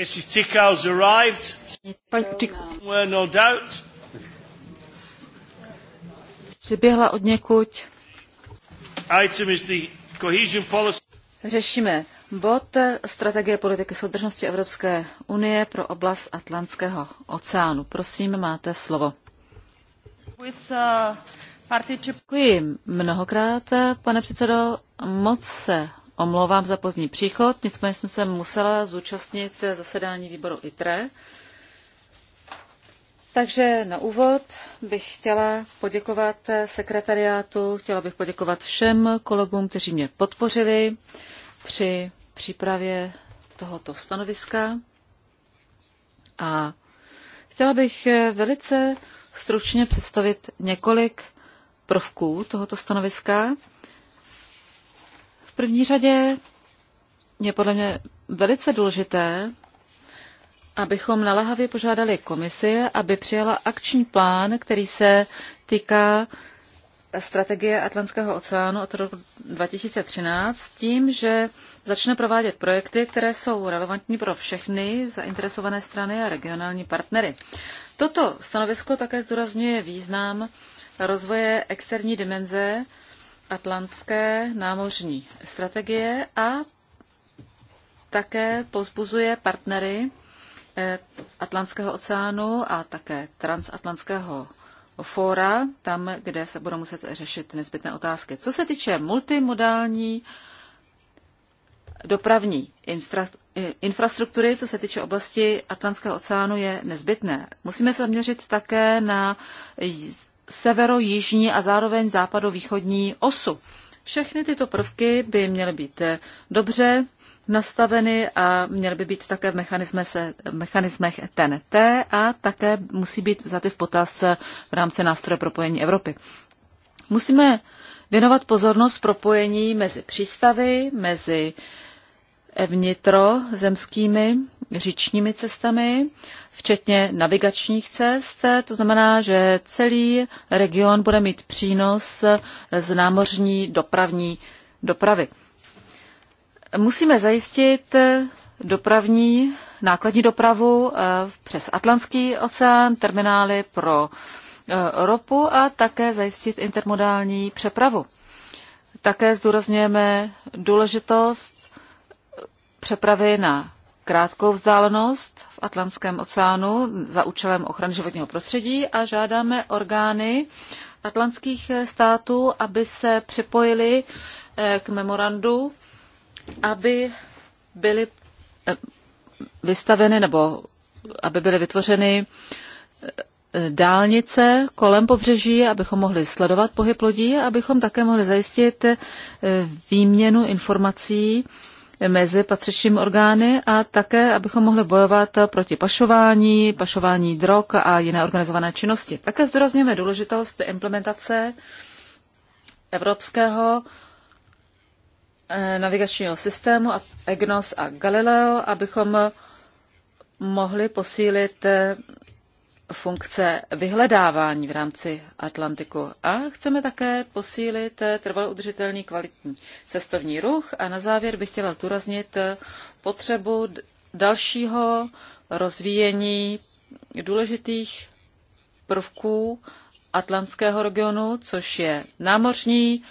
Mrs. Tickow's arrived. Where no doubt. Přiběhla od někud. Item is the cohesion policy. Řešíme bod strategie politiky soudržnosti Evropské unie pro oblast Atlantského oceánu. Prosím, máte slovo. Uh, Děkuji mnohokrát, pane předsedo. Moc se omlouvám za pozdní příchod, nicméně jsem se musela zúčastnit zasedání výboru ITRE. Takže na úvod bych chtěla poděkovat sekretariátu, chtěla bych poděkovat všem kolegům, kteří mě podpořili při přípravě tohoto stanoviska. A chtěla bych velice stručně představit několik prvků tohoto stanoviska. V první řadě je podle mě velice důležité, abychom naléhavě požádali komisi, aby přijala akční plán, který se týká strategie Atlantského oceánu od roku 2013 s tím, že začne provádět projekty, které jsou relevantní pro všechny zainteresované strany a regionální partnery. Toto stanovisko také zdůrazňuje význam rozvoje externí dimenze atlantské námořní strategie a také pozbuzuje partnery eh, Atlantského oceánu a také transatlantského fóra, tam, kde se budou muset řešit nezbytné otázky. Co se týče multimodální dopravní eh, infrastruktury, co se týče oblasti Atlantského oceánu, je nezbytné. Musíme se zaměřit také na severo-jižní a zároveň západo-východní osu. Všechny tyto prvky by měly být eh, dobře nastaveny a měly by být také v mechanismech TNT a také musí být vzaty v potaz eh, v rámci nástroje propojení Evropy. Musíme věnovat pozornost propojení mezi přístavy, mezi vnitrozemskými říčními cestami včetně navigačních cest. To znamená, že celý region bude mít přínos z námořní dopravní dopravy. Musíme zajistit dopravní, nákladní dopravu eh, přes Atlantský oceán, terminály pro eh, ropu a také zajistit intermodální přepravu. Také zdůrazňujeme důležitost přepravy na krátkou vzdálenost v Atlantském oceánu za účelem ochrany životního prostředí a žádáme orgány atlantských států, aby se připojili eh, k memorandu, aby byly eh, vystaveny nebo aby byly vytvořeny eh, dálnice kolem pobřeží, abychom mohli sledovat pohyb lodí abychom také mohli zajistit výměnu informací mezi patřičními orgány a také, abychom mohli bojovat proti pašování, pašování drog a jiné organizované činnosti. Také zdůrazněme důležitost implementace evropského eh, navigačního systému EGNOS a Galileo, abychom mohli posílit eh, funkce vyhledávání v rámci Atlantiku a chceme také posílit trvalo udržitelný kvalitní cestovní ruch a na závěr bych chtěla zdůraznit potřebu dalšího rozvíjení důležitých prvků atlantského regionu, což je námořní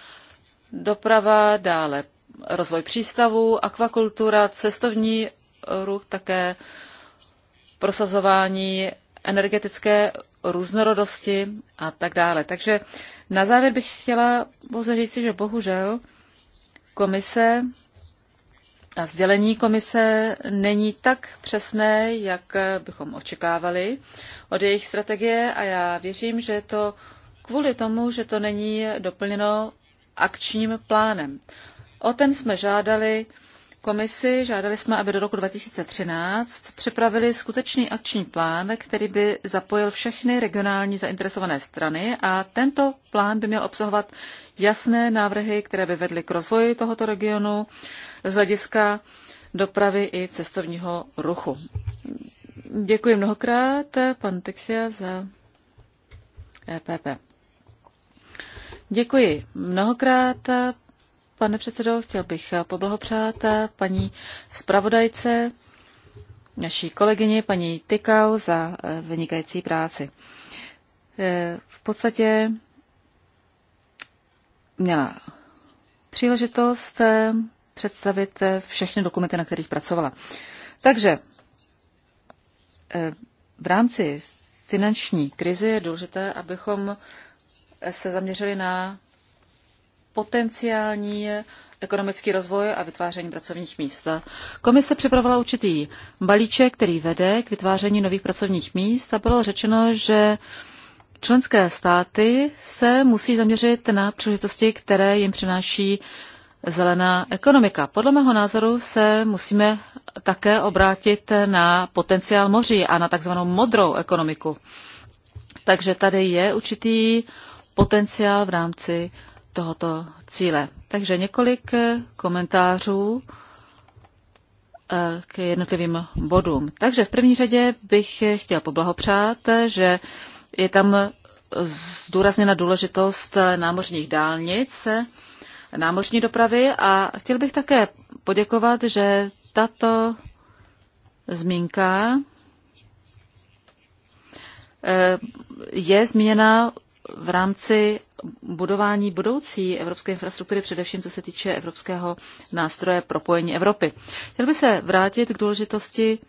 doprava, dále rozvoj přístavů, akvakultura, cestovní ruch, také prosazování energetické různorodosti a tak dále. Takže na závěr bych chtěla pouze říci, že bohužel komise a sdělení komise není tak přesné, jak bychom očekávali od jejich strategie a já věřím, že je to kvůli tomu, že to není doplněno akčním plánem. O ten jsme žádali komisi, žádali jsme, aby do roku 2013 připravili skutečný akční plán, který by zapojil všechny regionální zainteresované strany a tento plán by měl obsahovat jasné návrhy, které by vedly k rozvoji tohoto regionu z hlediska dopravy i cestovního ruchu. Děkuji mnohokrát, pan Texia, za EPP. Děkuji mnohokrát, pane předsedo. Chtěl bych poblahopřát paní zpravodajce, naší kolegyni, paní Tykau, za eh, vynikající práci. Eh, v podstatě měla příležitost eh, představit všechny dokumenty, na kterých pracovala. Takže v rámci finanční krizi je důležité, abychom se zaměřili na potenciální ekonomický rozvoj a vytváření pracovních míst. Komise připravila určitý balíček, který vede k vytváření nových pracovních míst a bylo řečeno, že členské státy se musí zaměřit na příležitosti, které jim přináší zelená ekonomika. Podle mého názoru se musíme také obrátit na potenciál moří a na takzvanou modrou ekonomiku. Takže tady je určitý potenciál v rámci tohoto cíle. Takže několik komentářů eh, k jednotlivým bodům. Takže v první řadě bych chtěl poblahopřát, že je tam zdůrazněna důležitost námořních dálnic, námořní dopravy a chtěl bych také poděkovat, že tato zmínka eh, je změna v rámci budování budoucí evropské infrastruktury, především co se týče evropského nástroje propojení Evropy. Chtěl bych se vrátit k důležitosti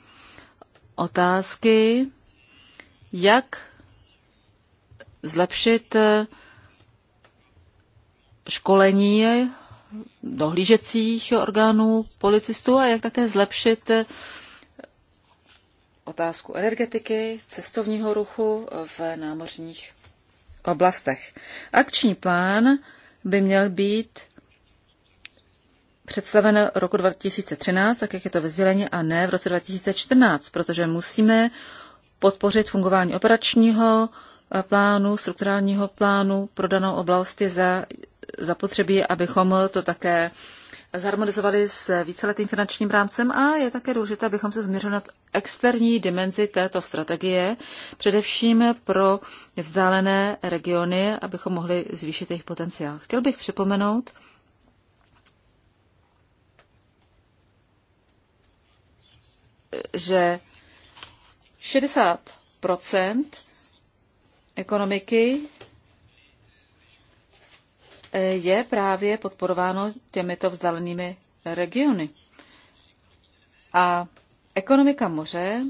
otázky, jak zlepšit školení dohlížecích orgánů policistů a jak také zlepšit otázku energetiky, cestovního ruchu v námořních oblastech. Akční plán by měl být představen roku 2013, tak jak je to ve zeleně, a ne v roce 2014, protože musíme podpořit fungování operačního eh, plánu, strukturálního plánu pro danou oblast je za, zapotřebí, abychom to také zharmonizovali s víceletým finančním rámcem a je také důležité, abychom se změřili nad externí dimenzi této strategie, především pro vzdálené regiony, abychom mohli zvýšit jejich potenciál. Chtěl bych připomenout, že 60 ekonomiky je právě podporováno těmito vzdálenými regiony. A ekonomika moře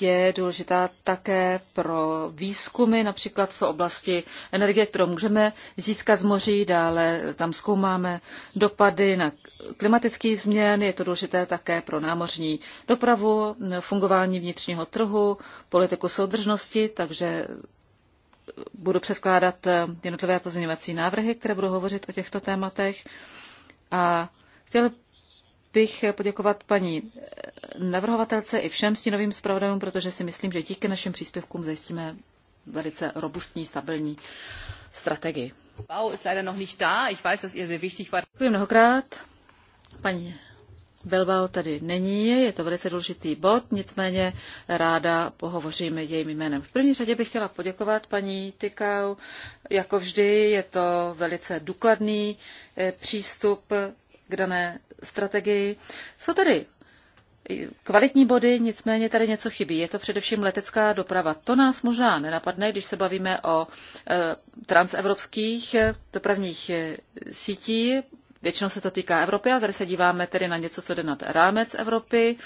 je důležitá také pro výzkumy, například v oblasti energie, kterou můžeme získat z moří, dále tam zkoumáme dopady na klimatický změn, je to důležité také pro námořní dopravu, fungování vnitřního trhu, politiku soudržnosti, takže budu předkládat eh, jednotlivé pozměňovací návrhy, které budou hovořit o těchto tématech. A chtěl bych poděkovat paní eh, navrhovatelce i všem stínovým zpravodajům, protože si myslím, že díky našim příspěvkům zajistíme velice robustní, stabilní strategii. Wow, ist leider noch nicht da. Ich weiß, dass ihr sehr wichtig war. Děkuji mnohokrát. Paní Bilbao tady není, je to velice důležitý bod, nicméně ráda pohovořím jejím jménem. V první řadě bych chtěla poděkovat paní Tykau. Jako vždy je to velice důkladný eh, přístup k dané strategii. Jsou tady kvalitní body, nicméně tady něco chybí. Je to především letecká doprava. To nás možná nenapadne, když se bavíme o eh, transevropských eh, dopravních sítí. Většinou se to týká Evropy a tady se díváme tedy na něco, co jde nad rámec Evropy.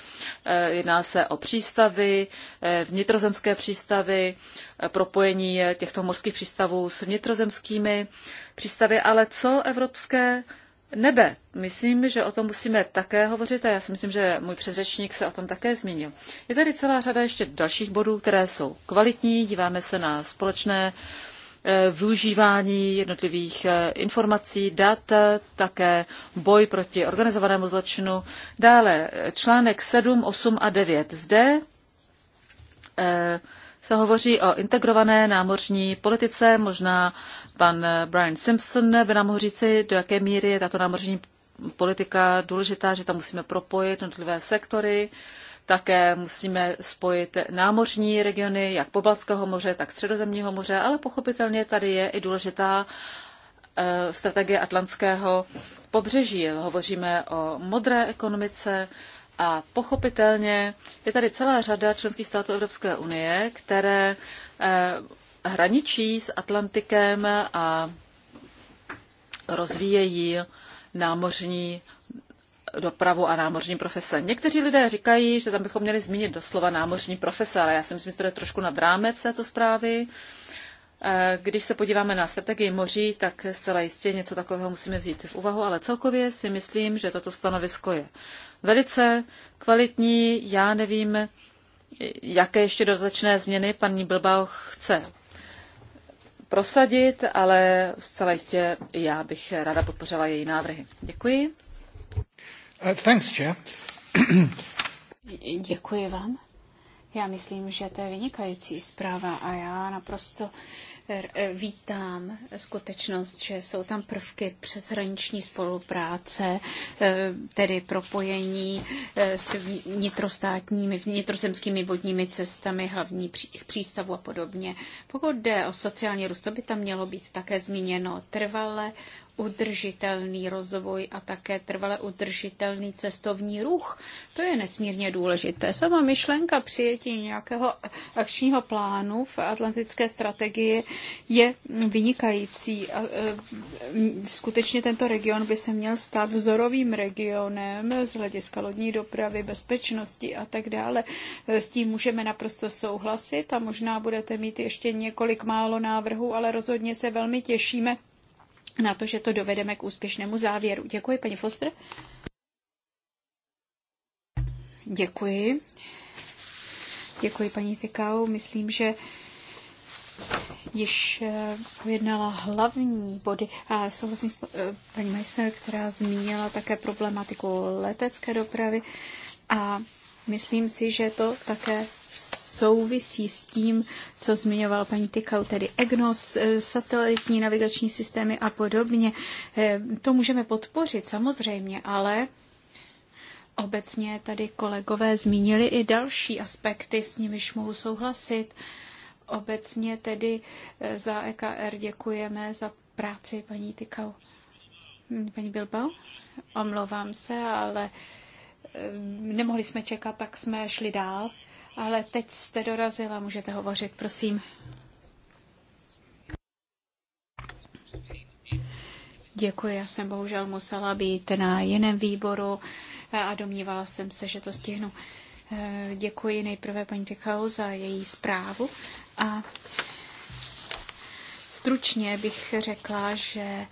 Eh, jedná se o přístavy, eh, vnitrozemské přístavy, eh, propojení těchto mořských přístavů s vnitrozemskými přístavy, ale co evropské nebe? Myslím, že o tom musíme také hovořit a já si myslím, že můj předřečník se o tom také zmínil. Je tady celá řada ještě dalších bodů, které jsou kvalitní, díváme se na společné Eh, využívání jednotlivých eh, informací, dat, eh, také boj proti organizovanému zločinu. Dále článek 7, 8 a 9. Zde se hovoří o integrované námořní politice. Možná pan Brian Simpson by nám mohl říci, do jaké míry je tato námořní politika důležitá, že tam musíme propojit jednotlivé sektory, také musíme spojit námořní regiony, jak Pobalského moře, tak Středozemního moře, ale pochopitelně tady je i důležitá eh, strategie atlantského pobřeží. Hovoříme o modré ekonomice a pochopitelně je tady celá řada členských států Evropské unie, které eh, hraničí s Atlantikem a rozvíjejí námořní dopravu a námořní profese. Někteří lidé říkají, že tam bychom měli zmínit doslova námořní profese, ale já si myslím, že to je trošku nad rámec této zprávy. Eh, když se podíváme na strategii moří, tak zcela jistě něco takového musíme vzít v úvahu, ale celkově si myslím, že toto stanovisko je velice kvalitní. Já nevím, jaké ještě dodatečné změny paní Bilbao chce prosadit, ale zcela jistě já bych ráda podpořila její návrhy. Děkuji. Uh, thanks, Chair. Děkuji vám. Já myslím, že to je vynikající zpráva a já naprosto eh, vítám skutečnost, že jsou tam prvky přeshraniční spolupráce, eh, tedy propojení eh, s vnitrostátními, vnitrozemskými vodními cestami, hlavní přístavu a podobně. Pokud jde o sociální růst, to by tam mělo být také zmíněno trvale udržitelný rozvoj a také trvale udržitelný cestovní ruch. To je nesmírně důležité. Sama myšlenka přijetí nějakého akčního plánu v atlantické strategii je vynikající. A, e, skutečně tento region by se měl stát vzorovým regionem z hlediska lodní dopravy, bezpečnosti a tak dále. E, s tím můžeme naprosto souhlasit a možná budete mít ještě několik málo návrhů, ale rozhodně se velmi těšíme na to, že to dovedeme k úspěšnému závěru. Děkuji, paní Foster. Děkuji. Děkuji, paní Tykau. Myslím, že již pojednala eh, hlavní body. A souhlasím s eh, paní Meissner, která zmínila také problematiku letecké dopravy a myslím si, že to také souvisí s tím, co zmiňoval paní Tykal, tedy EGNOS, eh, satelitní navigační systémy a podobně. Eh, to můžeme podpořit samozřejmě, ale obecně tady kolegové zmínili i další aspekty, s nimiž mohu souhlasit. Obecně tedy eh, za EKR děkujeme za práci paní Tykal. Hmm, paní Bilbao, omlouvám se, ale nemohli jsme čekat, tak jsme šli dál ale teď jste dorazila, můžete hovořit, prosím. Děkuji, já jsem bohužel musela být na jiném výboru a domnívala jsem se, že to stihnu. Eh, děkuji nejprve paní Dikau za její zprávu a stručně bych řekla, že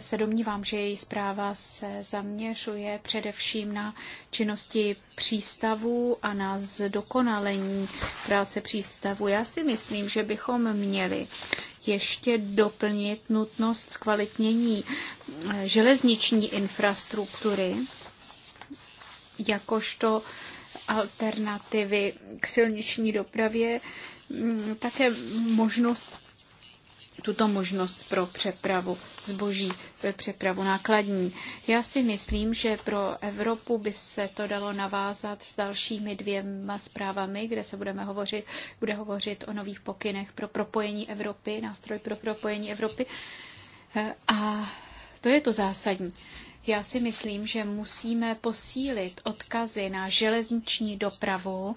se domnívám, že její zpráva se zaměřuje především na činnosti přístavů a na zdokonalení práce přístavu. Já si myslím, že bychom měli ještě doplnit nutnost zkvalitnění eh, železniční infrastruktury, jakožto alternativy k silniční dopravě, mm, také možnost tuto možnost pro přepravu zboží, přepravu nákladní. Já si myslím, že pro Evropu by se to dalo navázat s dalšími dvěma zprávami, kde se budeme hovořit, bude hovořit o nových pokynech pro propojení Evropy, nástroj pro propojení Evropy. Eh, a to je to zásadní. Já si myslím, že musíme posílit odkazy na železniční dopravu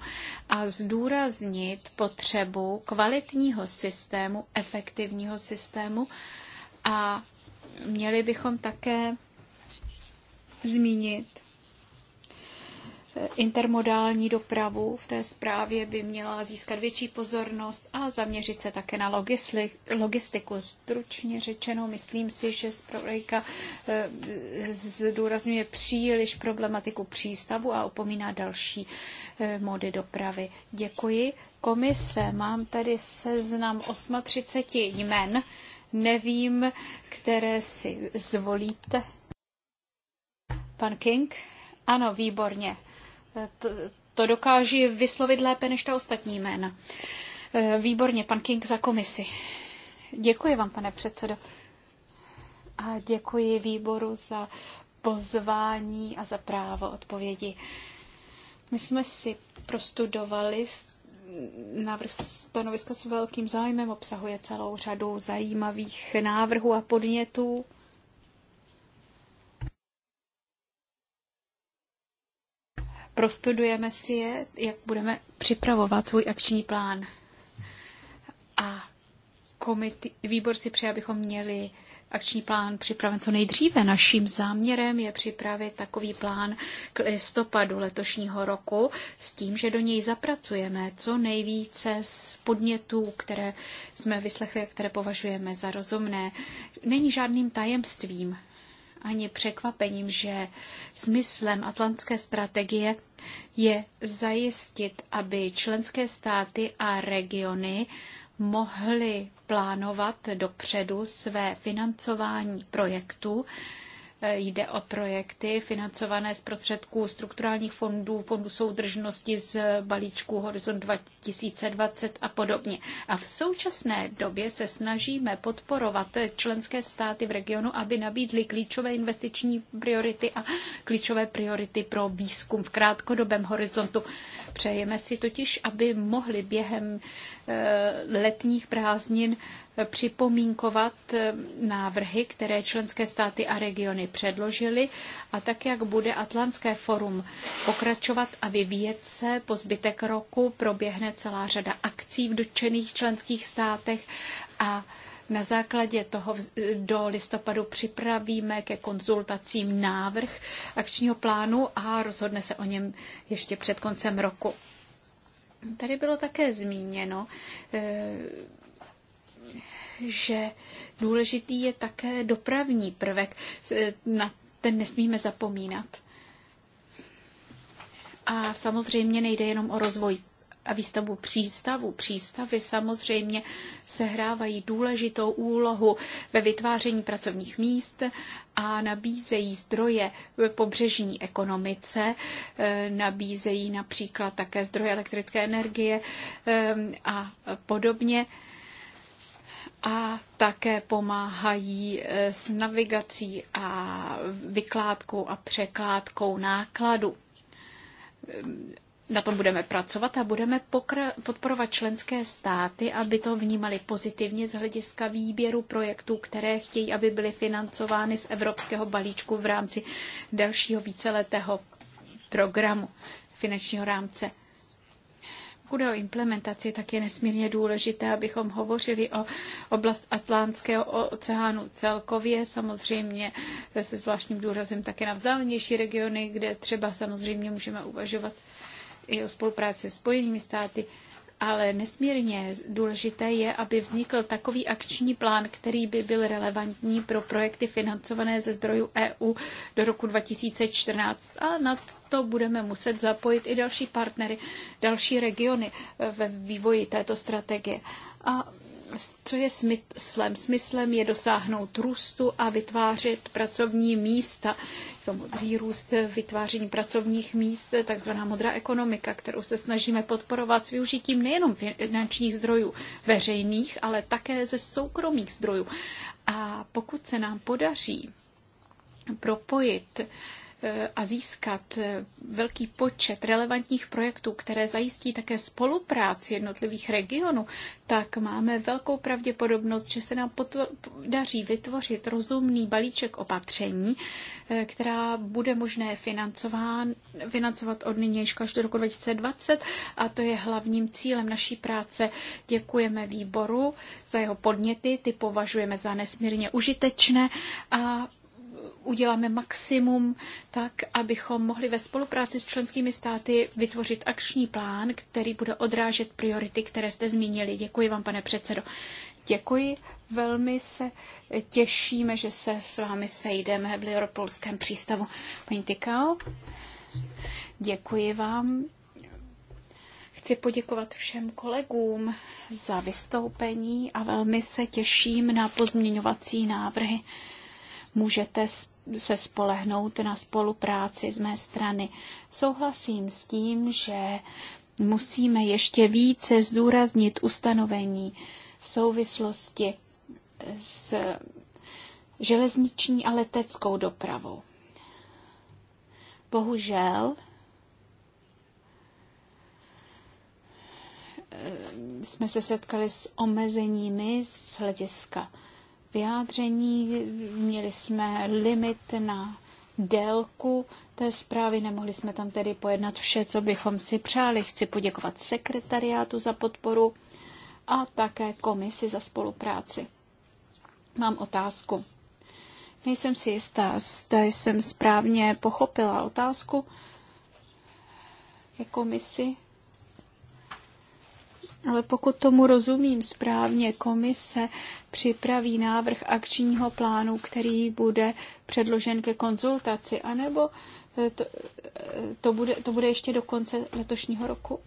a zdůraznit potřebu kvalitního systému, efektivního systému a měli bychom také zmínit intermodální dopravu v té zprávě by měla získat větší pozornost a zaměřit se také na logistiku. Stručně řečeno, myslím si, že zpravodajka eh, zdůrazňuje příliš problematiku přístavu a opomíná další eh, mody dopravy. Děkuji. Komise, mám tady seznam 38 jmen. Nevím, které si zvolíte. Pan King? Ano, výborně to, to dokáží vyslovit lépe než ta ostatní jména. E, výborně, pan King za komisi. Děkuji vám, pane předsedo. A děkuji výboru za pozvání a za právo odpovědi. My jsme si prostudovali návrh stanoviska s velkým zájmem, obsahuje celou řadu zajímavých návrhů a podnětů. prostudujeme si je, jak budeme připravovat svůj akční plán. A komity, výbor si přeje, abychom měli akční plán připraven co nejdříve. Naším záměrem je připravit takový plán k listopadu letošního roku s tím, že do něj zapracujeme co nejvíce z podnětů, které jsme vyslechli a které považujeme za rozumné. Není žádným tajemstvím, ani překvapením, že smyslem atlantské strategie je zajistit, aby členské státy a regiony mohly plánovat dopředu své financování projektů, Jde o projekty financované z prostředků strukturálních fondů, fondů soudržnosti z balíčku Horizon 2020 a podobně. A v současné době se snažíme podporovat členské státy v regionu, aby nabídly klíčové investiční priority a klíčové priority pro výzkum v krátkodobém horizontu. Přejeme si totiž, aby mohli během eh, letních prázdnin připomínkovat eh, návrhy, které členské státy a regiony předložily a tak, jak bude Atlantské forum pokračovat a vyvíjet se po zbytek roku, proběhne celá řada akcí v dotčených členských státech a na základě toho do listopadu připravíme ke konzultacím návrh akčního plánu a rozhodne se o něm ještě před koncem roku. Tady bylo také zmíněno eh, že důležitý je také dopravní prvek. Eh, na ten nesmíme zapomínat. A samozřejmě nejde jenom o rozvoj a výstavbu přístavů. Přístavy samozřejmě sehrávají důležitou úlohu ve vytváření pracovních míst a nabízejí zdroje pobřežní ekonomice, eh, nabízejí například také zdroje elektrické energie eh, a podobně a také pomáhají eh, s navigací a vykládkou a překládkou nákladu. Na tom budeme pracovat a budeme podporovat členské státy, aby to vnímali pozitivně z hlediska výběru projektů, které chtějí, aby byly financovány z evropského balíčku v rámci dalšího víceletého programu finančního rámce. Pokud o implementaci, tak je nesmírně důležité, abychom hovořili o oblast Atlantského oceánu celkově, samozřejmě se zvláštním důrazem také na vzdálenější regiony, kde třeba samozřejmě můžeme uvažovat i o spolupráci s Spojenými státy ale nesmírně důležité je, aby vznikl takový akční plán, který by byl relevantní pro projekty financované ze zdrojů EU do roku 2014. A na to budeme muset zapojit i další partnery, další regiony eh, ve vývoji této strategie. A co je smyslem? Smyslem je dosáhnout růstu a vytvářet pracovní místa. To modrý růst, vytváření pracovních míst, takzvaná modrá ekonomika, kterou se snažíme podporovat s využitím nejenom finančních zdrojů veřejných, ale také ze soukromých zdrojů. A pokud se nám podaří propojit uh, a získat eh, velký počet relevantních projektů, které zajistí také spolupráci jednotlivých regionů, tak máme velkou pravděpodobnost, že se nám podaří vytvořit rozumný balíček opatření, eh, která bude možné financován, financovat od nynějška až do roku 2020 a to je hlavním cílem naší práce. Děkujeme výboru za jeho podněty, ty považujeme za nesmírně užitečné a uděláme maximum tak, abychom mohli ve spolupráci s členskými státy vytvořit akční plán, který bude odrážet priority, které jste zmínili. Děkuji vám, pane předsedo. Děkuji. Velmi se těšíme, že se s vámi sejdeme v Liverpoolském přístavu. Paní Tykao, děkuji vám. Chci poděkovat všem kolegům za vystoupení a velmi se těším na pozměňovací návrhy. Můžete s se spolehnout na spolupráci z mé strany. Souhlasím s tím, že musíme ještě více zdůraznit ustanovení v souvislosti s železniční a leteckou dopravou. Bohužel eh, jsme se setkali s omezeními z hlediska vyjádření, měli jsme limit na délku té zprávy, nemohli jsme tam tedy pojednat vše, co bychom si přáli. Chci poděkovat sekretariátu za podporu a také komisi za spolupráci. Mám otázku. Nejsem si jistá, zda jsem správně pochopila otázku ke komisi. Ale pokud tomu rozumím správně, komise připraví návrh akčního plánu, který bude předložen ke konzultaci, anebo eh, to, eh, to, bude, to bude ještě do konce letošního roku?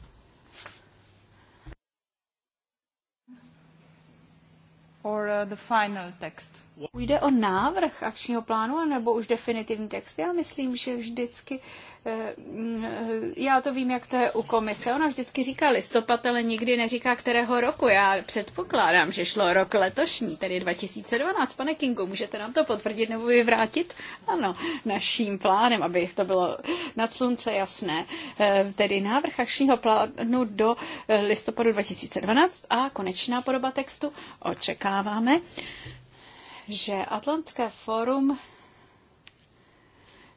Or uh, the final text? Půjde o návrh akčního plánu nebo už definitivní text? Já myslím, že vždycky, eh, mm, já to vím, jak to je u komise, ona vždycky říká listopad, ale nikdy neříká, kterého roku. Já předpokládám, že šlo rok letošní, tedy 2012. Pane Kingu, můžete nám to potvrdit nebo vyvrátit? Ano, naším plánem, aby to bylo nad slunce jasné. Eh, tedy návrh akčního plánu do eh, listopadu 2012 a konečná podoba textu očekáváme že Atlantské fórum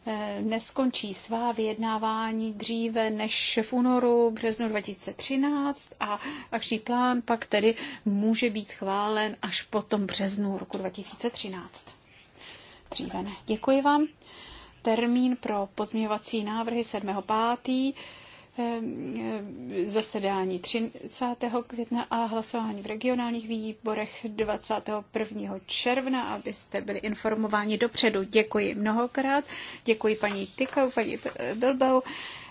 eh, neskončí svá vyjednávání dříve než v únoru březnu 2013 a akční plán pak tedy může být chválen až po tom březnu roku 2013. Dříve ne. Děkuji vám. Termín pro pozměňovací návrhy 7.5. Ehm, ehm, zasedání 30. května a hlasování v regionálních výborech 21. června, abyste byli informováni dopředu. Děkuji mnohokrát. Děkuji paní Tykou, paní Bilbao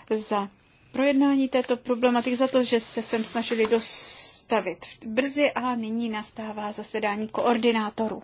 za projednání této problematiky, za to, že se sem snažili dostavit brzy a nyní nastává zasedání koordinátorů.